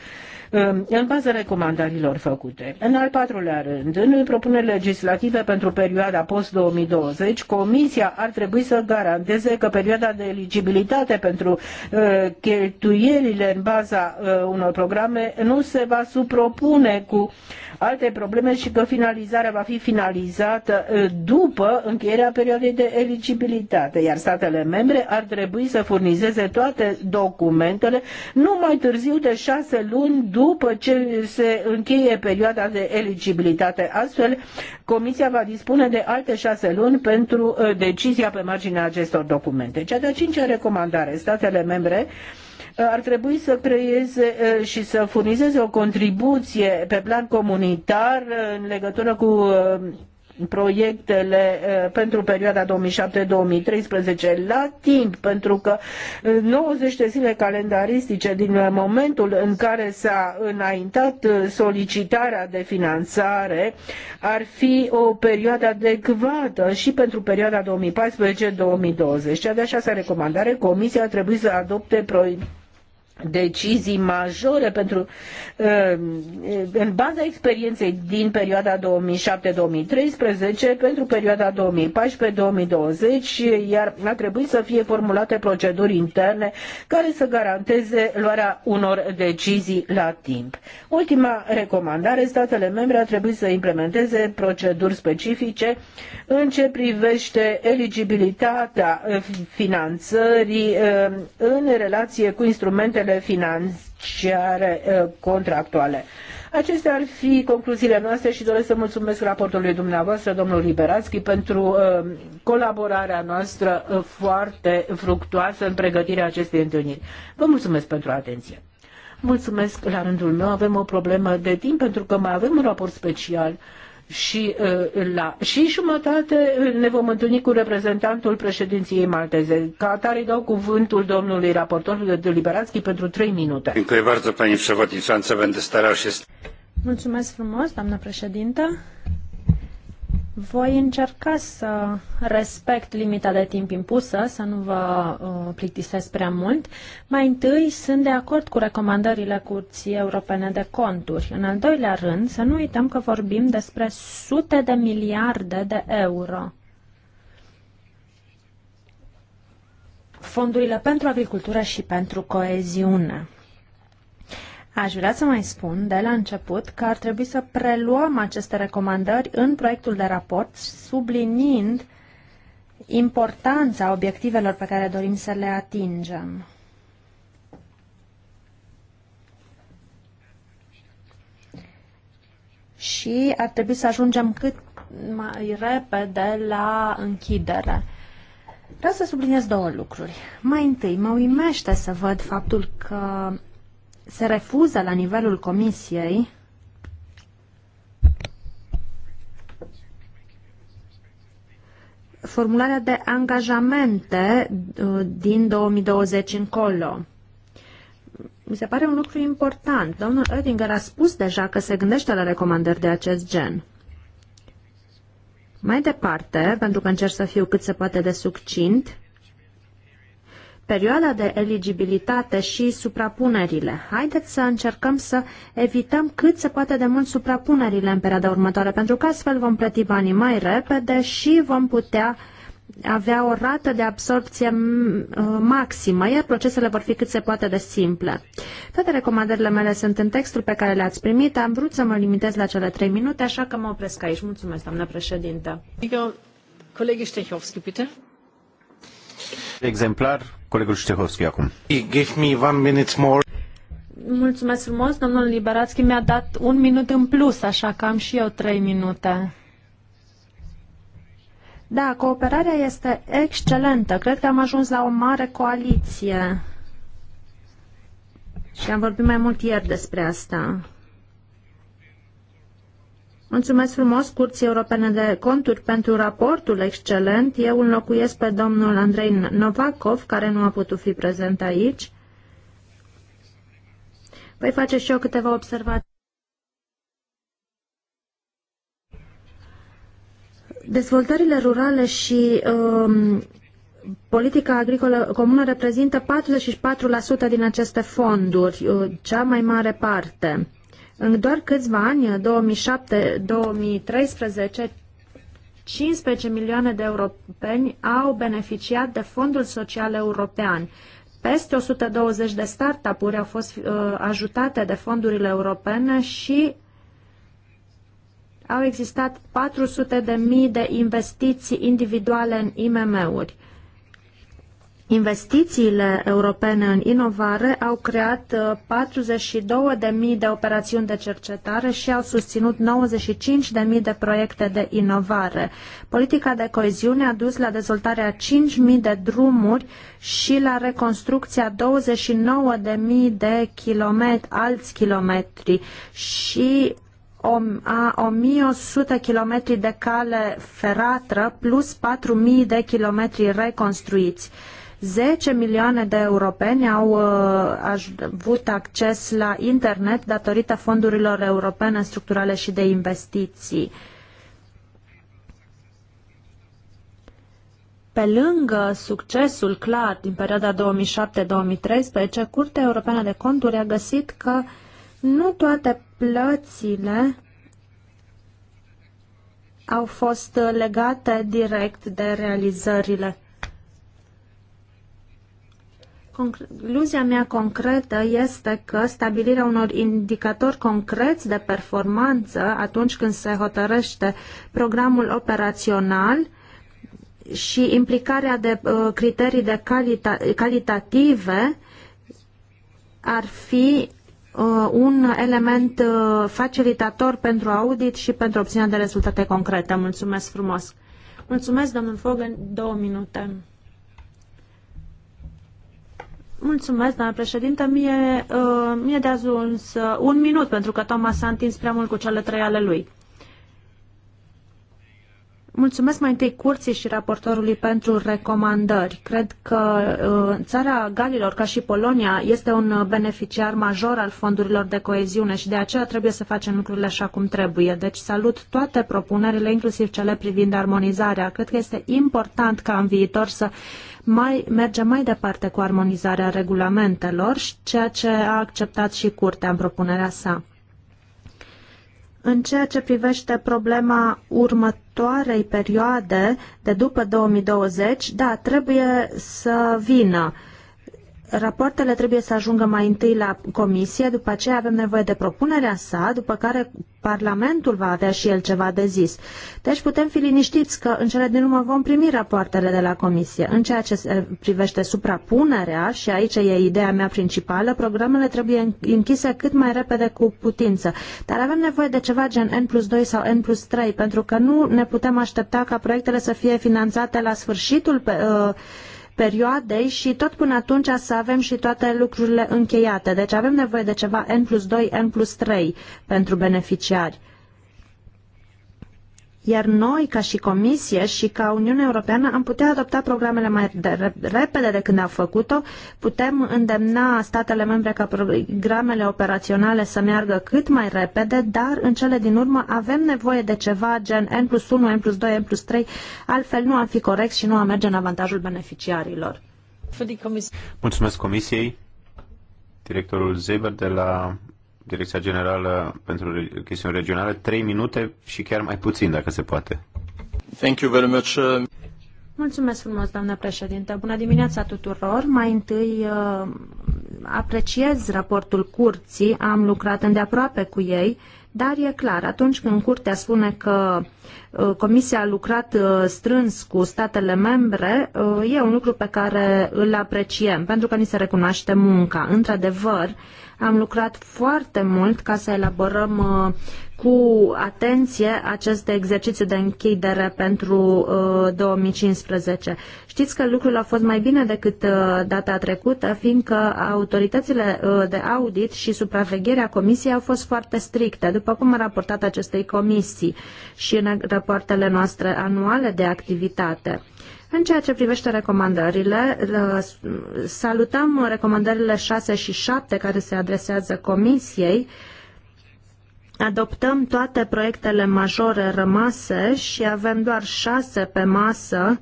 în baza recomandărilor făcute. În al patrulea rând, în propuneri legislative pentru perioada post-2020, Comisia ar trebui să garanteze că perioada de eligibilitate pentru uh, cheltuielile în baza uh, unor programe nu se va supropune cu alte probleme și că finalizarea va fi finalizată după încheierea perioadei de eligibilitate, iar statele membre ar trebui să furnizeze toate documentele nu mai târziu de șase luni după ce se încheie perioada de eligibilitate. Astfel, Comisia va dispune de alte șase luni pentru decizia pe marginea acestor documente. Cea de-a cincea recomandare, statele membre ar trebui să creeze și să furnizeze o contribuție pe plan comunitar în legătură cu proiectele pentru perioada 2007-2013 la timp, pentru că 90 de zile calendaristice din momentul în care s-a înaintat solicitarea de finanțare ar fi o perioadă adecvată și pentru perioada 2014-2020. Cea de-a șasea recomandare, Comisia trebuie să adopte proiectul decizii majore pentru uh, în baza experienței din perioada 2007-2013 pentru perioada 2014-2020 iar a trebuit să fie formulate proceduri interne care să garanteze luarea unor decizii la timp. Ultima recomandare, statele membre a trebuit să implementeze proceduri specifice în ce privește eligibilitatea finanțării uh, în relație cu instrumentele instrumentele financiare eh, contractuale. Acestea ar fi concluziile noastre și doresc să mulțumesc raportului dumneavoastră, domnul Liberațchi, pentru eh, colaborarea noastră eh, foarte fructuoasă în pregătirea acestei întâlniri. Vă mulțumesc pentru atenție. Mulțumesc la rândul meu. Avem o problemă de timp pentru că mai avem un raport special și uh, la și jumătate uh, ne vom întâlni cu reprezentantul președinției malteze. Ca atare dau cuvântul domnului raportor Liberatski pentru 3 minute. Mulțumesc frumos, doamnă președintă. Voi încerca să respect limita de timp impusă, să nu vă uh, plictisesc prea mult. Mai întâi, sunt de acord cu recomandările Curții Europene de Conturi. În al doilea rând, să nu uităm că vorbim despre sute de miliarde de euro. Fondurile pentru agricultură și pentru coeziune. Aș vrea să mai spun de la început că ar trebui să preluăm aceste recomandări în proiectul de raport, subliniind importanța obiectivelor pe care dorim să le atingem. Și ar trebui să ajungem cât mai repede la închidere. Vreau să subliniez două lucruri. Mai întâi, mă uimește să văd faptul că se refuză la nivelul Comisiei formularea de angajamente uh, din 2020 încolo. Mi se pare un lucru important. Domnul Oettinger a spus deja că se gândește la recomandări de acest gen. Mai departe, pentru că încerc să fiu cât se poate de succint, perioada de eligibilitate și suprapunerile. Haideți să încercăm să evităm cât se poate de mult suprapunerile în perioada următoare, pentru că astfel vom plăti banii mai repede și vom putea avea o rată de absorpție uh, maximă, iar procesele vor fi cât se poate de simple. Toate recomandările mele sunt în textul pe care le-ați primit. Am vrut să mă limitez la cele trei minute, așa că mă opresc aici. Mulțumesc, doamnă președinte. Colegii Ștehovski, bitte exemplar, colegul Ștehovski acum. Give me one minute more. Mulțumesc frumos, domnul Liberațchi mi-a dat un minut în plus, așa că am și eu trei minute. Da, cooperarea este excelentă. Cred că am ajuns la o mare coaliție. Și am vorbit mai mult ieri despre asta. Mulțumesc frumos Curții Europene de Conturi pentru raportul excelent. Eu înlocuiesc pe domnul Andrei Novakov, care nu a putut fi prezent aici. Voi face și eu câteva observații. Dezvoltările rurale și um, politica agricolă comună reprezintă 44% din aceste fonduri, uh, cea mai mare parte. În doar câțiva ani, 2007-2013, 15 milioane de europeni au beneficiat de Fondul Social European. Peste 120 de startup-uri au fost uh, ajutate de fondurile europene și au existat 400 de mii de investiții individuale în IMM-uri. Investițiile europene în inovare au creat 42.000 uh, de operațiuni de cercetare și au susținut 95.000 de proiecte de inovare. Politica de coeziune a dus la dezvoltarea 5.000 de drumuri și la reconstrucția 29.000 de kilometri, alți kilometri și a 1100 km de cale ferată plus 4000 de kilometri reconstruiți. 10 milioane de europeni au uh, avut acces la internet datorită fondurilor europene structurale și de investiții. Pe lângă succesul clar din perioada 2007-2013, Curtea Europeană de Conturi a găsit că nu toate plățile au fost legate direct de realizările Concluzia mea concretă este că stabilirea unor indicatori concreți de performanță atunci când se hotărăște programul operațional și implicarea de uh, criterii de calita calitative ar fi uh, un element uh, facilitator pentru audit și pentru obținerea de rezultate concrete. Mulțumesc frumos! Mulțumesc, domnul Fogen, două minute. Mulțumesc, doamnă președintă, Mie, uh, mie de ajuns uh, un minut, pentru că Thomas s-a întins prea mult cu cele trei ale lui. Mulțumesc mai întâi curții și raportorului pentru recomandări. Cred că uh, țara Galilor, ca și Polonia, este un beneficiar major al fondurilor de coeziune și de aceea trebuie să facem lucrurile așa cum trebuie. Deci salut toate propunerile, inclusiv cele privind armonizarea. Cred că este important ca în viitor să uh, mai, merge mai departe cu armonizarea regulamentelor, ceea ce a acceptat și Curtea în propunerea sa. În ceea ce privește problema următoarei perioade de după 2020, da, trebuie să vină. Uh, Rapoartele trebuie să ajungă mai întâi la comisie, după aceea avem nevoie de propunerea sa, după care Parlamentul va avea și el ceva de zis. Deci putem fi liniștiți că în cele din urmă vom primi rapoartele de la comisie. În ceea ce privește suprapunerea, și aici e ideea mea principală, programele trebuie închise cât mai repede cu putință. Dar avem nevoie de ceva gen N plus 2 sau N plus 3, pentru că nu ne putem aștepta ca proiectele să fie finanțate la sfârșitul pe, uh, perioadei și tot până atunci să avem și toate lucrurile încheiate. Deci avem nevoie de ceva N plus 2, N plus 3 pentru beneficiari. Iar noi, ca și Comisie și ca Uniunea Europeană, am putea adopta programele mai de, repede decât au făcut-o, putem îndemna statele membre ca programele operaționale să meargă cât mai repede, dar în cele din urmă avem nevoie de ceva gen N plus 1, N plus 2, N plus 3, altfel nu am fi corect și nu am merge în avantajul beneficiarilor. Mulțumesc Comisiei. Directorul Zeber de la Direcția Generală pentru Chestiuni Regionale, 3 minute și chiar mai puțin, dacă se poate. Thank you very much. Uh, Mulțumesc frumos, doamnă președinte. Bună dimineața tuturor. Mai întâi uh, apreciez raportul curții, am lucrat îndeaproape cu ei, dar e clar, atunci când curtea spune că uh, Comisia a lucrat strâns cu statele membre, e un lucru pe care îl apreciem, pentru că ni se recunoaște munca. Într-adevăr, am lucrat foarte mult ca să elaborăm uh, cu atenție acest exercițiu de închidere pentru 2015. Uh, Știți că lucrul a fost mai bine decât uh, data trecută, fiindcă autoritățile de audit și supravegherea comisiei au fost foarte stricte, după cum a raportat acestei comisii și în rapoartele noastre anuale de activitate. În ceea ce privește recomandările, salutăm recomandările 6 și 7 care se adresează Comisiei. Adoptăm toate proiectele majore rămase și avem doar 6 pe masă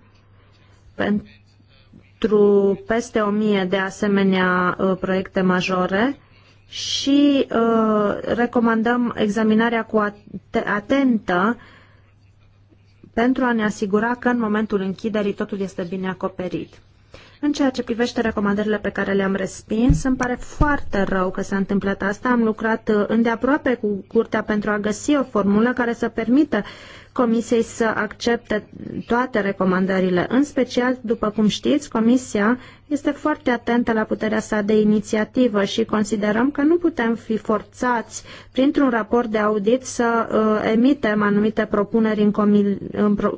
pentru peste 1000 de asemenea ă, proiecte majore și uh, recomandăm examinarea cu atentă pentru a ne asigura că în momentul închiderii totul este bine acoperit. În ceea ce privește recomandările pe care le-am respins, îmi pare foarte rău că s-a întâmplat asta. Am lucrat uh, îndeaproape cu curtea pentru a găsi o formulă care să permită uh, Comisiei să accepte toate recomandările. În special, după cum știți, Comisia este foarte atentă la puterea sa de inițiativă și considerăm că nu putem fi forțați printr-un raport de audit să uh, emitem anumite propuneri în comi- în pro-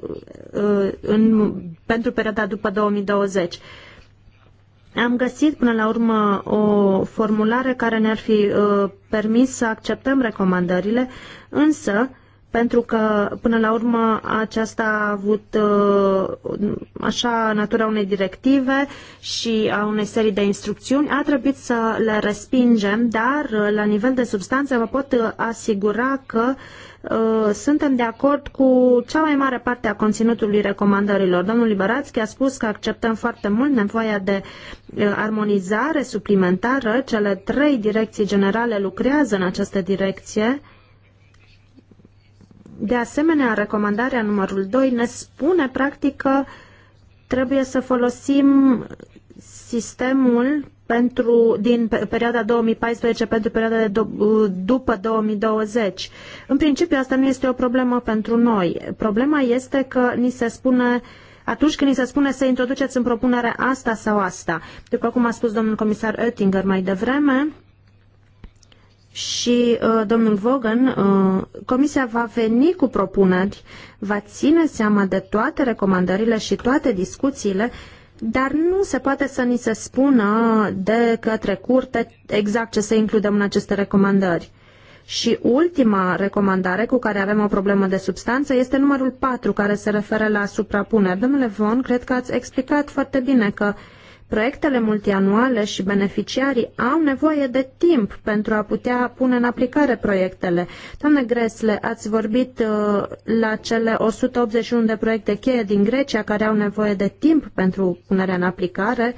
uh, în, pentru perioada după 2020. Am găsit până la urmă o formulare care ne-ar fi uh, permis să acceptăm recomandările, însă pentru că până la urmă aceasta a avut uh, așa natura unei directive și a unei serii de instrucțiuni. A trebuit să le respingem, dar uh, la nivel de substanță vă pot uh, asigura că suntem de acord cu cea mai mare parte a conținutului recomandărilor. Domnul Liberațchi a spus că acceptăm foarte mult nevoia de armonizare suplimentară. Cele trei direcții generale lucrează în această direcție de asemenea, recomandarea numărul 2 ne spune practic că trebuie să folosim sistemul pentru, din perioada 2014 pentru perioada de do, după 2020. În principiu, asta nu este o problemă pentru noi. Problema este că ni se spune atunci când ni se spune să introduceți în propunere asta sau asta. După cum a spus domnul comisar Oettinger mai devreme, și uh, domnul Vogan, uh, comisia va veni cu propuneri, va ține seama de toate recomandările și toate discuțiile, dar nu se poate să ni se spună de către curte exact ce să includem în aceste recomandări. Și ultima recomandare cu care avem o problemă de substanță este numărul 4, care se referă la suprapuneri. Domnule Von, cred că ați explicat foarte bine că uh, Proiectele multianuale și beneficiarii au nevoie de timp pentru a putea pune în aplicare proiectele. Doamne Gresle, ați vorbit uh, la cele 181 de proiecte cheie din Grecia care au nevoie de timp pentru punerea în aplicare.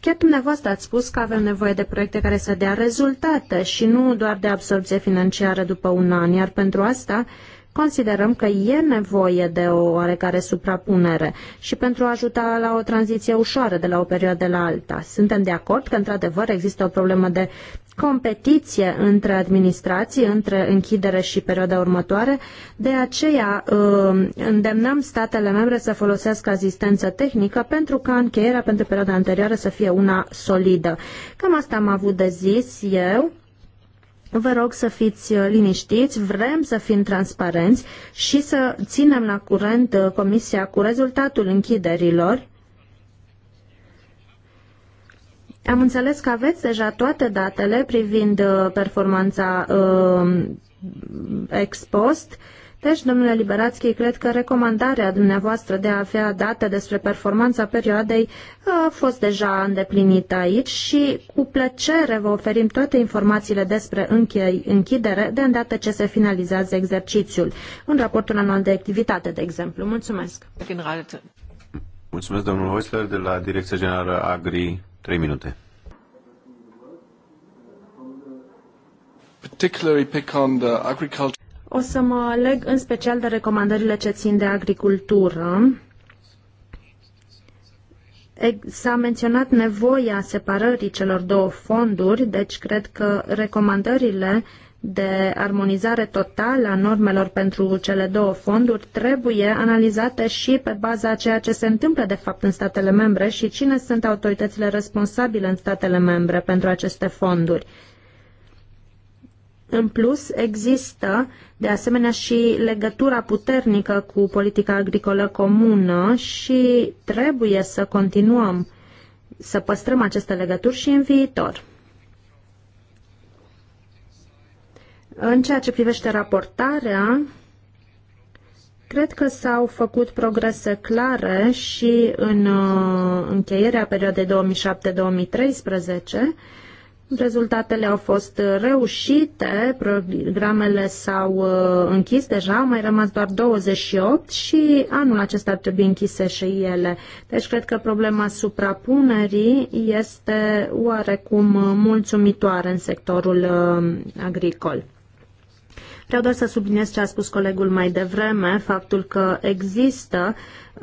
Chiar dumneavoastră ați spus că avem nevoie de proiecte care să dea rezultate și nu doar de absorbție financiară după un an, iar pentru asta considerăm că e nevoie de o oarecare suprapunere și pentru a ajuta la o tranziție ușoară de la o perioadă la alta. Suntem de acord că, într-adevăr, există o problemă de competiție între administrații, între închidere și perioada următoare. De aceea uh, îndemnăm statele membre să folosească asistență tehnică pentru ca încheierea pentru perioada anterioară să fie una solidă. Cam asta am avut de zis eu. Vă rog să fiți uh, liniștiți, vrem să fim transparenți și să ținem la curent uh, Comisia cu rezultatul închiderilor. Am înțeles că aveți deja toate datele privind uh, performanța ex post. Uh, deci, domnule Liberațchi, cred că recomandarea dumneavoastră de a avea date despre performanța perioadei a fost deja îndeplinită aici și cu plăcere vă oferim toate informațiile despre închidere de îndată ce se finalizează exercițiul, în raportul anual de activitate, de exemplu. Mulțumesc! Mulțumesc, domnul Hoisler, de la Direcția Generală Agri. 3 minute. Particularly pick on the agriculture o să mă leg în special de recomandările ce țin de agricultură. S-a menționat nevoia separării celor două fonduri, deci cred că recomandările de armonizare totală a normelor pentru cele două fonduri trebuie analizate și pe baza a ceea ce se întâmplă de fapt în statele membre și cine sunt autoritățile responsabile în statele membre pentru aceste fonduri. În plus, există de asemenea și legătura puternică cu politica agricolă comună și trebuie să continuăm să păstrăm aceste legături și în viitor. În ceea ce privește raportarea, cred că s-au făcut progrese clare și în uh, încheierea perioadei 2007-2013 Rezultatele au fost uh, reușite, programele s-au uh, închis deja, au mai rămas doar 28 și anul acesta ar trebui închise și ele. Deci cred că problema suprapunerii este oarecum uh, mulțumitoare în sectorul agricol. Vreau doar să subliniez ce a spus colegul mai devreme, faptul că există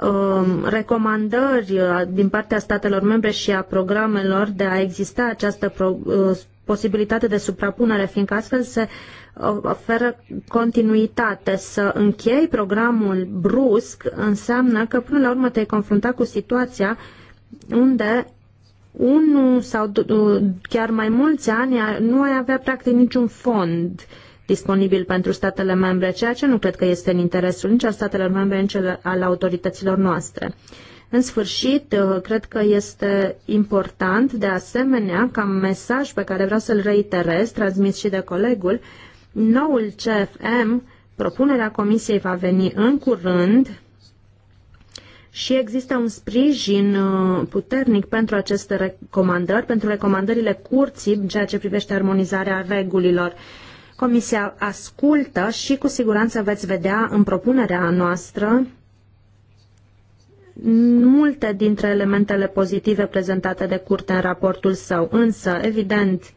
um, recomandări uh, din partea statelor membre și a programelor de a exista această uh, posibilitate de suprapunere, fiindcă astfel se uh, oferă continuitate. Să închei programul brusc înseamnă că până la urmă te-ai confrunta cu situația unde unul sau chiar mai mulți ani nu ai avea practic niciun fond uh, disponibil pentru statele membre, ceea ce nu cred că este în interesul nici al statelor membre, nici al autorităților noastre. În sfârșit, uh, cred că este important, de asemenea, ca mesaj pe care vreau să-l reiterez, transmis și de colegul, noul CFM, propunerea Comisiei va veni în curând și există un sprijin uh, puternic pentru aceste recomandări, pentru recomandările curții în ceea ce privește armonizarea regulilor. Uh, Comisia ascultă și cu siguranță veți vedea în propunerea noastră multe dintre elementele pozitive prezentate de curte în raportul său, însă, evident,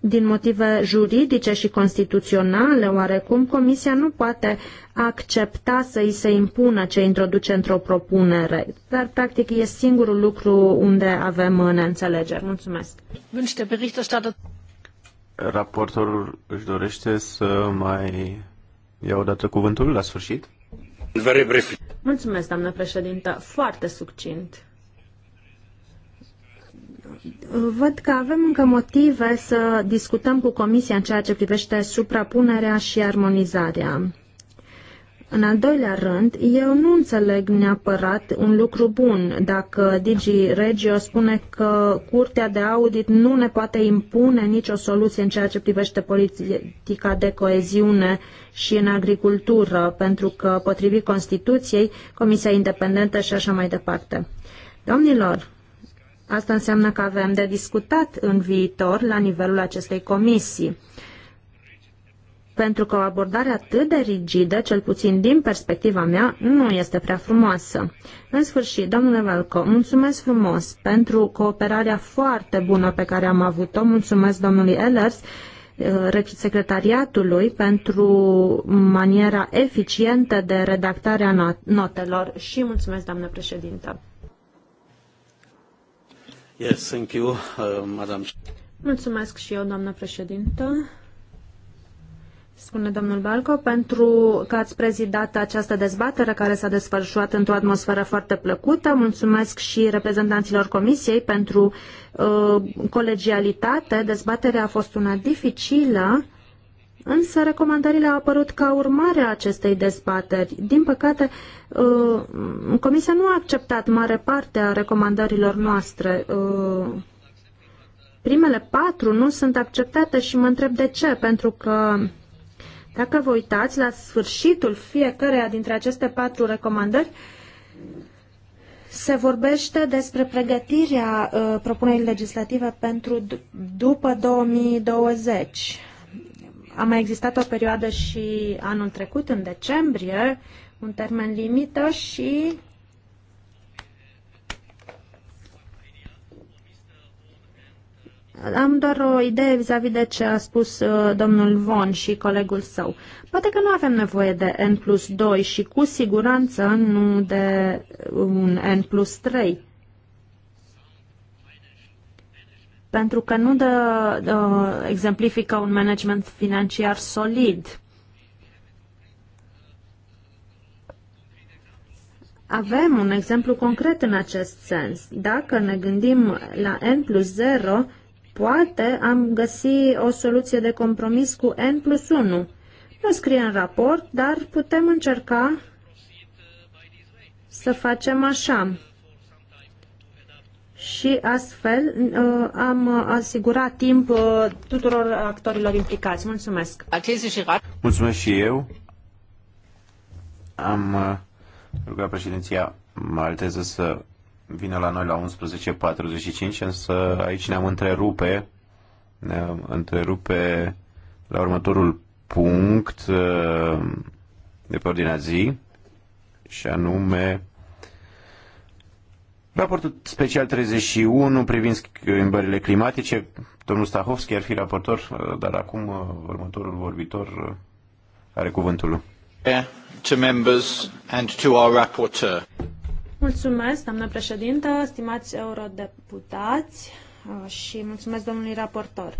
din motive juridice și constituționale, oarecum, Comisia nu poate accepta să îi se impună ce introduce într-o propunere. Dar, practic, e singurul lucru unde avem neînțelegeri. Mulțumesc. Raportorul își dorește să mai ia dată cuvântul la sfârșit? Mulțumesc, doamnă președintă. Foarte succint. Văd că avem încă motive să discutăm cu Comisia în ceea ce privește suprapunerea și armonizarea. În al doilea rând, eu nu înțeleg neapărat un lucru bun dacă Digi Regio spune că Curtea de Audit nu ne poate impune nicio soluție în ceea ce privește politica de coeziune și în agricultură, pentru că, potrivit Constituției, Comisia Independentă și așa mai departe. Domnilor, asta înseamnă că avem de discutat în viitor la nivelul acestei comisii pentru că o abordare atât de rigidă, cel puțin din perspectiva mea, nu este prea frumoasă. În sfârșit, domnule Valco, mulțumesc frumos pentru cooperarea foarte bună pe care am avut-o. Mulțumesc domnului Ellers eh, secretariatului pentru maniera eficientă de redactare a notelor și mulțumesc, doamnă președintă. Yes, thank you, uh, madam. Mulțumesc și eu, doamnă președintă spune domnul Balco, pentru că ați prezidat această dezbatere care s-a desfășurat într-o atmosferă foarte plăcută. Mulțumesc și reprezentanților Comisiei pentru uh, colegialitate. Dezbaterea a fost una dificilă, însă recomandările au apărut ca urmare a acestei dezbateri. Din păcate, uh, Comisia nu a acceptat mare parte a recomandărilor noastre. Uh, primele patru nu sunt acceptate și mă întreb de ce, pentru că dacă vă uitați la sfârșitul fiecăreia dintre aceste patru recomandări, se vorbește despre pregătirea uh, propunerii legislative pentru după 2020. A mai existat o perioadă și anul trecut, în decembrie, un termen limită și Am doar o idee vis-a-vis -vis de ce a spus uh, domnul Von și colegul său. Poate că nu avem nevoie de N plus 2 și cu siguranță nu de un N plus 3. Pentru că nu dă, dă, exemplifică un management financiar solid. Avem un exemplu concret în acest sens. Dacă ne gândim la N plus 0, poate am găsi o soluție de compromis cu N plus 1. Nu scrie în raport, dar putem încerca să facem așa. Și astfel uh, am asigurat timp uh, tuturor actorilor implicați. Mulțumesc! Mulțumesc și eu! Am uh, rugat președinția malteză să vine la noi la 11.45, însă aici ne-am întrerupe, ne-am întrerupe la următorul punct uh, de pe ordinea zi, și anume raportul special 31 privind schimbările climatice. Domnul Stahovski ar fi raportor, uh, dar acum uh, următorul vorbitor are cuvântul. To members and to our rapporteur. Mulțumesc, doamnă președintă, stimați eurodeputați uh, și mulțumesc domnului raportor.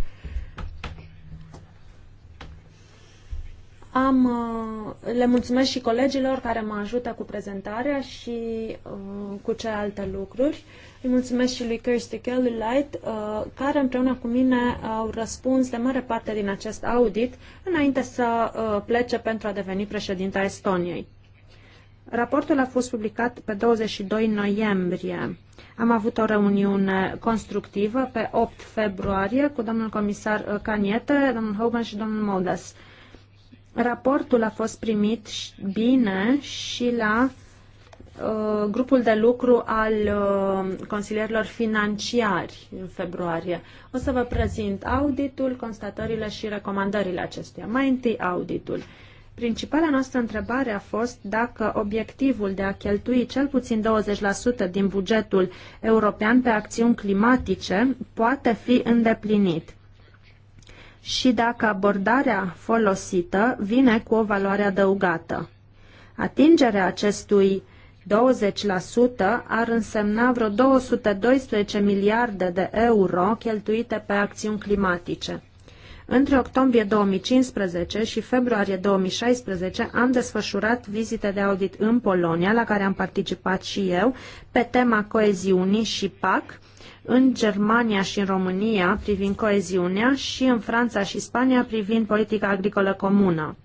Am, uh, le mulțumesc și colegilor care mă ajută cu prezentarea și uh, cu celelalte lucruri. Îi mulțumesc și lui Kirsty Kelly Light, uh, care împreună cu mine au răspuns de mare parte din acest audit înainte să uh, plece pentru a deveni președinta Estoniei. Raportul a fost publicat pe 22 noiembrie. Am avut o reuniune constructivă pe 8 februarie cu domnul comisar uh, Caniete, domnul Hogan și domnul Modas. Raportul a fost primit bine și la uh, grupul de lucru al uh, consilierilor financiari în februarie. O să vă prezint auditul, constatările și recomandările acestuia. Mai întâi auditul. Uh, Principala noastră întrebare a fost dacă obiectivul de a cheltui cel puțin 20% din bugetul european pe acțiuni climatice poate fi îndeplinit și dacă abordarea folosită vine cu o valoare adăugată. Atingerea acestui 20% ar însemna vreo 212 miliarde de euro cheltuite pe acțiuni climatice. Între octombrie 2015 și februarie 2016 am desfășurat vizite de audit în Polonia, la care am participat și eu, pe tema coeziunii și PAC, în Germania și în România privind coeziunea și în Franța și Spania privind politica agricolă comună.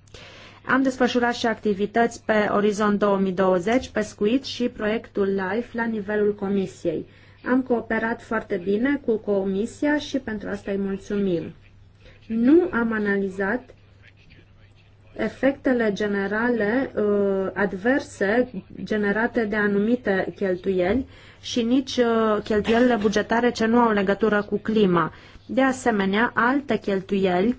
Am desfășurat și activități pe Orizont 2020, pescuit și proiectul LIFE la nivelul Comisiei. Am cooperat foarte bine cu Comisia și pentru asta îi mulțumim. Nu am analizat efectele generale uh, adverse generate de anumite cheltuieli și nici uh, cheltuielile bugetare ce nu au legătură cu clima. De asemenea, alte cheltuieli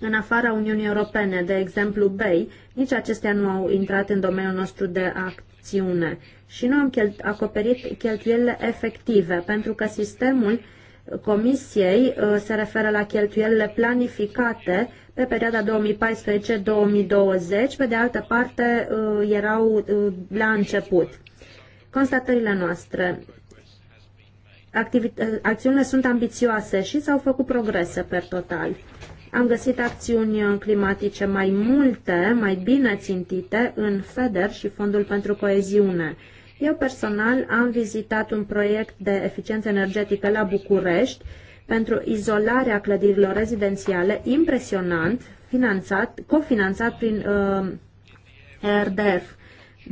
în afara Uniunii Europene, de exemplu BEI, nici acestea nu au intrat în domeniul nostru de acțiune. Și nu am acoperit cheltuielile efective, pentru că sistemul uh, Comisiei uh, se referă la cheltuielile planificate pe perioada 2014-2020, pe de altă parte uh, erau uh, la început. Constatările noastre. acțiunile sunt ambițioase și s-au făcut progrese per total. Am găsit acțiuni climatice mai multe, mai bine țintite în FEDER și Fondul pentru Coeziune. Eu personal am vizitat un proiect de eficiență energetică la București pentru izolarea clădirilor rezidențiale, impresionant, finanțat, cofinanțat prin uh, RDF.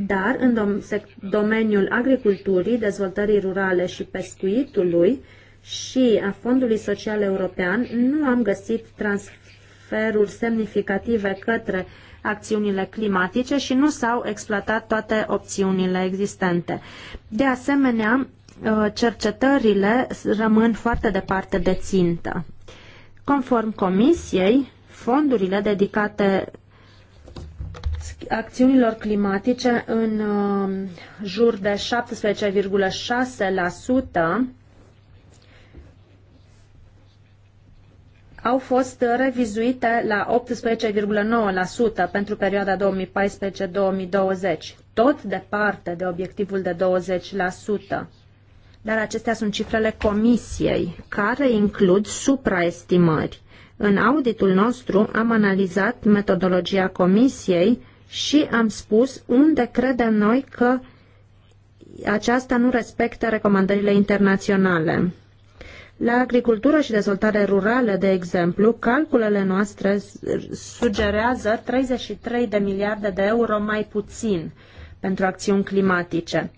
Dar în dom- domeniul agriculturii, dezvoltării rurale și pescuitului și a Fondului Social European nu am găsit transferuri semnificative către uh, acțiunile climatice și nu s-au exploatat toate opțiunile existente. De asemenea, uh, cercetările rămân foarte departe de țintă. Conform Comisiei, fondurile dedicate acțiunilor climatice în uh, jur de 17,6% au fost revizuite la 18,9% pentru perioada 2014-2020, tot departe de obiectivul de 20%. Dar acestea sunt cifrele comisiei, care includ supraestimări. În auditul nostru am analizat metodologia comisiei și am spus unde credem noi că aceasta nu respectă recomandările internaționale. La agricultură și dezvoltare rurală, de exemplu, calculele noastre sugerează 33 de miliarde de euro mai puțin pentru acțiuni climatice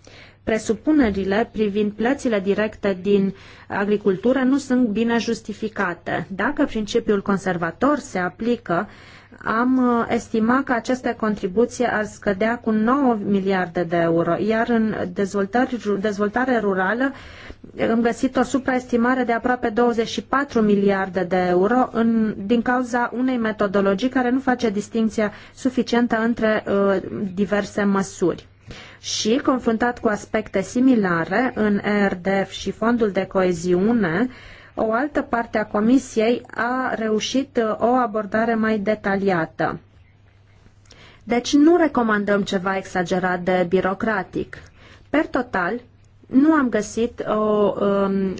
presupunerile privind plățile directe din agricultură nu sunt bine justificate. Dacă principiul conservator se aplică, am uh, estimat că aceste contribuții ar scădea cu 9 miliarde de euro, iar în dezvoltare rurală uh, am găsit o supraestimare de aproape 24 miliarde de euro în, din cauza unei metodologii care nu face distinția suficientă între uh, diverse măsuri și, confruntat cu aspecte similare în ERDF și Fondul de Coeziune, o altă parte a Comisiei a reușit uh, o abordare mai detaliată. Deci nu recomandăm ceva exagerat de birocratic. Per total, nu am găsit o um,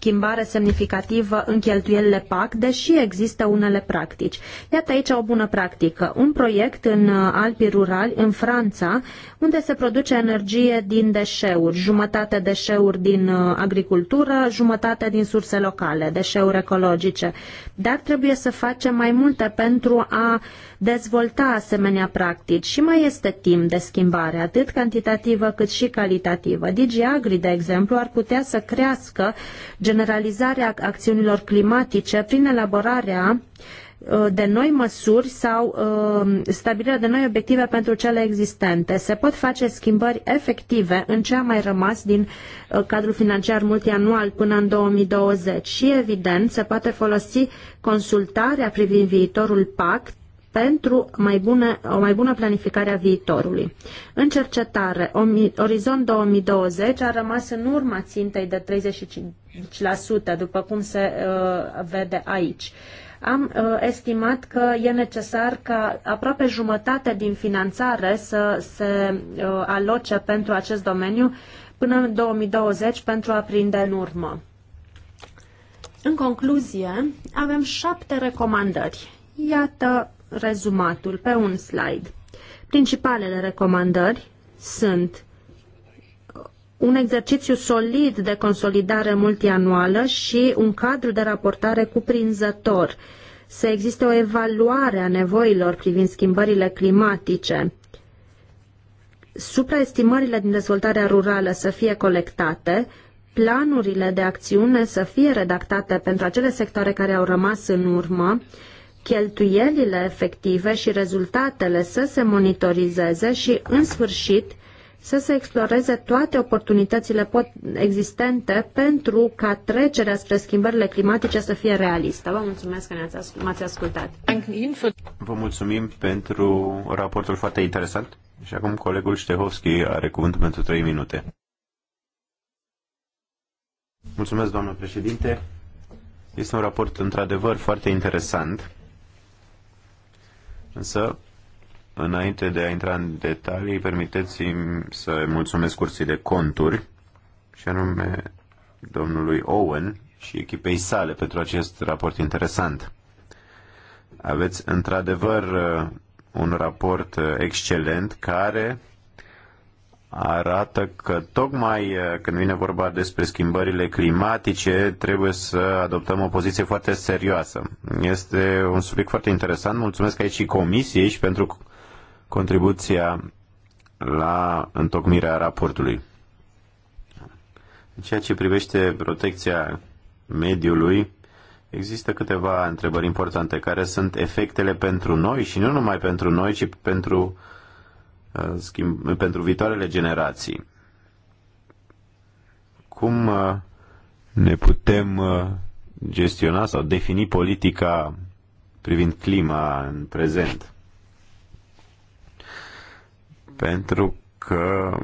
schimbare semnificativă în cheltuielile PAC, deși există unele practici. Iată aici o bună practică. Un proiect în uh, Alpii Rurali, în Franța, unde se produce energie din deșeuri, jumătate deșeuri din uh, agricultură, jumătate din surse locale, deșeuri ecologice. Dar trebuie să facem mai multe pentru a uh, dezvolta asemenea practici și mai este timp de schimbare, atât cantitativă cât și calitativă. DigiAgri, de exemplu, ar putea să crească generalizarea acțiunilor climatice prin elaborarea uh, de noi măsuri sau uh, stabilirea de noi obiective pentru cele existente. Se pot face schimbări efective în ce a mai rămas din uh, cadrul financiar multianual până în 2020 și, evident, se poate folosi consultarea privind viitorul pact pentru mai bune, o mai bună planificare a viitorului. În cercetare, Orizont 2020 a rămas în urma țintei de 35%, după cum se uh, vede aici. Am uh, estimat că e necesar ca aproape jumătate din finanțare să se uh, aloce pentru acest domeniu până în 2020 pentru a prinde în urmă. În concluzie, avem șapte recomandări. Iată rezumatul pe un slide. Principalele recomandări sunt un exercițiu solid de consolidare multianuală și un cadru de raportare cuprinzător. Să existe o evaluare a nevoilor privind schimbările climatice. Supraestimările din dezvoltarea rurală să fie colectate, planurile de acțiune să fie redactate pentru acele sectoare care au rămas în urmă, cheltuielile efective și rezultatele să se monitorizeze și, în sfârșit, să se exploreze toate oportunitățile existente pentru ca trecerea spre schimbările climatice să fie realistă. Vă mulțumesc că m-ați ascultat. Vă mulțumim pentru raportul foarte interesant și acum colegul Ștehovski are cuvântul pentru 3 minute. Mulțumesc, doamnă președinte. Este un raport într-adevăr foarte interesant Însă, înainte de a intra în detalii, permiteți-mi să mulțumesc curții de conturi și anume domnului Owen și echipei sale pentru acest raport interesant. Aveți într-adevăr un raport uh, excelent care arată că tocmai eh, când vine vorba despre schimbările climatice, trebuie să adoptăm o poziție foarte serioasă. Este un subiect foarte interesant. Mulțumesc aici și comisiei și pentru contribuția la întocmirea raportului. În ceea ce privește protecția mediului, există câteva întrebări importante. Care sunt efectele pentru noi și nu numai pentru noi, ci pentru uh, schimb, pentru viitoarele generații. Cum uh, ne putem uh, gestiona sau defini politica privind clima în prezent? Pentru că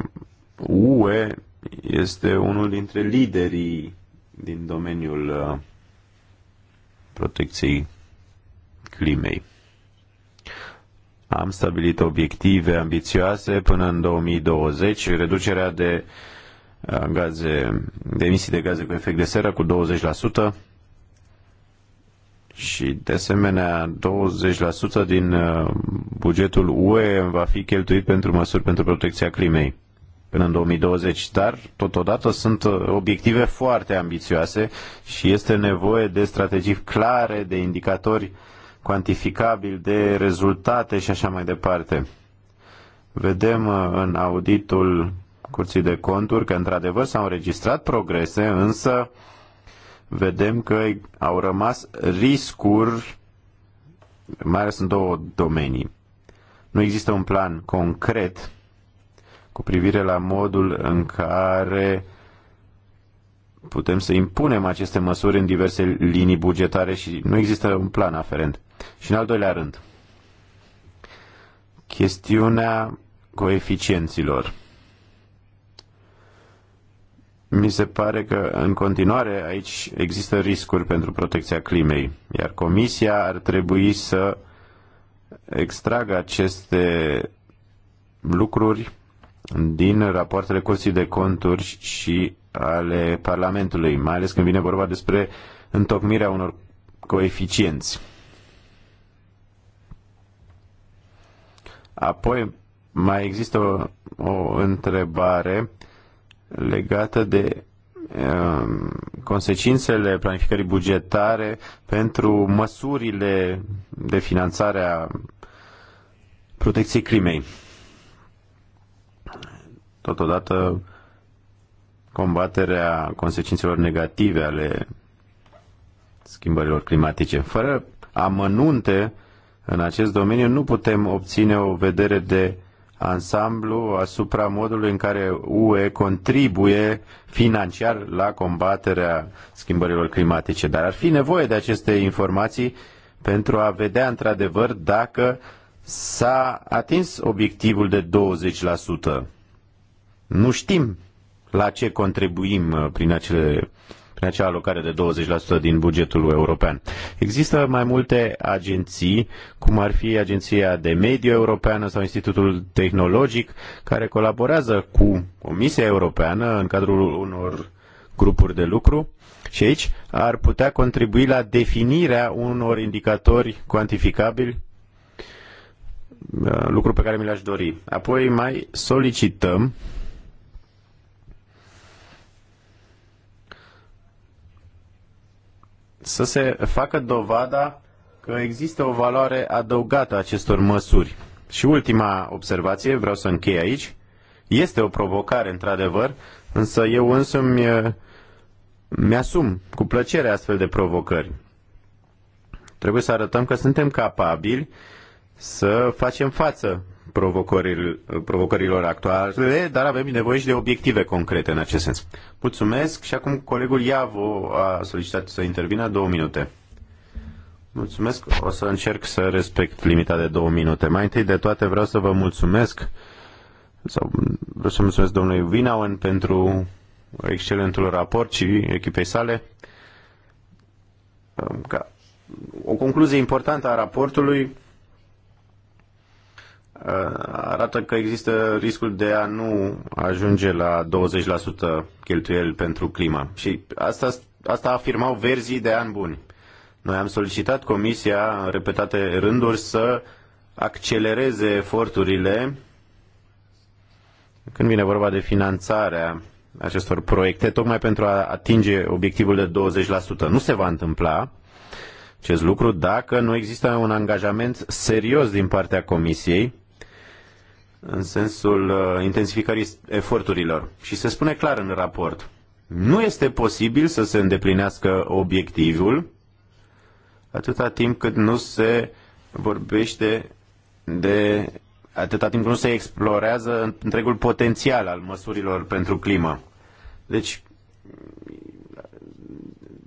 UE este unul dintre liderii din domeniul uh, protecției climei. Am stabilit obiective ambițioase până în 2020, reducerea de uh, gaze, de emisii de gaze cu efect de seră cu 20% și de asemenea 20% din uh, bugetul UE va fi cheltuit pentru măsuri pentru protecția climei până în 2020, dar totodată sunt uh, obiective foarte ambițioase și este nevoie de strategii clare, de indicatori uh, cuantificabil de rezultate și așa mai departe. Vedem uh, în auditul Curții de Conturi că într-adevăr s-au înregistrat progrese, însă vedem că au rămas riscuri, mai ales în două domenii. Nu există un plan concret cu privire la modul în care putem să impunem aceste măsuri în diverse linii bugetare și nu există un plan aferent. Și în al doilea rând, chestiunea coeficienților. Mi se pare că în continuare aici există riscuri pentru protecția climei, iar Comisia ar trebui să extragă aceste lucruri din rapoartele Curții de Conturi și ale Parlamentului, mai ales când vine vorba despre întocmirea unor coeficienți. Apoi mai există o, o întrebare legată de uh, consecințele planificării bugetare pentru măsurile de finanțare a protecției crimei. Totodată combaterea consecințelor negative ale schimbărilor climatice. Fără amănunte în acest domeniu nu putem obține o vedere de ansamblu asupra modului în care UE contribuie financiar la combaterea schimbărilor climatice. Dar ar fi nevoie de aceste informații pentru a vedea într-adevăr dacă s-a atins obiectivul de 20%. Nu știm la ce contribuim uh, prin acele din acea alocare de 20% din bugetul european. Există mai multe agenții, cum ar fi Agenția de Mediu Europeană sau Institutul Tehnologic, care colaborează cu Comisia Europeană în cadrul unor grupuri de lucru și aici ar putea contribui la definirea unor indicatori cuantificabili uh, lucru pe care mi l-aș dori. Apoi mai solicităm să se facă dovada că există o valoare adăugată acestor măsuri. Și ultima observație, vreau să închei aici, este o provocare, într-adevăr, însă eu însumi mi-asum cu plăcere astfel de provocări. Trebuie să arătăm că suntem capabili să facem față provocărilor actuale, dar avem nevoie și de obiective concrete în acest sens. Mulțumesc și acum colegul Iavo a solicitat să intervină două minute. Mulțumesc, o să încerc să respect limita de două minute. Mai întâi de toate vreau să vă mulțumesc sau vreau să mulțumesc domnului Vinauen pentru excelentul raport și echipei sale. Ca o concluzie importantă a raportului arată că există riscul de a nu ajunge la 20% cheltuieli pentru clima. Și asta, asta afirmau verzii de ani buni. Noi am solicitat Comisia în repetate rânduri să accelereze eforturile când vine vorba de finanțarea acestor proiecte, tocmai pentru a atinge obiectivul de 20%. Nu se va întâmpla acest lucru dacă nu există un angajament serios din partea Comisiei în sensul uh, intensificării eforturilor. Și se spune clar în raport, nu este posibil să se îndeplinească obiectivul atâta timp cât nu se vorbește de atâta timp cât nu se explorează întregul potențial al măsurilor pentru climă. Deci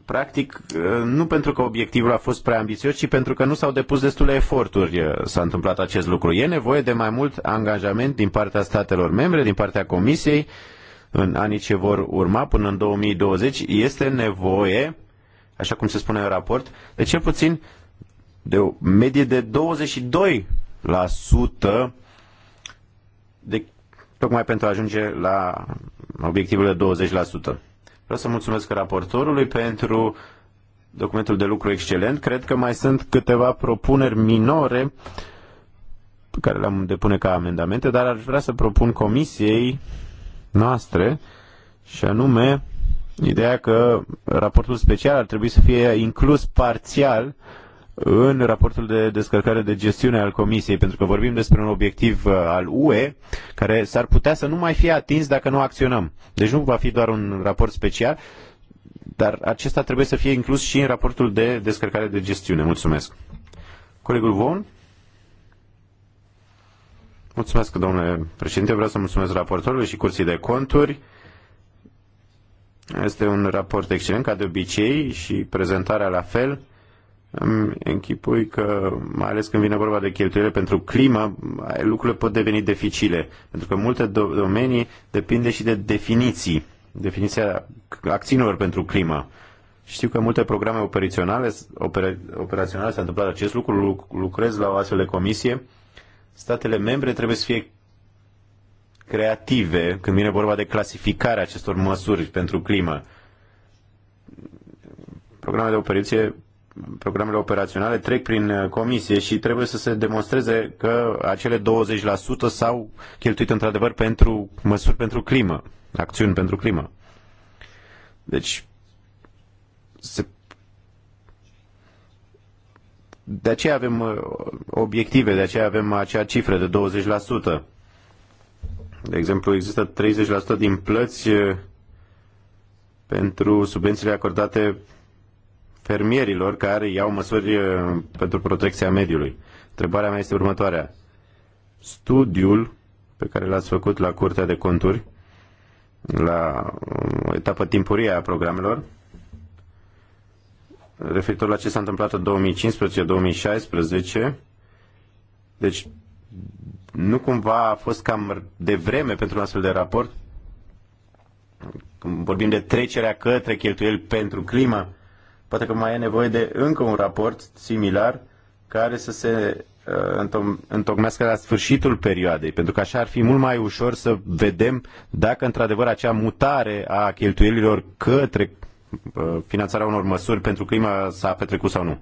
practic, nu pentru că obiectivul a fost prea ambițios, ci pentru că nu s-au depus destule eforturi s-a întâmplat acest lucru. E nevoie de mai mult angajament din partea statelor membre, din partea Comisiei, în anii ce vor urma până în 2020. Este nevoie, așa cum se spune în raport, de cel puțin de o medie de 22% de, tocmai pentru a ajunge la obiectivul de 20%. Vreau să mulțumesc raportorului pentru documentul de lucru excelent. Cred că mai sunt câteva propuneri minore pe care le-am depune ca amendamente, dar aș vrea să propun comisiei noastre și anume ideea că raportul special ar trebui să fie inclus parțial în raportul de descărcare de gestiune al Comisiei, pentru că vorbim despre un obiectiv uh, al UE care s-ar putea să nu mai fie atins dacă nu acționăm. Deci nu va fi doar un raport special, dar acesta trebuie să fie inclus și în raportul de descărcare de gestiune. Mulțumesc. Colegul Von? Mulțumesc, domnule președinte. Vreau să mulțumesc raportorului și curții de conturi. Este un raport excelent, ca de obicei, și prezentarea la fel. Îmi închipui că, mai ales când vine vorba de cheltuielile pentru climă, lucrurile pot deveni dificile, pentru că multe domenii depinde și de definiții, definiția acțiunilor pentru climă. Știu că multe programe operaționale, opera, operaționale s-a întâmplat acest lucru, lucrez la o astfel de comisie. Statele membre trebuie să fie creative când vine vorba de clasificarea acestor măsuri pentru climă. Programe de operație programele operaționale trec prin uh, comisie și trebuie să se demonstreze că acele 20% s-au cheltuit într-adevăr pentru măsuri pentru climă, acțiuni pentru climă. Deci, se... de aceea avem uh, obiective, de aceea avem acea cifră de 20%. De exemplu, există 30% din plăți uh, pentru subvențiile acordate fermierilor care iau măsuri uh, pentru protecția mediului. Întrebarea mea este următoarea. Studiul pe care l-ați făcut la Curtea de Conturi, la um, o etapă timpurie a programelor, referitor la ce s-a întâmplat în 2015-2016, deci nu cumva a fost cam de vreme pentru un astfel de raport? Când vorbim de trecerea către cheltuieli pentru climă, Poate că mai e nevoie de încă un raport similar care să se uh, întocmească la sfârșitul perioadei, pentru că așa ar fi mult mai ușor să vedem dacă într-adevăr acea mutare a cheltuielilor către uh, finanțarea unor măsuri pentru clima s-a petrecut sau nu.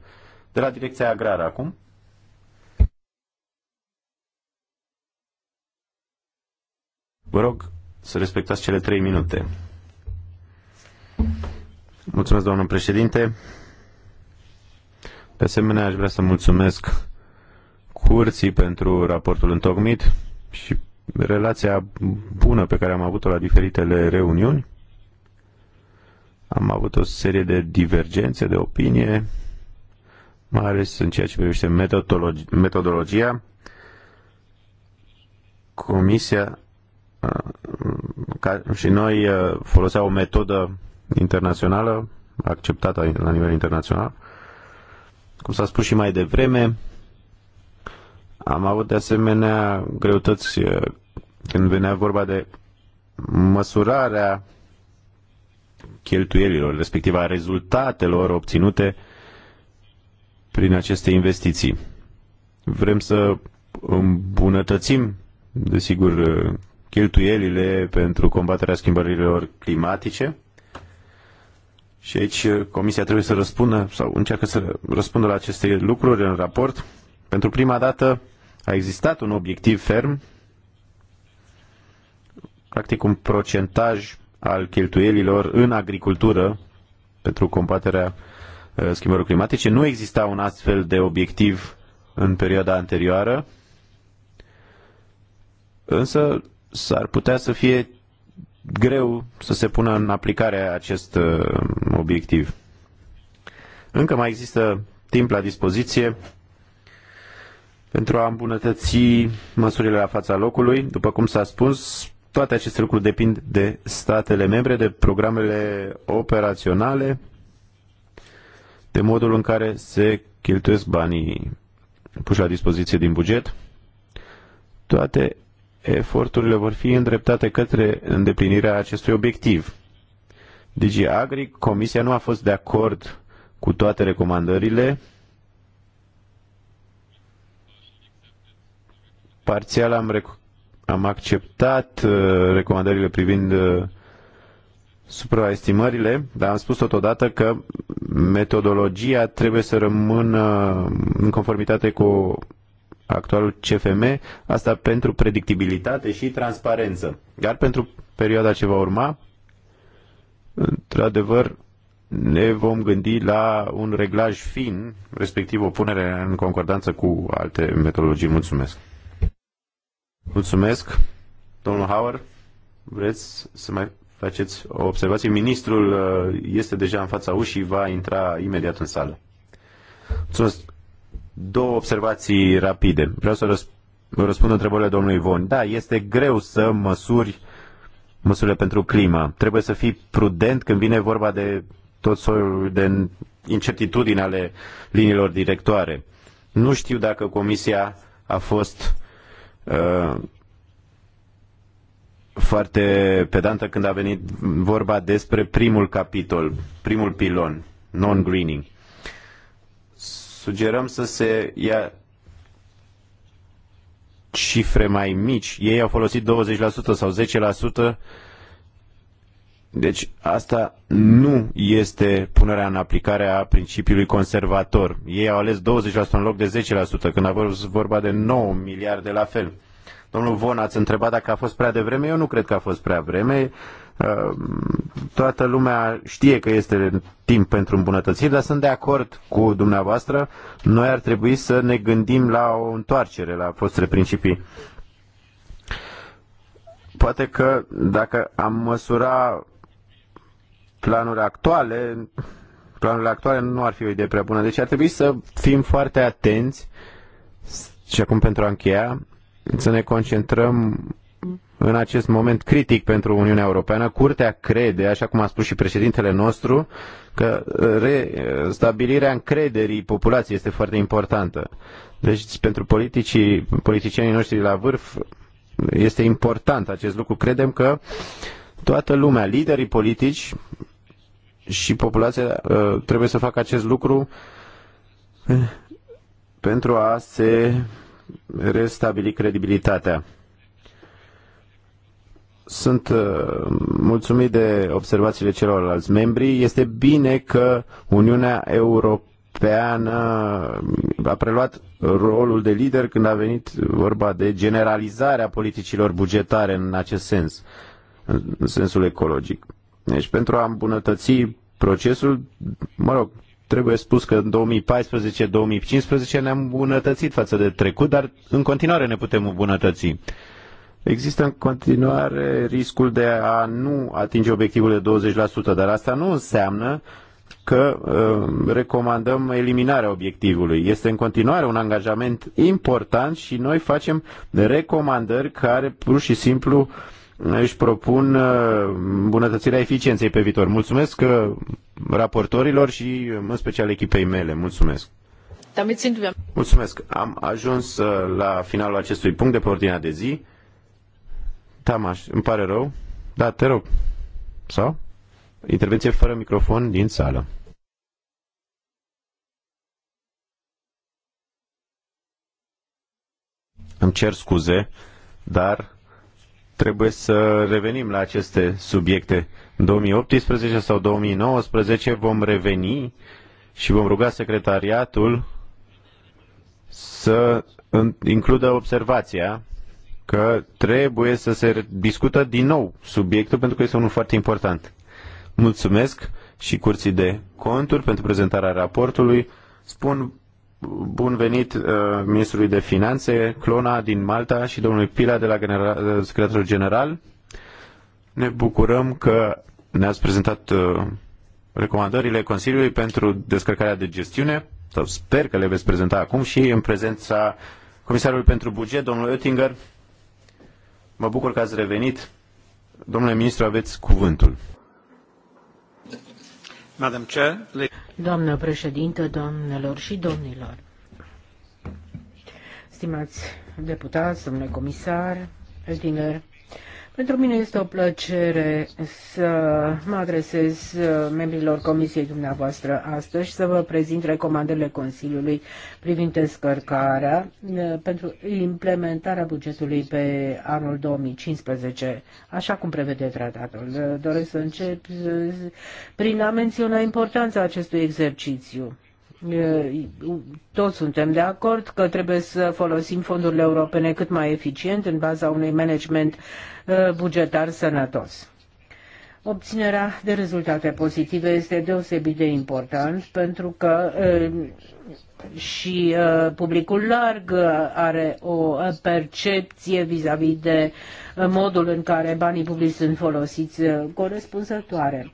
De la Direcția Agrară acum. Vă rog să respectați cele trei minute. Mulțumesc, doamnă președinte. De asemenea, aș vrea să mulțumesc curții pentru raportul întocmit și relația bună pe care am avut-o la diferitele reuniuni. Am avut o serie de divergențe de opinie, mai ales în ceea ce privește metodologi- metodologia. Comisia uh, ca și noi uh, foloseau o metodă internațională, acceptată la nivel internațional. Cum s-a spus și mai devreme, am avut de asemenea greutăți când venea vorba de măsurarea cheltuielilor, respectiv a rezultatelor obținute prin aceste investiții. Vrem să îmbunătățim, desigur, cheltuielile pentru combaterea schimbărilor climatice și aici uh, Comisia trebuie să răspundă sau încearcă să răspundă la aceste lucruri în raport. Pentru prima dată a existat un obiectiv ferm, practic un procentaj al cheltuielilor în agricultură pentru combaterea uh, schimbărilor climatice. Nu exista un astfel de obiectiv în perioada anterioară, însă s-ar putea să fie greu să se pună în aplicare acest uh, obiectiv. Încă mai există timp la dispoziție pentru a îmbunătăți măsurile la fața locului. După cum s-a spus, toate aceste lucruri depind de statele membre, de programele operaționale, de modul în care se cheltuiesc banii puși la dispoziție din buget. Toate eforturile vor fi îndreptate către îndeplinirea acestui obiectiv. DG Agri, Comisia nu a fost de acord cu toate recomandările. Parțial am, am acceptat uh, recomandările privind uh, supraestimările, dar am spus totodată că metodologia trebuie să rămână în conformitate cu actualul CFM, asta pentru predictibilitate și transparență. Iar pentru perioada ce va urma, într-adevăr, ne vom gândi la un reglaj fin, respectiv o punere în concordanță cu alte metodologii. Mulțumesc! Mulțumesc! Domnul Hauer, vreți să mai faceți o observație? Ministrul uh, este deja în fața ușii, va intra imediat în sală. Mulțumesc! Două observații rapide. Vreau să răspund răspund întrebările domnului Ivon. Da, este greu să măsuri uh, măsurile pentru climă. Trebuie să fii prudent când vine vorba de tot soiul de incertitudini ale liniilor directoare. Nu știu dacă Comisia a fost uh, foarte pedantă când a venit vorba despre primul capitol, primul pilon, non-greening. Sugerăm să se ia cifre mai mici. Ei au folosit 20% sau 10%. Deci asta nu este punerea în aplicare a principiului conservator. Ei au ales 20% în loc de 10%, când a fost vorba de 9 miliarde la fel. Domnul Von, ați întrebat dacă a fost prea devreme. Eu nu cred că a fost prea vreme. Ehm, toată lumea știe că este timp pentru îmbunătățiri, dar sunt de acord cu dumneavoastră. Noi ar trebui să ne gândim la o întoarcere la fostele principii. Poate că dacă am măsura planurile actuale, planurile actuale nu ar fi o idee prea bună. Deci ar trebui să fim foarte atenți și acum pentru a încheia, să ne concentrăm în acest moment critic pentru Uniunea Europeană. Curtea crede, așa cum a spus și președintele nostru, că stabilirea încrederii populației este foarte importantă. Deci pentru politicii, politicienii noștri la vârf este important acest lucru. Credem că toată lumea, liderii politici și populația uh, trebuie să facă acest lucru uh, pentru a se restabili credibilitatea sunt uh, mulțumit de observațiile celorlalți membri. Este bine că Uniunea Europeană a preluat rolul de lider când a venit vorba de generalizarea politicilor bugetare în acest sens, în sensul ecologic. Deci pentru a îmbunătăți procesul, mă rog, trebuie spus că în 2014-2015 ne-am îmbunătățit față de trecut, dar în continuare ne putem îmbunătăți. Există în continuare riscul de a nu atinge obiectivul de 20%, dar asta nu înseamnă că uh, recomandăm eliminarea obiectivului. Este în continuare un angajament important și noi facem recomandări care pur și simplu își propun uh, îmbunătățirea eficienței pe viitor. Mulțumesc uh, raportorilor și uh, în special echipei mele. Mulțumesc. Mulțumesc. Am ajuns la finalul acestui punct de pe ordinea de zi. Tamaș, îmi pare rău. Da, te rog. Sau? Intervenție fără microfon din sală. Îmi cer scuze, dar trebuie să revenim la aceste subiecte. În 2018 sau 2019 vom reveni și vom ruga secretariatul să includă observația că trebuie să se discută din nou subiectul pentru că este unul foarte important. Mulțumesc și Curții de Conturi pentru prezentarea raportului. Spun bun venit uh, Ministrului de Finanțe, Clona din Malta și domnului Pila de la general, uh, Secretarul General. Ne bucurăm că ne-ați prezentat uh, recomandările Consiliului pentru descărcarea de gestiune. Sau sper că le veți prezenta acum și în prezența Comisarului pentru Buget, domnul Oettinger Mă bucur că ați revenit. Domnule ministru, aveți cuvântul. Madam Chair, le... Doamnă președintă, doamnelor și domnilor, stimați deputați, domnule comisar, Oettinger, pentru mine este o plăcere să mă adresez uh, membrilor comisiei dumneavoastră astăzi și să vă prezint recomandările Consiliului privind descărcarea uh, pentru implementarea bugetului pe anul 2015, așa cum prevede tratatul. Uh, doresc să încep prin a menționa importanța acestui exercițiu toți suntem de acord că trebuie să folosim fondurile europene cât mai eficient în baza unui management bugetar sănătos. Obținerea de rezultate pozitive este deosebit de important pentru că și publicul larg are o percepție vis-a-vis -vis de modul în care banii publici sunt folosiți corespunzătoare.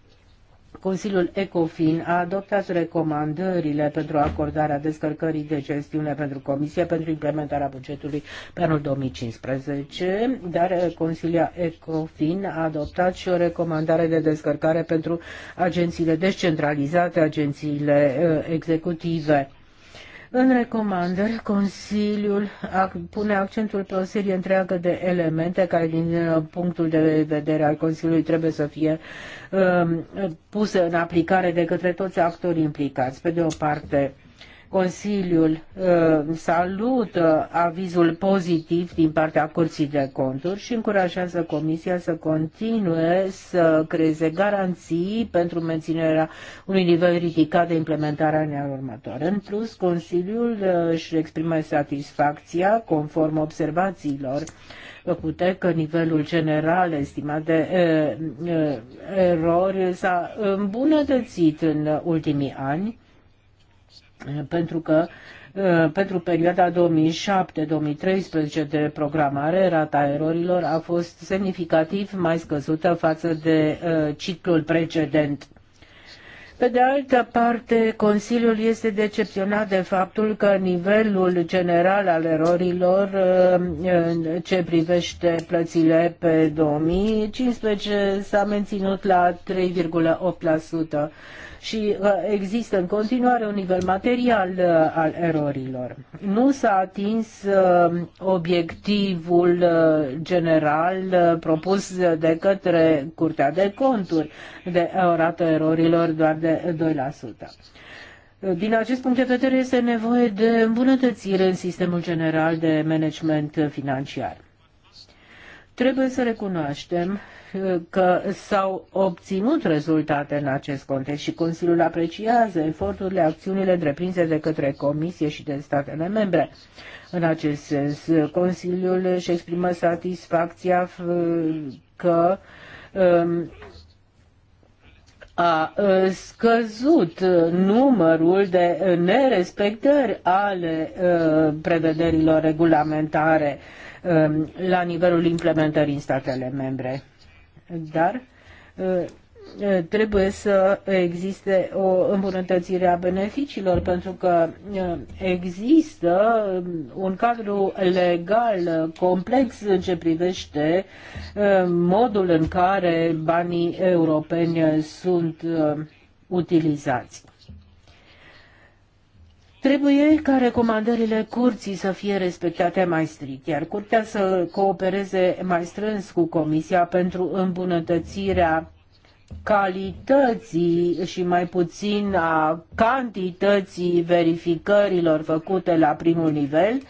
Consiliul ECOFIN a adoptat recomandările pentru acordarea descărcării de gestiune pentru Comisie pentru implementarea bugetului pe anul 2015, dar Consilia ECOFIN a adoptat și o recomandare de descărcare pentru agențiile descentralizate, agențiile eh, executive. În recomandări, Consiliul pune accentul pe o serie întreagă de elemente care, din uh, punctul de vedere al Consiliului, trebuie să fie um, puse în aplicare de către toți actorii implicați. Pe de o parte, Consiliul uh, salută avizul pozitiv din partea Curții de Conturi și încurajează Comisia să continue să creeze garanții pentru menținerea unui nivel ridicat de implementare în anul următor. În plus, Consiliul uh, își exprimă satisfacția conform observațiilor făcute că nivelul general estimat de e, uh, e, erori s-a îmbunătățit în ultimii ani pentru că uh, pentru perioada 2007-2013 de programare, rata erorilor a fost semnificativ mai scăzută față de uh, ciclul precedent. Pe de altă parte, Consiliul este decepționat de faptul că nivelul general al erorilor uh, în ce privește plățile pe 2015 s-a menținut la 3,8% și uh, există în continuare un nivel material uh, al erorilor. Nu s-a atins uh, obiectivul general propus de către Curtea de Conturi de rată erorilor doar de 2%. Din acest punct de vedere este nevoie de îmbunătățire în sistemul general de management financiar. Trebuie să recunoaștem că s-au obținut rezultate în acest context și Consiliul apreciază eforturile, acțiunile întreprinse de către Comisie și de statele membre. În acest sens, Consiliul își exprimă satisfacția că um, a uh, scăzut numărul de nerespectări ale uh, prevederilor regulamentare um, la nivelul implementării în statele membre dar uh, uh, trebuie să existe o îmbunătățire a beneficiilor, pentru că uh, există um, un cadru legal complex în ce privește modul în care banii europeni sunt utilizați. Trebuie ca recomandările curții să fie respectate mai strict, iar curtea să coopereze mai strâns cu Comisia pentru îmbunătățirea calității și mai puțin a cantității verificărilor făcute la primul nivel,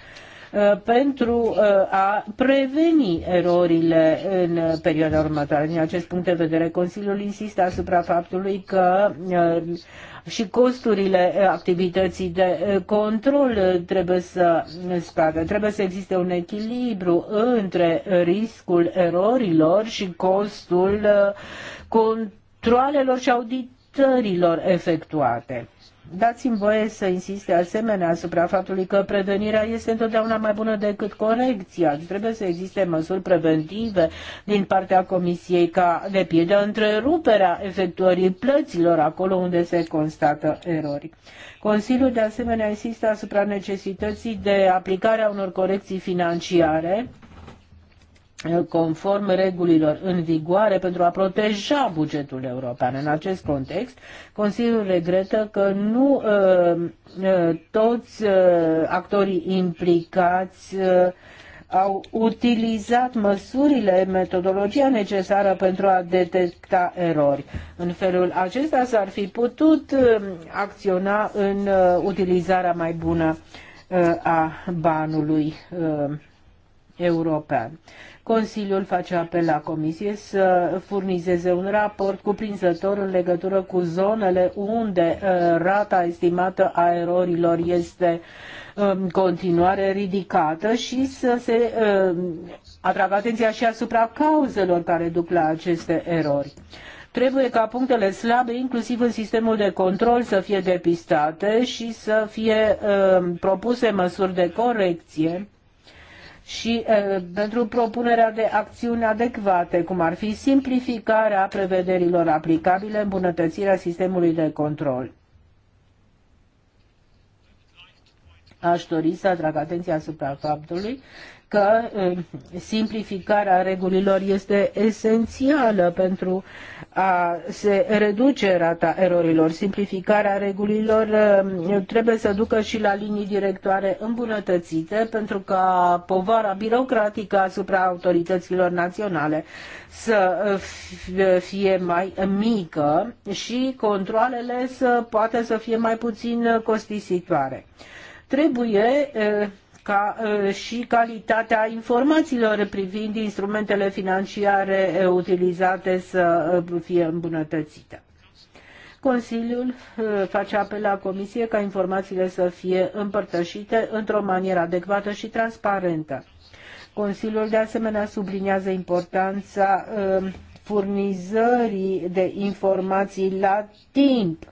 Uh, pentru uh, a preveni erorile în perioada următoare. Din acest punct de vedere, Consiliul insistă asupra faptului că uh, și costurile activității de control trebuie să spadă. Trebuie să existe un echilibru între riscul erorilor și costul controlelor și auditărilor efectuate. Dați-mi voie să insiste asemenea asupra faptului că prevenirea este întotdeauna mai bună decât corecția. Trebuie să existe măsuri preventive din partea Comisiei ca, de pildă, întreruperea efectuării plăților acolo unde se constată erori. Consiliul, de asemenea, insistă asupra necesității de aplicarea unor corecții financiare conform regulilor în vigoare pentru a proteja bugetul european. În acest context, Consiliul regretă că nu uh, uh, toți uh, actorii implicați uh, au utilizat măsurile, metodologia necesară pentru a detecta erori. În felul acesta s-ar fi putut uh, acționa în uh, utilizarea mai bună a banului european. Consiliul face apel la Comisie să furnizeze un raport cuprinzător în legătură cu zonele unde uh, rata estimată a erorilor este um, în continuare ridicată și să se um, atragă atenția și asupra cauzelor care duc la aceste erori. Trebuie ca punctele slabe, inclusiv în sistemul de control, să fie depistate și să fie uh, propuse măsuri de corecție și pentru propunerea de acțiuni adecvate, cum ar fi simplificarea prevederilor aplicabile, îmbunătățirea sistemului de control. Aș dori să atrag atenția asupra faptului că eh, simplificarea regulilor este esențială pentru a se reduce rata erorilor. Simplificarea regulilor eh, trebuie să ducă și la linii directoare îmbunătățite pentru ca povara birocratică asupra autorităților naționale să fie mai mică și controlele să poată să fie mai puțin costisitoare. Trebuie eh, ca și calitatea informațiilor privind instrumentele financiare utilizate să fie îmbunătățită. Consiliul face apel la Comisie ca informațiile să fie împărtășite într-o manieră adecvată și transparentă. Consiliul de asemenea subliniază importanța furnizării de informații la timp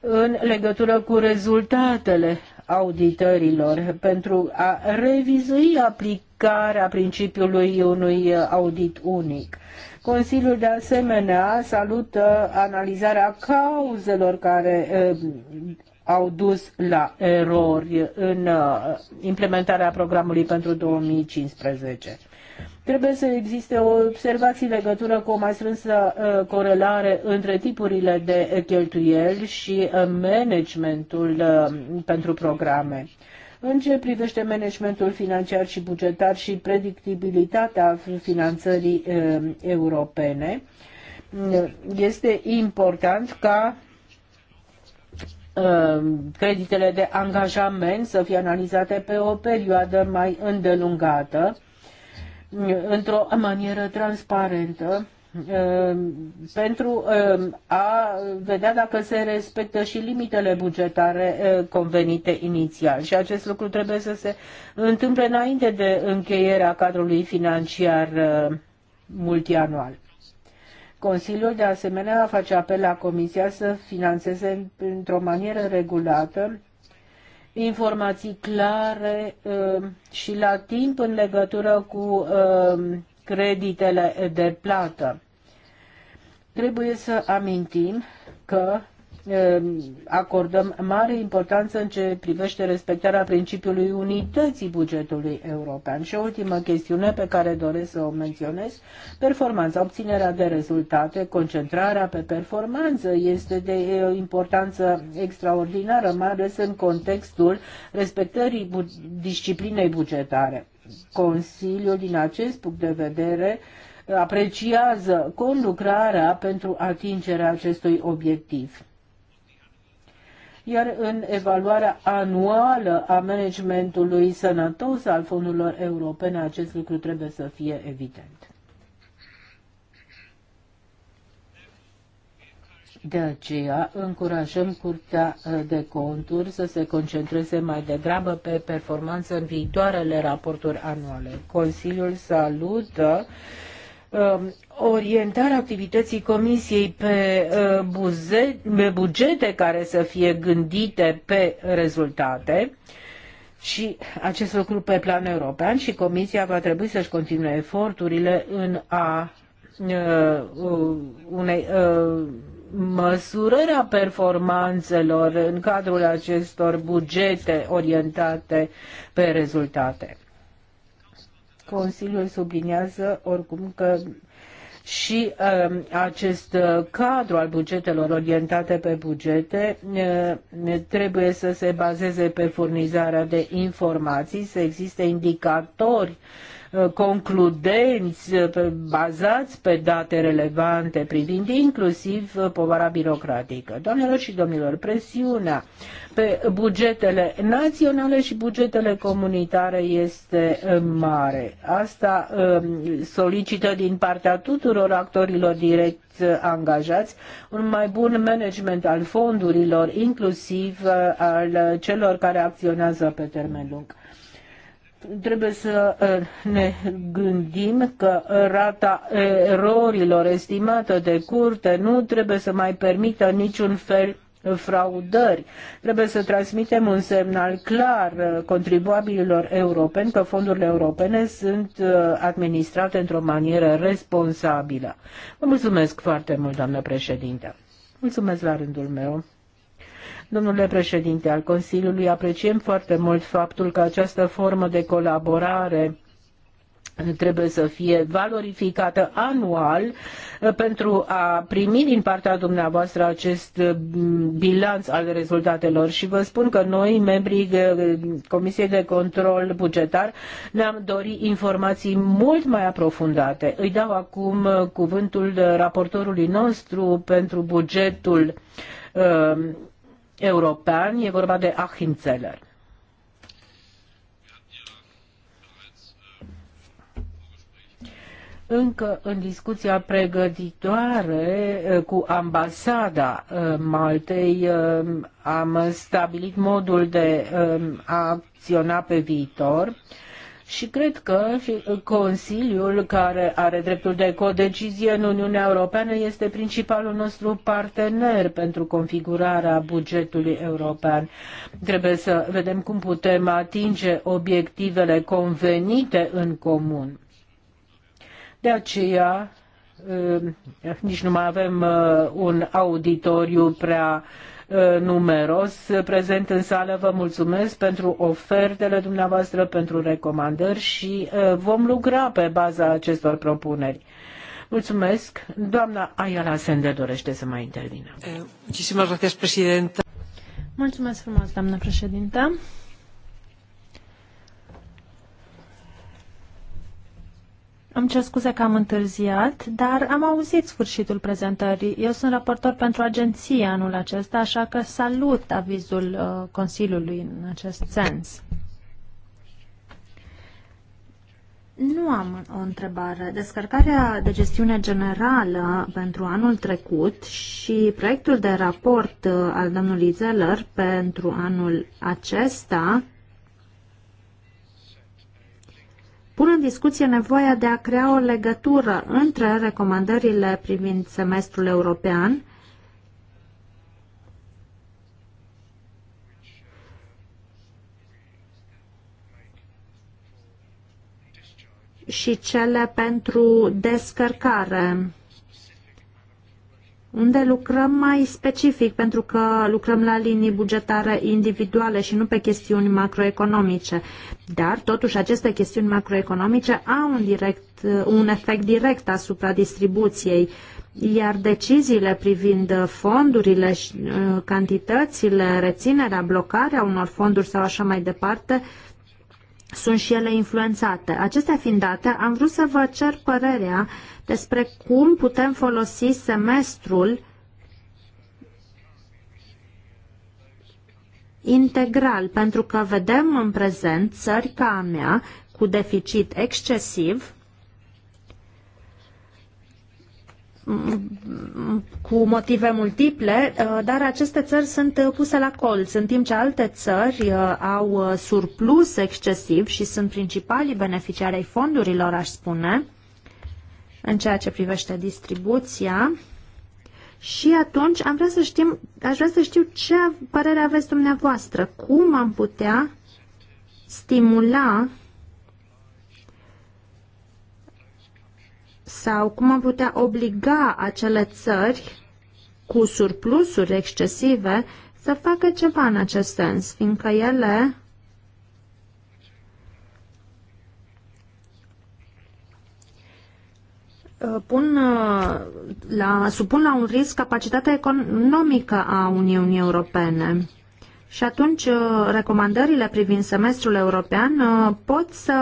în legătură cu rezultatele auditorilor pentru a revizui aplicarea principiului unui audit unic. Consiliul de asemenea salută analizarea cauzelor care eh, au dus la erori în eh, implementarea programului pentru 2015. Trebuie să existe o observație legătură cu o mai strânsă uh, corelare între tipurile de cheltuieli și uh, managementul uh, pentru programe. În ce privește managementul financiar și bugetar și predictibilitatea finanțării europene, este important ca creditele de angajament să fie analizate pe o perioadă mai îndelungată într-o manieră transparentă um, pentru um, a vedea dacă se respectă și limitele bugetare um, convenite inițial. Și acest lucru trebuie să se întâmple înainte de încheierea cadrului financiar multianual. Consiliul, de asemenea, face apel la Comisia să financeze într-o manieră regulată informații clare um, și la timp în legătură cu um, creditele de plată. Trebuie să amintim că Eh, acordăm mare importanță în ce privește respectarea principiului unității bugetului european. Și o ultimă chestiune pe care doresc să o menționez, performanța, obținerea de rezultate, concentrarea pe performanță este de importanță extraordinară, mai ales în contextul respectării bu- disciplinei bugetare. Consiliul, din acest punct de vedere, apreciază conlucrarea pentru atingerea acestui obiectiv iar în evaluarea anuală a managementului sănătos al fondurilor europene acest lucru trebuie să fie evident. De aceea încurajăm Curtea de Conturi să se concentreze mai degrabă pe performanță în viitoarele raporturi anuale. Consiliul salută Um, orientarea activității Comisiei uh, pe bugete care să fie gândite pe rezultate și acest lucru pe plan european și Comisia va trebui să-și continue eforturile în a uh, unei uh, măsurări performanțelor în cadrul acestor bugete orientate pe rezultate. Consiliul subliniază oricum că și uh, acest uh, cadru al bugetelor orientate pe bugete uh, trebuie să se bazeze pe furnizarea de informații, să existe indicatori uh, Uh, concludenți uh, bazați pe date relevante privind inclusiv uh, povara birocratică. Doamnelor și domnilor, presiunea pe bugetele naționale și bugetele comunitare este mare. Asta solicită din partea tuturor actorilor direct angajați un mai bun management al fondurilor, inclusiv al celor care acționează pe termen lung trebuie să uh, ne gândim că rata erorilor estimată de curte nu trebuie să mai permită niciun fel fraudări. Trebuie să transmitem un semnal clar uh, contribuabililor europeni că fondurile europene sunt uh, administrate într-o manieră responsabilă. Vă mulțumesc foarte mult, doamnă președinte. Mulțumesc la rândul meu. Domnule președinte al Consiliului, apreciem foarte mult faptul că această formă de colaborare trebuie să fie valorificată anual uh, pentru a primi din partea dumneavoastră acest uh, bilanț al rezultatelor și vă spun că noi, membrii uh, Comisiei de Control Bugetar, ne-am dorit informații mult mai aprofundate. Îi dau acum cuvântul raportorului nostru pentru bugetul european, e vorba de Achim Zeller. Încă în discuția pregătitoare eh, cu ambasada eh, Maltei eh, am stabilit modul de a acționa pe viitor și cred că Consiliul care are dreptul de codecizie în Uniunea Europeană este principalul nostru partener pentru configurarea bugetului european. Trebuie să vedem cum putem atinge obiectivele convenite în comun. De aceea ă, nici nu mai avem ă, un auditoriu prea Uh, numeros prezent în sală. Vă mulțumesc pentru ofertele dumneavoastră, pentru recomandări și uh, vom lucra pe baza acestor propuneri. Mulțumesc. Doamna Ayala Sender dorește să mai intervină. Eh, mulțumesc frumos, doamnă președintă. Îmi cer scuze că am întârziat, dar am auzit sfârșitul prezentării. Eu sunt raportor pentru agenție anul acesta, așa că salut avizul uh, Consiliului în acest sens. Nu am o întrebare. Descărcarea de gestiune generală pentru anul trecut și proiectul de raport uh, al domnului Zeller pentru anul acesta pun în discuție nevoia de a crea o legătură între recomandările privind semestrul european și cele pentru descărcare unde lucrăm mai specific, pentru că lucrăm la linii bugetare individuale și nu pe chestiuni macroeconomice. Dar, totuși, aceste chestiuni macroeconomice au un, direct, un efect direct asupra distribuției, iar deciziile privind fondurile, uh, cantitățile, reținerea, blocarea unor fonduri sau așa mai departe, uh, sunt și ele influențate. Acestea fiind date, am vrut să vă cer părerea despre cum putem folosi semestrul integral, pentru că vedem în prezent țări ca a mea cu deficit excesiv cu motive multiple, uh, dar aceste țări sunt uh, puse la colț, în timp ce alte țări uh, au surplus excesiv și sunt principalii beneficiari ai fondurilor, aș spune, în ceea ce privește distribuția. Și atunci am vrea să știm, aș vrea să știu ce părere aveți dumneavoastră, cum am putea stimula sau cum am putea obliga acele țări cu surplusuri excesive să facă ceva în acest sens, fiindcă ele uh, pun uh, la, supun la un risc capacitatea economică a Uniunii Europene. Și atunci uh, recomandările privind semestrul european pot să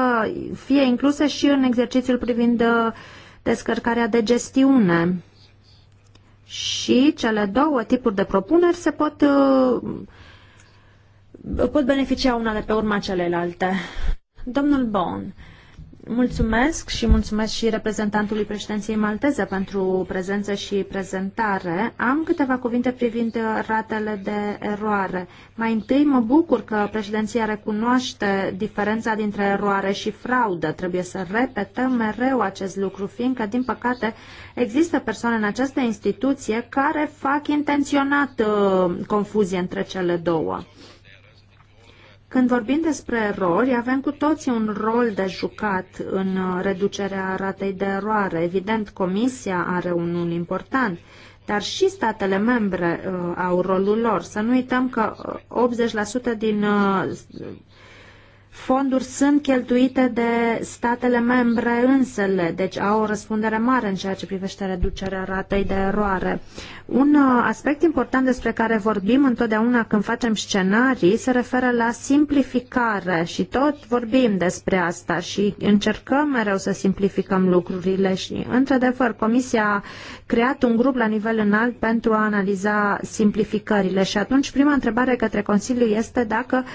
fie incluse și în exercițiul privind descărcarea de gestiune. Și cele două tipuri de propuneri se pot, uh, pot beneficia una de pe urma celelalte. Domnul Bon, Mulțumesc și mulțumesc și reprezentantului președinției malteze pentru prezență și prezentare. Am câteva cuvinte privind ratele de eroare. Mai întâi mă bucur că președinția recunoaște diferența dintre eroare și fraudă. Trebuie să repetăm mereu acest lucru, fiindcă, din păcate, există persoane în această instituție care fac intenționat uh, confuzie între cele două. Când vorbim despre erori, avem cu toții un rol de jucat în uh, reducerea ratei de eroare. Evident, Comisia are unul important, dar și statele membre uh, au rolul lor. Să nu uităm că 80% uh, din uh, Fonduri sunt cheltuite de statele membre însele, deci au o răspundere mare în ceea ce privește reducerea ratei de eroare. Un uh, aspect important despre care vorbim întotdeauna când facem scenarii se referă la simplificare și tot vorbim despre asta și încercăm mereu să simplificăm lucrurile și, într-adevăr, Comisia a creat un grup la nivel înalt pentru a analiza simplificările și atunci prima întrebare către Consiliu este dacă uh,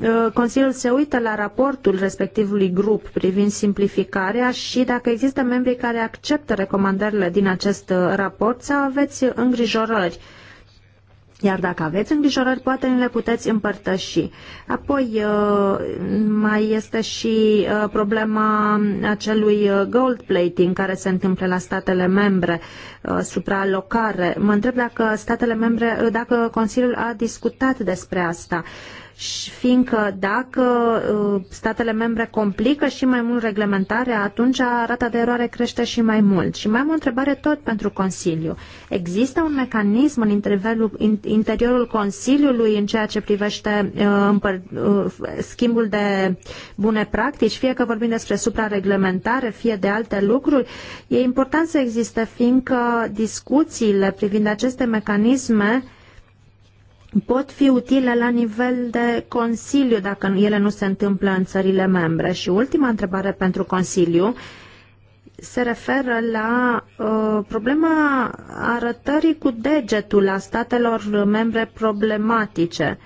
Uh, Consiliul se uită la raportul respectivului grup privind simplificarea și dacă există membri care acceptă recomandările din acest uh, raport sau aveți îngrijorări. Iar dacă aveți îngrijorări, poate le puteți împărtăși. Apoi uh, mai este și problema acelui gold plating care se întâmplă la statele membre, supraalocare. Mă întreb dacă statele membre, dacă Consiliul a discutat despre asta fiindcă dacă uh, statele membre complică și mai mult reglementarea, atunci rata de eroare crește și mai mult. Și mai am o întrebare tot pentru Consiliu. Există un mecanism în interiorul Consiliului în ceea ce privește uh, uh, schimbul de bune practici, fie că vorbim despre suprareglementare, fie de alte lucruri? E important să existe, fiindcă discuțiile privind aceste mecanisme pot fi utile la nivel de Consiliu dacă ele nu se întâmplă în țările membre. Și ultima întrebare pentru Consiliu se referă la uh, problema arătării cu degetul a statelor membre problematice.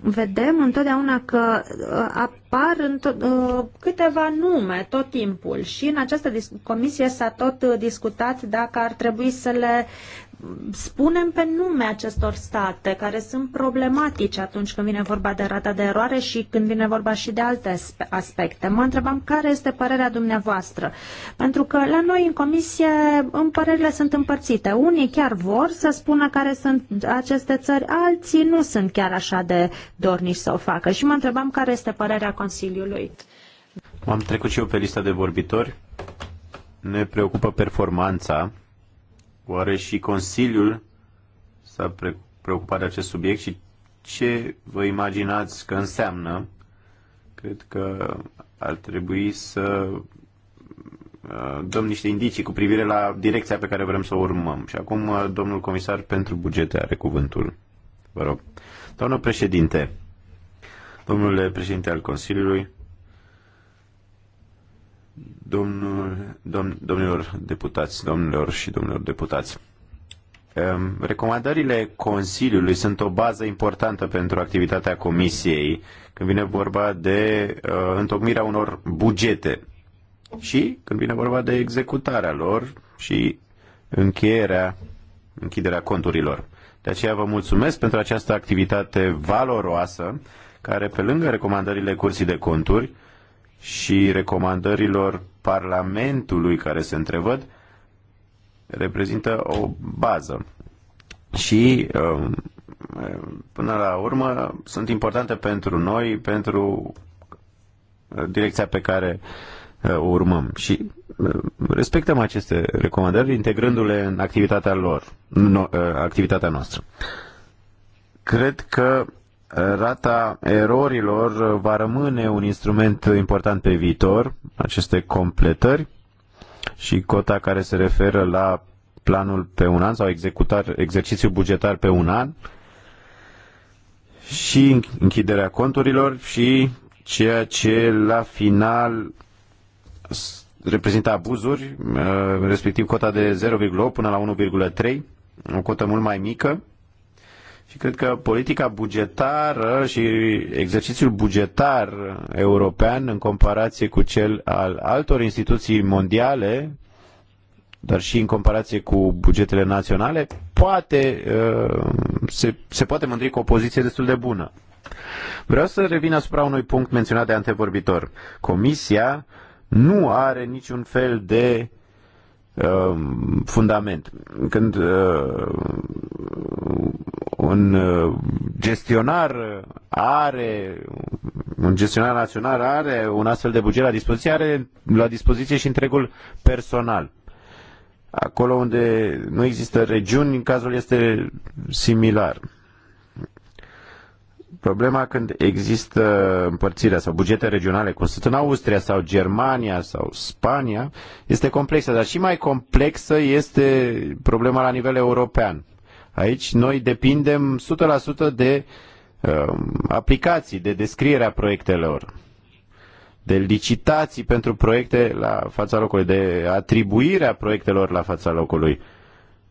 Vedem întotdeauna că uh, apar uh, câteva nume tot timpul și în această comisie s-a tot uh, discutat dacă ar trebui să le spunem pe nume acestor state care sunt problematice atunci când vine vorba de rata de eroare și când vine vorba și de alte aspecte. Mă întrebam care este părerea dumneavoastră, pentru că la noi în comisie părerile sunt împărțite. Unii chiar vor să spună care sunt aceste țări, alții nu sunt chiar așa de dornici să o facă și mă întrebam care este părerea Consiliului. am trecut și eu pe lista de vorbitori. Ne preocupă performanța Oare și Consiliul s-a preocupat de acest subiect și ce vă imaginați că înseamnă? Cred că ar trebui să uh, dăm niște indicii cu privire la direcția pe care vrem să o urmăm. Și acum uh, domnul comisar pentru bugete are cuvântul. Vă rog. Doamnă președinte, domnule președinte al Consiliului, Domnul, domnilor deputați, domnilor și domnilor deputați, recomandările Consiliului sunt o bază importantă pentru activitatea Comisiei când vine vorba de uh, întocmirea unor bugete și când vine vorba de executarea lor și încheierea, închiderea conturilor. De aceea vă mulțumesc pentru această activitate valoroasă care, pe lângă recomandările Curții de Conturi, și recomandărilor Parlamentului care se întrevăd reprezintă o bază. Și um, până la urmă sunt importante pentru noi, pentru uh, direcția pe care uh, o urmăm. Și uh, respectăm aceste recomandări integrându-le în activitatea lor, no, activitatea noastră. Cred că rata erorilor va rămâne un instrument important pe viitor, aceste completări și cota care se referă la planul pe un an sau executar, exercițiul bugetar pe un an și închiderea conturilor și ceea ce la final reprezintă abuzuri, uh, respectiv cota de 0,8 până la 1,3, o cotă mult mai mică, și cred că politica bugetară și exercițiul bugetar european în comparație cu cel al altor instituții mondiale, dar și în comparație cu bugetele naționale, poate, uh, se, se poate mândri cu o poziție destul de bună. Vreau să revin asupra unui punct menționat de antevorbitor. Comisia nu are niciun fel de Um, fundament. Când uh, un uh, gestionar are, un gestionar național are un astfel de buget la dispoziție, are la dispoziție și întregul personal. Acolo unde nu există regiuni, în cazul este similar problema când există împărțirea sau bugete regionale, cum sunt în Austria sau Germania sau Spania, este complexă, dar și mai complexă este problema la nivel european. Aici noi depindem 100% de uh, aplicații, de descrierea proiectelor, de licitații pentru proiecte la fața locului, de atribuirea proiectelor la fața locului,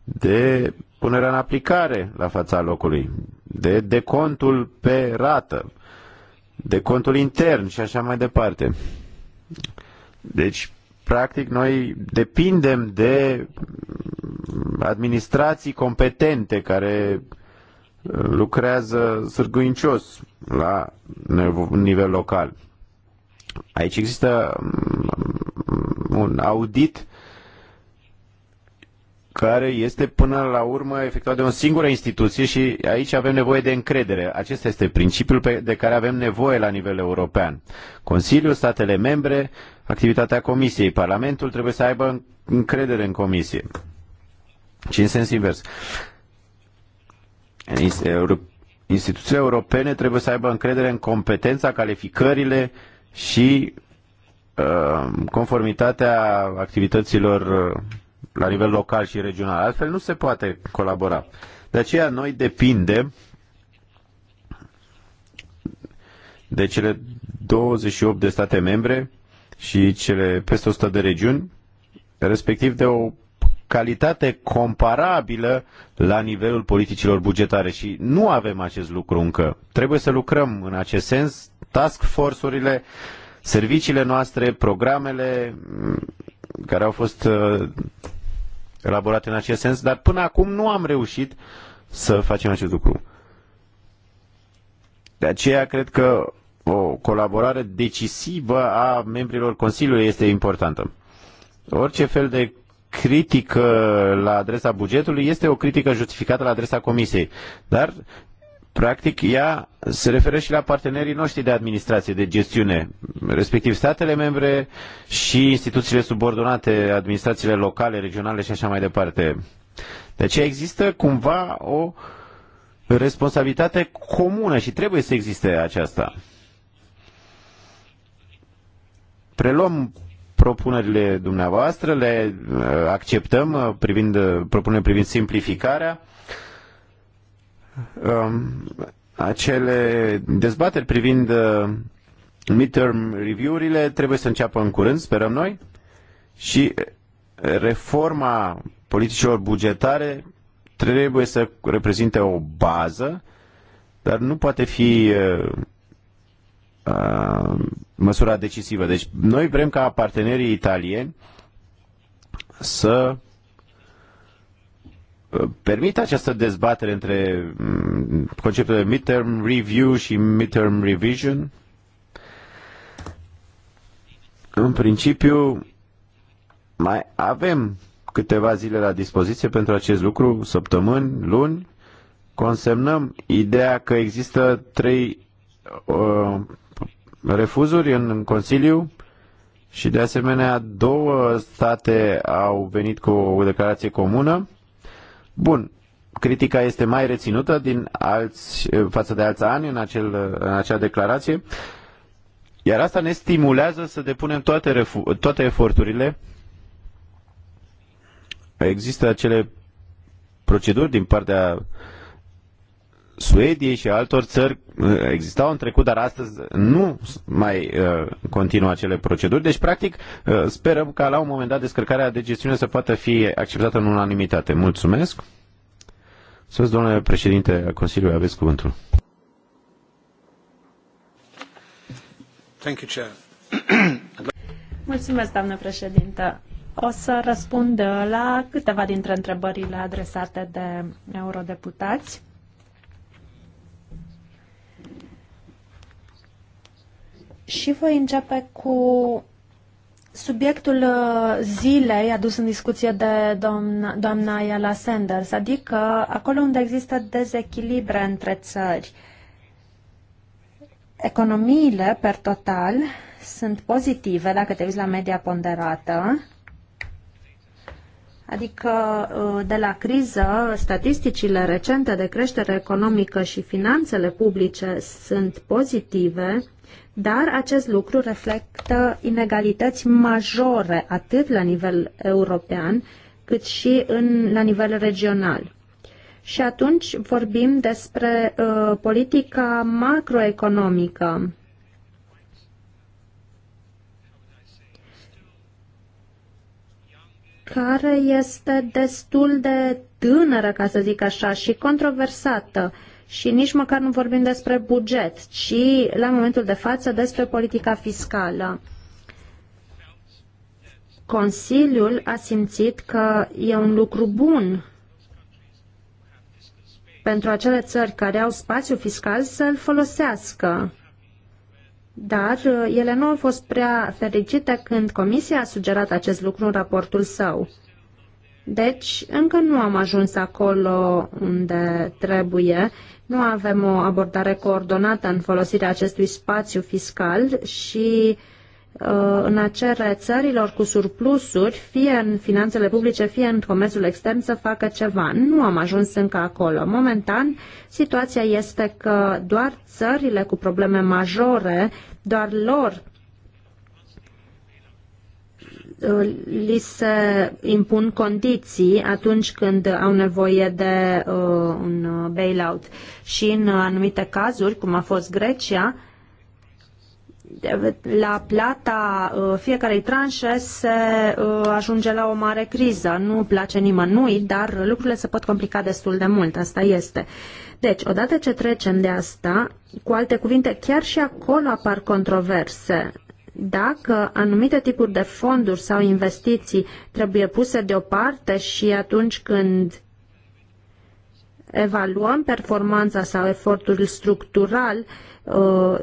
de punerea în aplicare la fața locului de decontul pe rată, contul intern și așa mai departe. Deci, practic, noi depindem de administrații competente care uh, lucrează sârguincios la nivel local. Aici există um, un audit care este până la urmă efectuat de o singură instituție și aici avem nevoie de încredere. Acesta este principiul pe, de care avem nevoie la nivel european. Consiliul, statele membre, activitatea Comisiei, Parlamentul trebuie să aibă încredere în Comisie. Și în sens invers. Instituțiile europene trebuie să aibă încredere în competența, calificările și uh, conformitatea activităților uh, la nivel local și regional. Altfel nu se poate colabora. De aceea noi depindem de cele 28 de state membre și cele peste 100 de regiuni, respectiv de o calitate comparabilă la nivelul politicilor bugetare și nu avem acest lucru încă. Trebuie să lucrăm în acest sens. Task force-urile, serviciile noastre, programele care au fost uh, elaborate în acest sens, dar până acum nu am reușit să facem acest lucru. De aceea cred că o colaborare decisivă a membrilor Consiliului este importantă. Orice fel de critică la adresa bugetului este o critică justificată la adresa Comisiei. Dar practic, ea se referă și la partenerii noștri de administrație, de gestiune, respectiv statele membre și instituțiile subordonate, administrațiile locale, regionale și așa mai departe. Deci există cumva o responsabilitate comună și trebuie să existe aceasta. Preluăm propunerile dumneavoastră, le uh, acceptăm uh, privind, uh, propunerile privind simplificarea, Um, acele dezbateri privind uh, midterm review-urile trebuie să înceapă în curând, sperăm noi, și uh, reforma politicilor bugetare trebuie să reprezinte o bază, dar nu poate fi uh, măsura decisivă. Deci noi vrem ca partenerii italieni să permite această dezbatere între mm, conceptul de midterm review și midterm revision? În principiu, mai avem câteva zile la dispoziție pentru acest lucru, săptămâni, luni. Consemnăm ideea că există trei uh, refuzuri în Consiliu și de asemenea două state au venit cu o declarație comună Bun, critica este mai reținută din alți, eh, față de alți ani în, acel, în acea declarație, iar asta ne stimulează să depunem toate, toate eforturile. Există acele proceduri din partea uh, Suediei și altor țări uh, existau în trecut, dar astăzi nu mai uh, continuă acele proceduri. Deci, practic, uh, sperăm ca la un moment dat descărcarea de gestiune să poată fi acceptată în unanimitate. Mulțumesc. Sus, domnule președinte al Consiliului, aveți cuvântul. Thank you, Chair. Mulțumesc, doamnă președintă. O să răspund la câteva dintre întrebările adresate de eurodeputați. și voi începe cu subiectul uh, zilei adus în discuție de doamna, doamna Ayala Sanders, adică acolo unde există dezechilibre între țări. Economiile, per total, sunt pozitive dacă te uiți la media ponderată, adică uh, de la criză, statisticile recente de creștere economică și finanțele publice sunt pozitive, dar acest lucru reflectă inegalități majore atât la nivel european cât și în, la nivel regional. Și atunci vorbim despre uh, politica macroeconomică. care este destul de tânără, ca să zic așa, și controversată. Uh, și nici măcar nu vorbim despre buget, ci la momentul de față despre politica fiscală. Consiliul a simțit că e un lucru bun pentru acele țări care au spațiu fiscal să-l folosească. Dar uh, ele nu au fost prea fericite când Comisia a sugerat acest lucru în raportul său. Deci, încă nu am ajuns acolo unde trebuie nu avem o abordare coordonată în folosirea acestui spațiu fiscal și uh, în a cere țărilor cu surplusuri, fie în finanțele publice, fie în comerțul extern, să facă ceva. Nu am ajuns încă acolo. Momentan, situația este că doar țările cu probleme majore, doar lor li se impun condiții atunci când au nevoie de uh, un bailout. Și în anumite cazuri, cum a fost Grecia, la plata uh, fiecarei tranșe se uh, ajunge la o mare criză. Nu place nimănui, dar lucrurile se pot complica destul de mult, asta este. Deci, odată ce trecem de asta, cu alte cuvinte, chiar și acolo apar controverse dacă anumite tipuri de fonduri sau investiții trebuie puse deoparte și atunci când evaluăm performanța sau efortul structural, uh,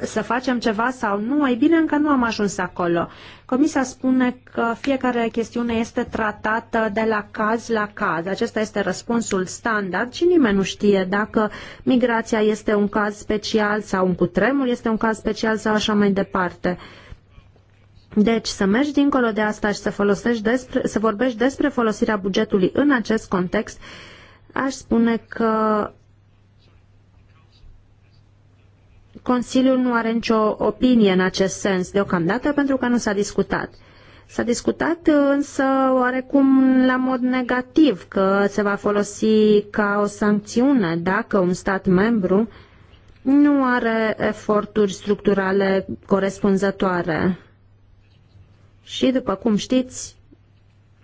să facem ceva sau nu, ei bine, încă nu am ajuns acolo. Comisia spune că fiecare chestiune este tratată de la caz la caz. Acesta este răspunsul standard și nimeni nu știe dacă migrația este un caz special sau un cutremur este un caz special sau așa mai departe. Deci să mergi dincolo de asta și să, folosești despre, să vorbești despre folosirea bugetului în acest context, aș spune că Consiliul nu are nicio opinie în acest sens deocamdată pentru că nu s-a discutat. S-a discutat uh, însă oarecum la mod negativ că se va folosi ca o sancțiune dacă un stat membru nu are eforturi structurale corespunzătoare. Și, după cum știți,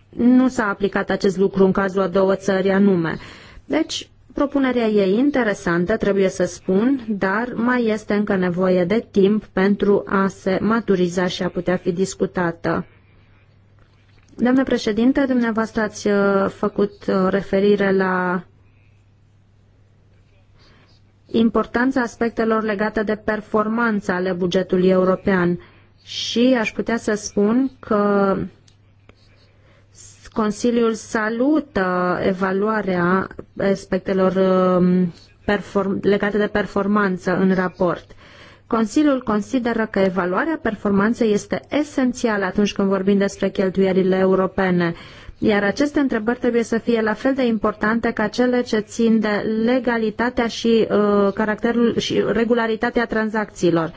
nu s-a aplicat acest lucru în cazul a două țări anume. Deci, Propunerea e interesantă, trebuie să spun, dar mai este încă nevoie de timp pentru a se maturiza și a putea fi discutată. Doamne președinte, dumneavoastră ați uh, făcut uh, referire la importanța aspectelor legate de performanța ale bugetului european și aș putea să spun că Consiliul salută evaluarea aspectelor um, legate de performanță în raport. Consiliul consideră că evaluarea performanței este esențială atunci când vorbim despre cheltuielile europene, iar aceste întrebări trebuie să fie la fel de importante ca cele ce țin de legalitatea și uh, caracterul și regularitatea tranzacțiilor. Uh,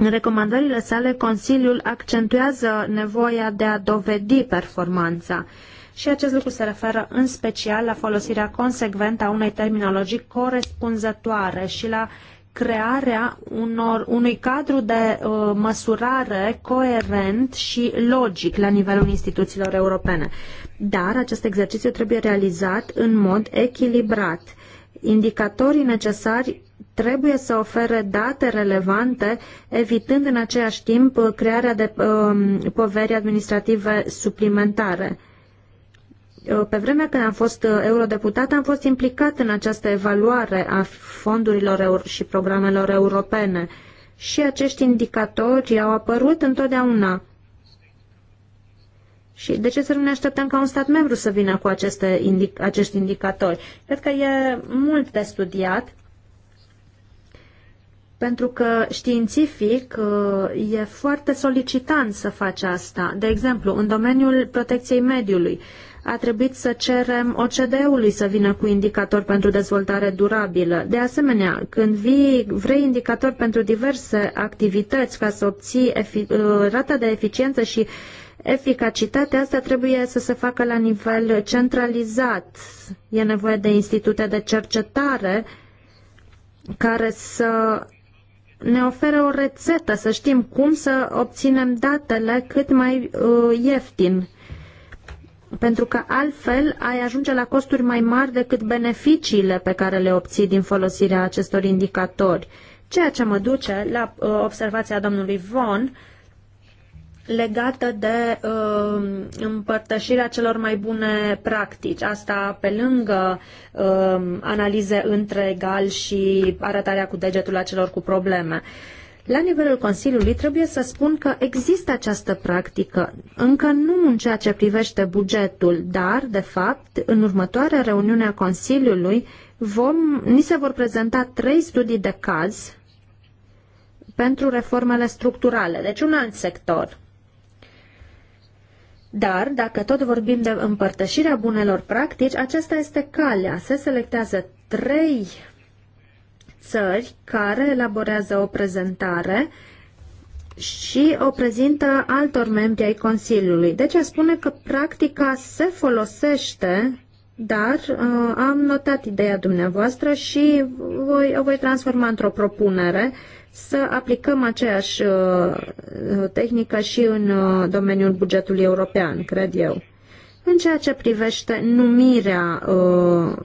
în recomandările sale, Consiliul accentuează nevoia de a dovedi performanța și acest lucru se referă în special la folosirea consecventă a unei terminologii corespunzătoare și la crearea unor, unui cadru de uh, măsurare coerent și logic la nivelul instituțiilor europene. Dar acest exercițiu trebuie realizat în mod echilibrat. Indicatorii necesari trebuie să ofere date relevante, evitând în același timp crearea de um, poveri administrative suplimentare. Uh, pe vremea când am fost uh, eurodeputat, am fost implicat în această evaluare a fondurilor și programelor europene și acești indicatori au apărut întotdeauna. Și de ce să nu ne așteptăm ca un stat membru să vină cu aceste indic- acești indicatori? Cred că e mult de studiat pentru că științific uh, e foarte solicitant să faci asta. De exemplu, în domeniul protecției mediului, a trebuit să cerem OCDE-ului să vină cu indicatori pentru dezvoltare durabilă. De asemenea, când vii, vrei indicatori pentru diverse activități ca să obții uh, rata de eficiență și eficacitate, asta trebuie să se facă la nivel centralizat. E nevoie de institute de cercetare care să ne oferă o rețetă să știm cum să obținem datele cât mai uh, ieftin. Pentru că altfel ai ajunge la costuri mai mari decât beneficiile pe care le obții din folosirea acestor indicatori. Ceea ce mă duce la uh, observația domnului Von legată de uh, împărtășirea celor mai bune practici. Asta pe lângă uh, analize între egal și arătarea cu degetul a celor cu probleme. La nivelul Consiliului trebuie să spun că există această practică, încă nu în ceea ce privește bugetul, dar, de fapt, în următoarea reuniune a Consiliului vom, ni se vor prezenta trei studii de caz pentru reformele structurale, deci un alt sector. Dar, dacă tot vorbim de împărtășirea bunelor practici, aceasta este calea. Se selectează trei țări care elaborează o prezentare și o prezintă altor membri ai Consiliului. Deci a spune că practica se folosește, dar uh, am notat ideea dumneavoastră și voi, o voi transforma într-o propunere uh, să aplicăm aceeași uh, tehnică și în uh, domeniul bugetului european, cred eu. În ceea ce privește numirea uh,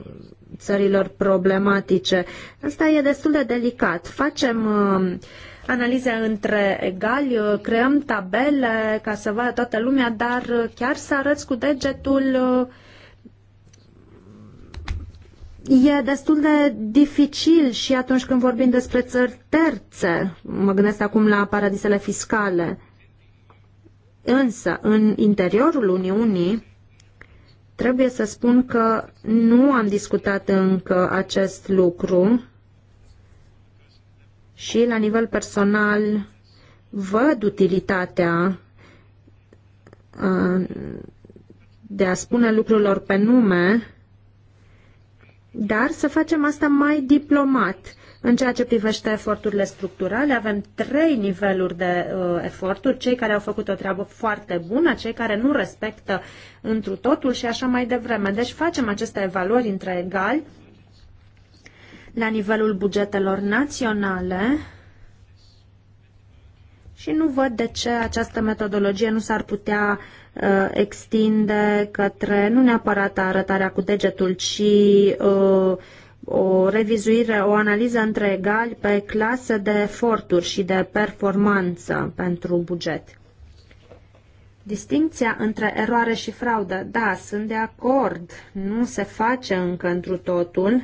țărilor problematice, asta e destul de delicat. Facem analize între egali, creăm tabele ca să vadă toată lumea, dar chiar să arăți cu degetul uh, e destul de dificil și atunci când vorbim despre țări terțe, mă gândesc acum la paradisele fiscale, însă în interiorul Uniunii trebuie să spun că nu am discutat încă acest lucru și la nivel personal văd utilitatea uh, de a spune lucrurilor pe nume dar să facem asta mai diplomat. În ceea ce privește eforturile structurale, avem trei niveluri de uh, eforturi, cei care au făcut o treabă foarte bună, cei care nu respectă întru totul și așa mai devreme. Deci facem aceste evaluări între egali la nivelul bugetelor naționale și nu văd de ce această metodologie nu s-ar putea uh, Uh, extinde către nu neapărat arătarea cu degetul, ci uh, o revizuire, o analiză între egali pe clasă de eforturi și de performanță pentru buget. Distinția între eroare și fraudă, da, sunt de acord, nu se face încă întru totul,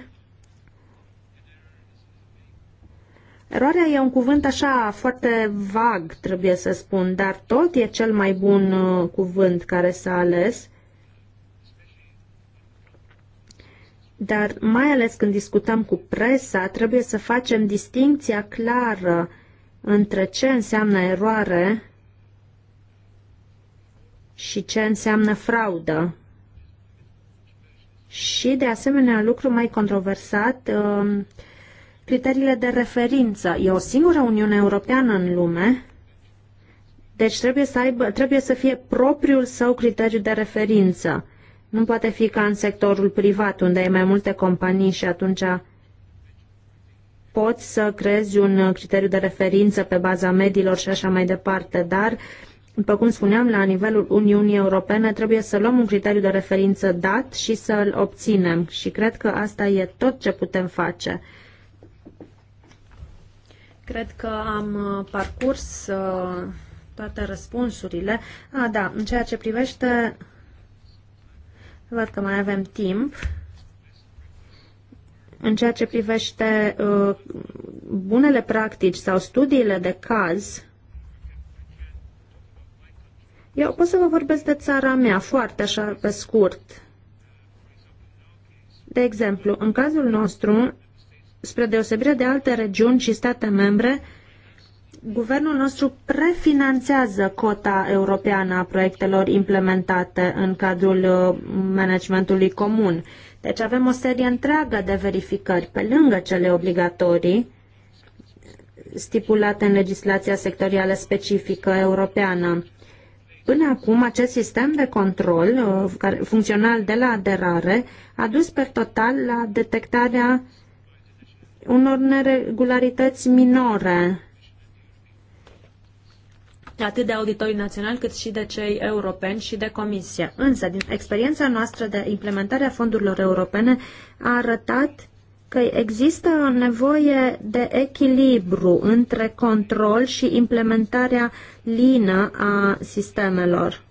Eroarea e un cuvânt așa foarte vag, trebuie să spun, dar tot e cel mai bun uh, cuvânt care s-a ales. Dar mai ales când discutăm cu presa, trebuie să facem distinția clară între ce înseamnă eroare și ce înseamnă fraudă. Și, de asemenea, lucru mai controversat, uh, criteriile de referință. E o singură Uniune Europeană în lume, deci trebuie să, aibă, trebuie să fie propriul său criteriu de referință. Nu poate fi ca în sectorul privat, unde ai mai multe companii și atunci poți să crezi un criteriu de referință pe baza mediilor și așa mai departe, dar, după cum spuneam, la nivelul Uniunii Europene trebuie să luăm un criteriu de referință dat și să-l obținem. Și cred că asta e tot ce putem face. Cred că am uh, parcurs uh, toate răspunsurile. A, ah, da, în ceea ce privește... Văd că mai avem timp. În ceea ce privește uh, bunele practici sau studiile de caz, eu pot să vă vorbesc de țara mea, foarte așa pe scurt. De exemplu, în cazul nostru, spre deosebire de alte regiuni și state membre, guvernul nostru prefinanțează cota europeană a proiectelor implementate în cadrul uh, managementului comun. Deci avem o serie întreagă de verificări pe lângă cele obligatorii stipulate în legislația sectorială specifică europeană. Până acum, acest sistem de control uh, funcțional de la aderare a dus pe total la detectarea unor neregularități minore atât de auditorii naționali cât și de cei europeni și de comisie. Însă, din experiența noastră de implementare a fondurilor europene a arătat că există o nevoie de echilibru între control și implementarea lină a sistemelor.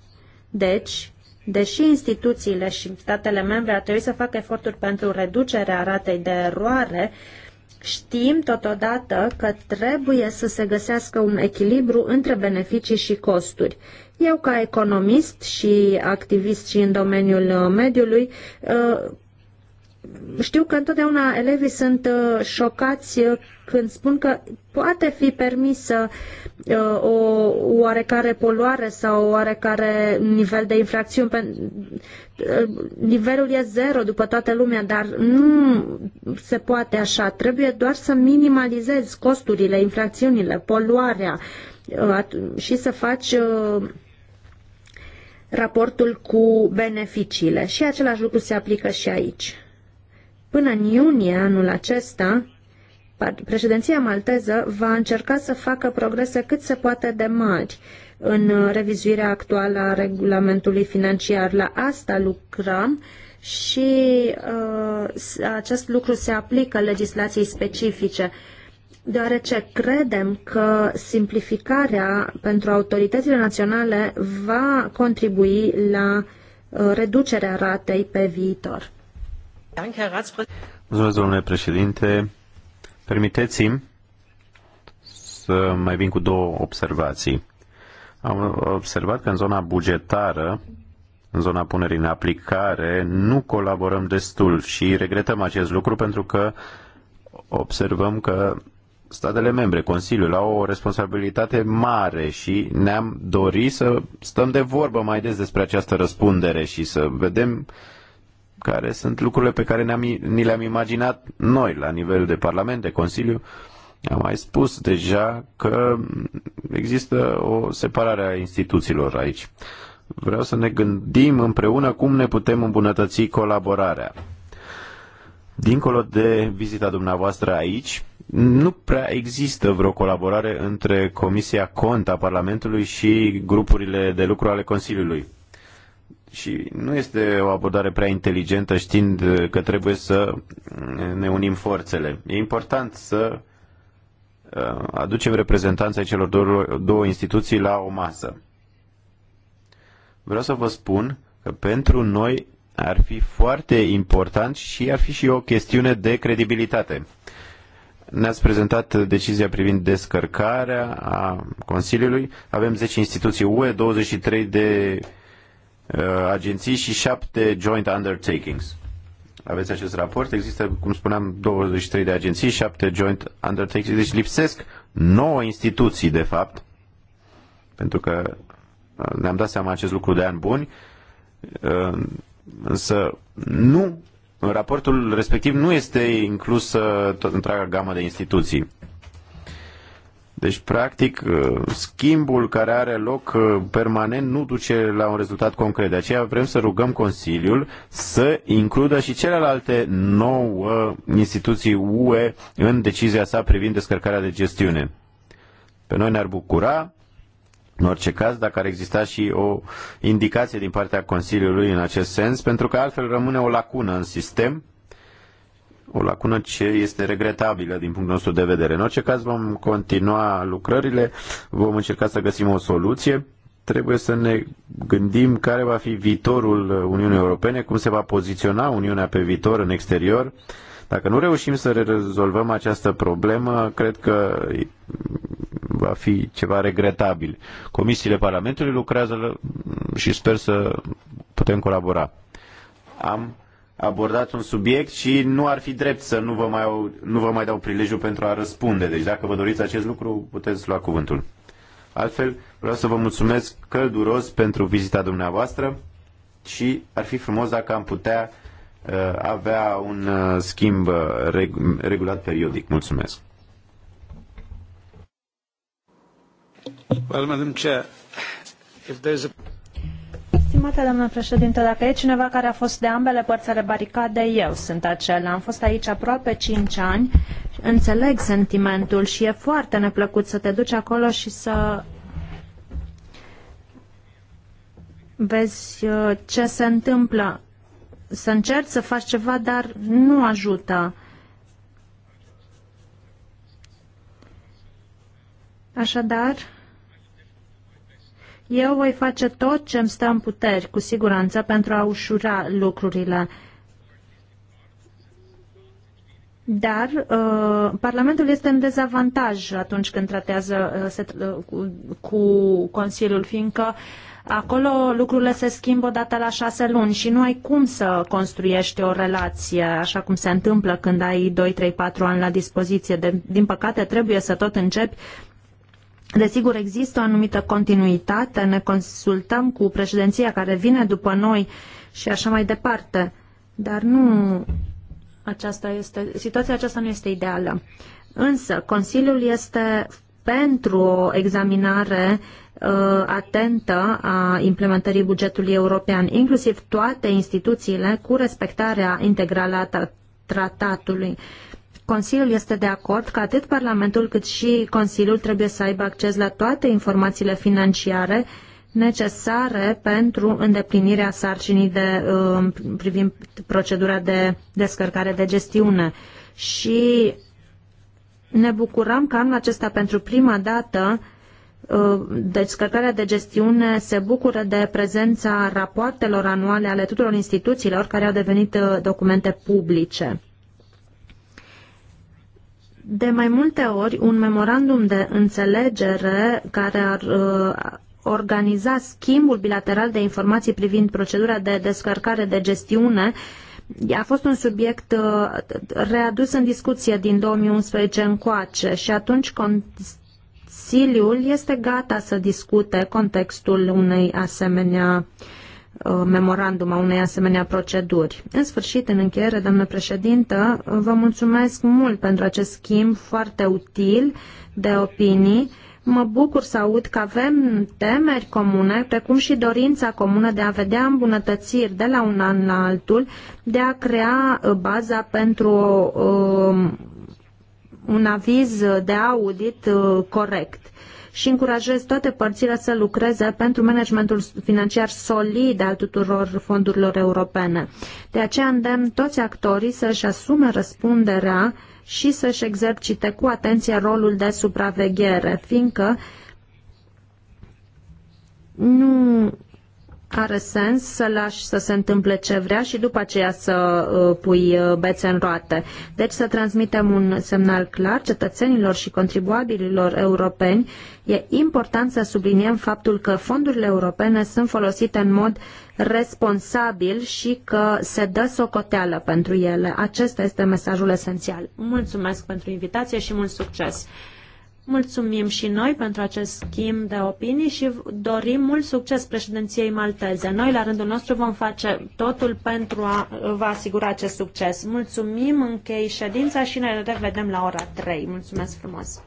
Deci, deși instituțiile și statele membre ar trebui să facă eforturi pentru reducerea ratei de eroare, uh, Știm totodată că trebuie să se găsească un echilibru între beneficii și costuri. Eu, ca economist și activist și în domeniul mediului, uh, știu că întotdeauna elevii sunt uh, șocați uh, când spun că poate fi permisă uh, o oarecare poluare sau o oarecare nivel de infracțiune. Nivelul e zero după toată lumea, dar nu se poate așa. Trebuie doar să minimalizezi costurile, infracțiunile, poluarea și să faci raportul cu beneficiile. Și același lucru se aplică și aici. Până în iunie anul acesta, președinția malteză va încerca să facă progrese cât se poate de mari în uh, revizuirea actuală a regulamentului financiar. La asta lucrăm și uh, acest lucru se aplică legislației specifice deoarece credem că simplificarea pentru autoritățile naționale va contribui la uh, reducerea ratei pe viitor. Mulțumesc, domnule președinte. Permiteți-mi să mai vin cu două observații. Am observat că în zona bugetară, în zona punerii în aplicare, nu colaborăm destul și regretăm acest lucru pentru că observăm că statele membre, Consiliul, au o responsabilitate mare și ne-am dorit să stăm de vorbă mai des despre această răspundere și să vedem uh, care sunt lucrurile pe care ne-am, ni le-am imaginat noi la nivel de Parlament, de Consiliu. Am mai spus deja că există o separare a instituțiilor aici. Vreau să ne gândim împreună cum ne putem îmbunătăți colaborarea. Dincolo de vizita dumneavoastră aici, nu prea există vreo colaborare între Comisia Cont a Parlamentului și grupurile de lucru ale Consiliului și nu este o abordare prea inteligentă știind uh, că trebuie să mm, ne unim forțele. E important să uh, aducem reprezentanța celor două, două instituții la o masă. Vreau să vă spun că pentru noi ar fi foarte important și ar fi și o chestiune de credibilitate. Ne-ați prezentat decizia privind descărcarea a Consiliului. Avem 10 instituții UE, 23 de Uh, agenții și șapte joint undertakings. Aveți acest raport, există, cum spuneam, 23 de agenții, 7 joint undertakings, deci lipsesc 9 instituții, de fapt, pentru că uh, ne-am dat seama acest lucru de ani buni, uh, însă nu, în raportul respectiv nu este inclusă întreaga gamă de instituții. Deci, practic, uh, schimbul care are loc uh, permanent nu duce la un rezultat concret. De aceea vrem să rugăm Consiliul să includă și celelalte nouă instituții UE în decizia sa privind descărcarea de gestiune. Pe noi ne-ar bucura, în orice caz, dacă ar exista și o indicație din partea Consiliului în acest sens, pentru că altfel rămâne o lacună în sistem o lacună ce este regretabilă din punctul nostru de vedere. În orice caz vom continua lucrările, vom încerca să găsim o soluție. Trebuie să ne gândim care va fi viitorul Uniunii Europene, cum se va poziționa Uniunea pe viitor în exterior. Dacă nu reușim să rezolvăm această problemă, cred că va fi ceva regretabil. Comisiile Parlamentului lucrează și sper să putem colabora. Am abordat un subiect și nu ar fi drept să nu vă mai, nu vă mai dau prilejul pentru a răspunde. Deci dacă vă doriți acest lucru, puteți lua cuvântul. Altfel, vreau să vă mulțumesc călduros pentru vizita dumneavoastră și ar fi frumos dacă am putea uh, avea un uh, schimb uh, reg- regulat periodic. Mulțumesc. Well, Madam Chair, if there's a... Stimată doamnă președinte, dacă e cineva care a fost de ambele părți ale baricadei, eu sunt acela. Am fost aici aproape 5 ani, înțeleg sentimentul și e foarte neplăcut să te duci acolo și să vezi uh, ce se întâmplă. Să încerci să faci ceva, dar nu ajută. Așadar, eu voi face tot ce îmi stă în puteri, cu siguranță, pentru a ușura lucrurile. Dar uh, Parlamentul este în dezavantaj atunci când tratează uh, se, uh, cu, cu Consiliul, fiindcă acolo lucrurile se schimbă odată la șase luni și nu ai cum să construiești o relație așa cum se întâmplă când ai 2, 3, 4 ani la dispoziție. De, din păcate trebuie să tot începi Desigur, există o anumită continuitate, ne consultăm cu președinția care vine după noi și așa mai departe, dar nu aceasta este, situația aceasta nu este ideală. Însă, Consiliul este pentru o examinare uh, atentă a implementării bugetului european, inclusiv toate instituțiile, cu respectarea integrală a tratatului. Uh, Consiliul este de acord că atât Parlamentul cât și Consiliul trebuie să aibă acces la toate informațiile financiare necesare pentru îndeplinirea sarcinii de, um, privind procedura de descărcare de gestiune. Și ne bucurăm că anul acesta pentru prima dată uh, descărcarea de gestiune se bucură de prezența rapoartelor anuale ale tuturor instituțiilor care au devenit uh, documente publice. De mai multe ori, un memorandum de înțelegere care ar uh, organiza schimbul bilateral de informații privind procedura de descărcare de gestiune a fost un subiect uh, readus în discuție din 2011 încoace și atunci Consiliul este gata să discute contextul unei asemenea uh, Uh, memorandum a unei asemenea proceduri. În sfârșit, în încheiere, doamnă președintă, uh, vă mulțumesc mult pentru acest schimb foarte util de opinii. Mă bucur să aud că avem temeri comune, precum și dorința comună de a vedea îmbunătățiri de la un an la altul, de a crea uh, baza pentru um, un aviz de audit corect și încurajez toate părțile să lucreze pentru managementul financiar solid al tuturor fondurilor europene. De aceea îndemn toți actorii să-și asume răspunderea și să-și exercite cu atenție rolul de supraveghere, fiindcă nu are sens să lași să se întâmple ce vrea și după aceea să uh, pui uh, bețe în roate. Deci să transmitem un semnal clar cetățenilor și contribuabililor europeni. E important să subliniem faptul că fondurile europene sunt folosite în mod responsabil și că se dă socoteală pentru ele. Acesta este mesajul esențial. Mulțumesc pentru invitație și mult succes! Mulțumim și noi pentru acest schimb de opinii și dorim mult succes președinției malteze. Noi, la rândul nostru, vom face totul pentru a vă asigura acest succes. Mulțumim, închei ședința și ne revedem la ora 3. Mulțumesc frumos!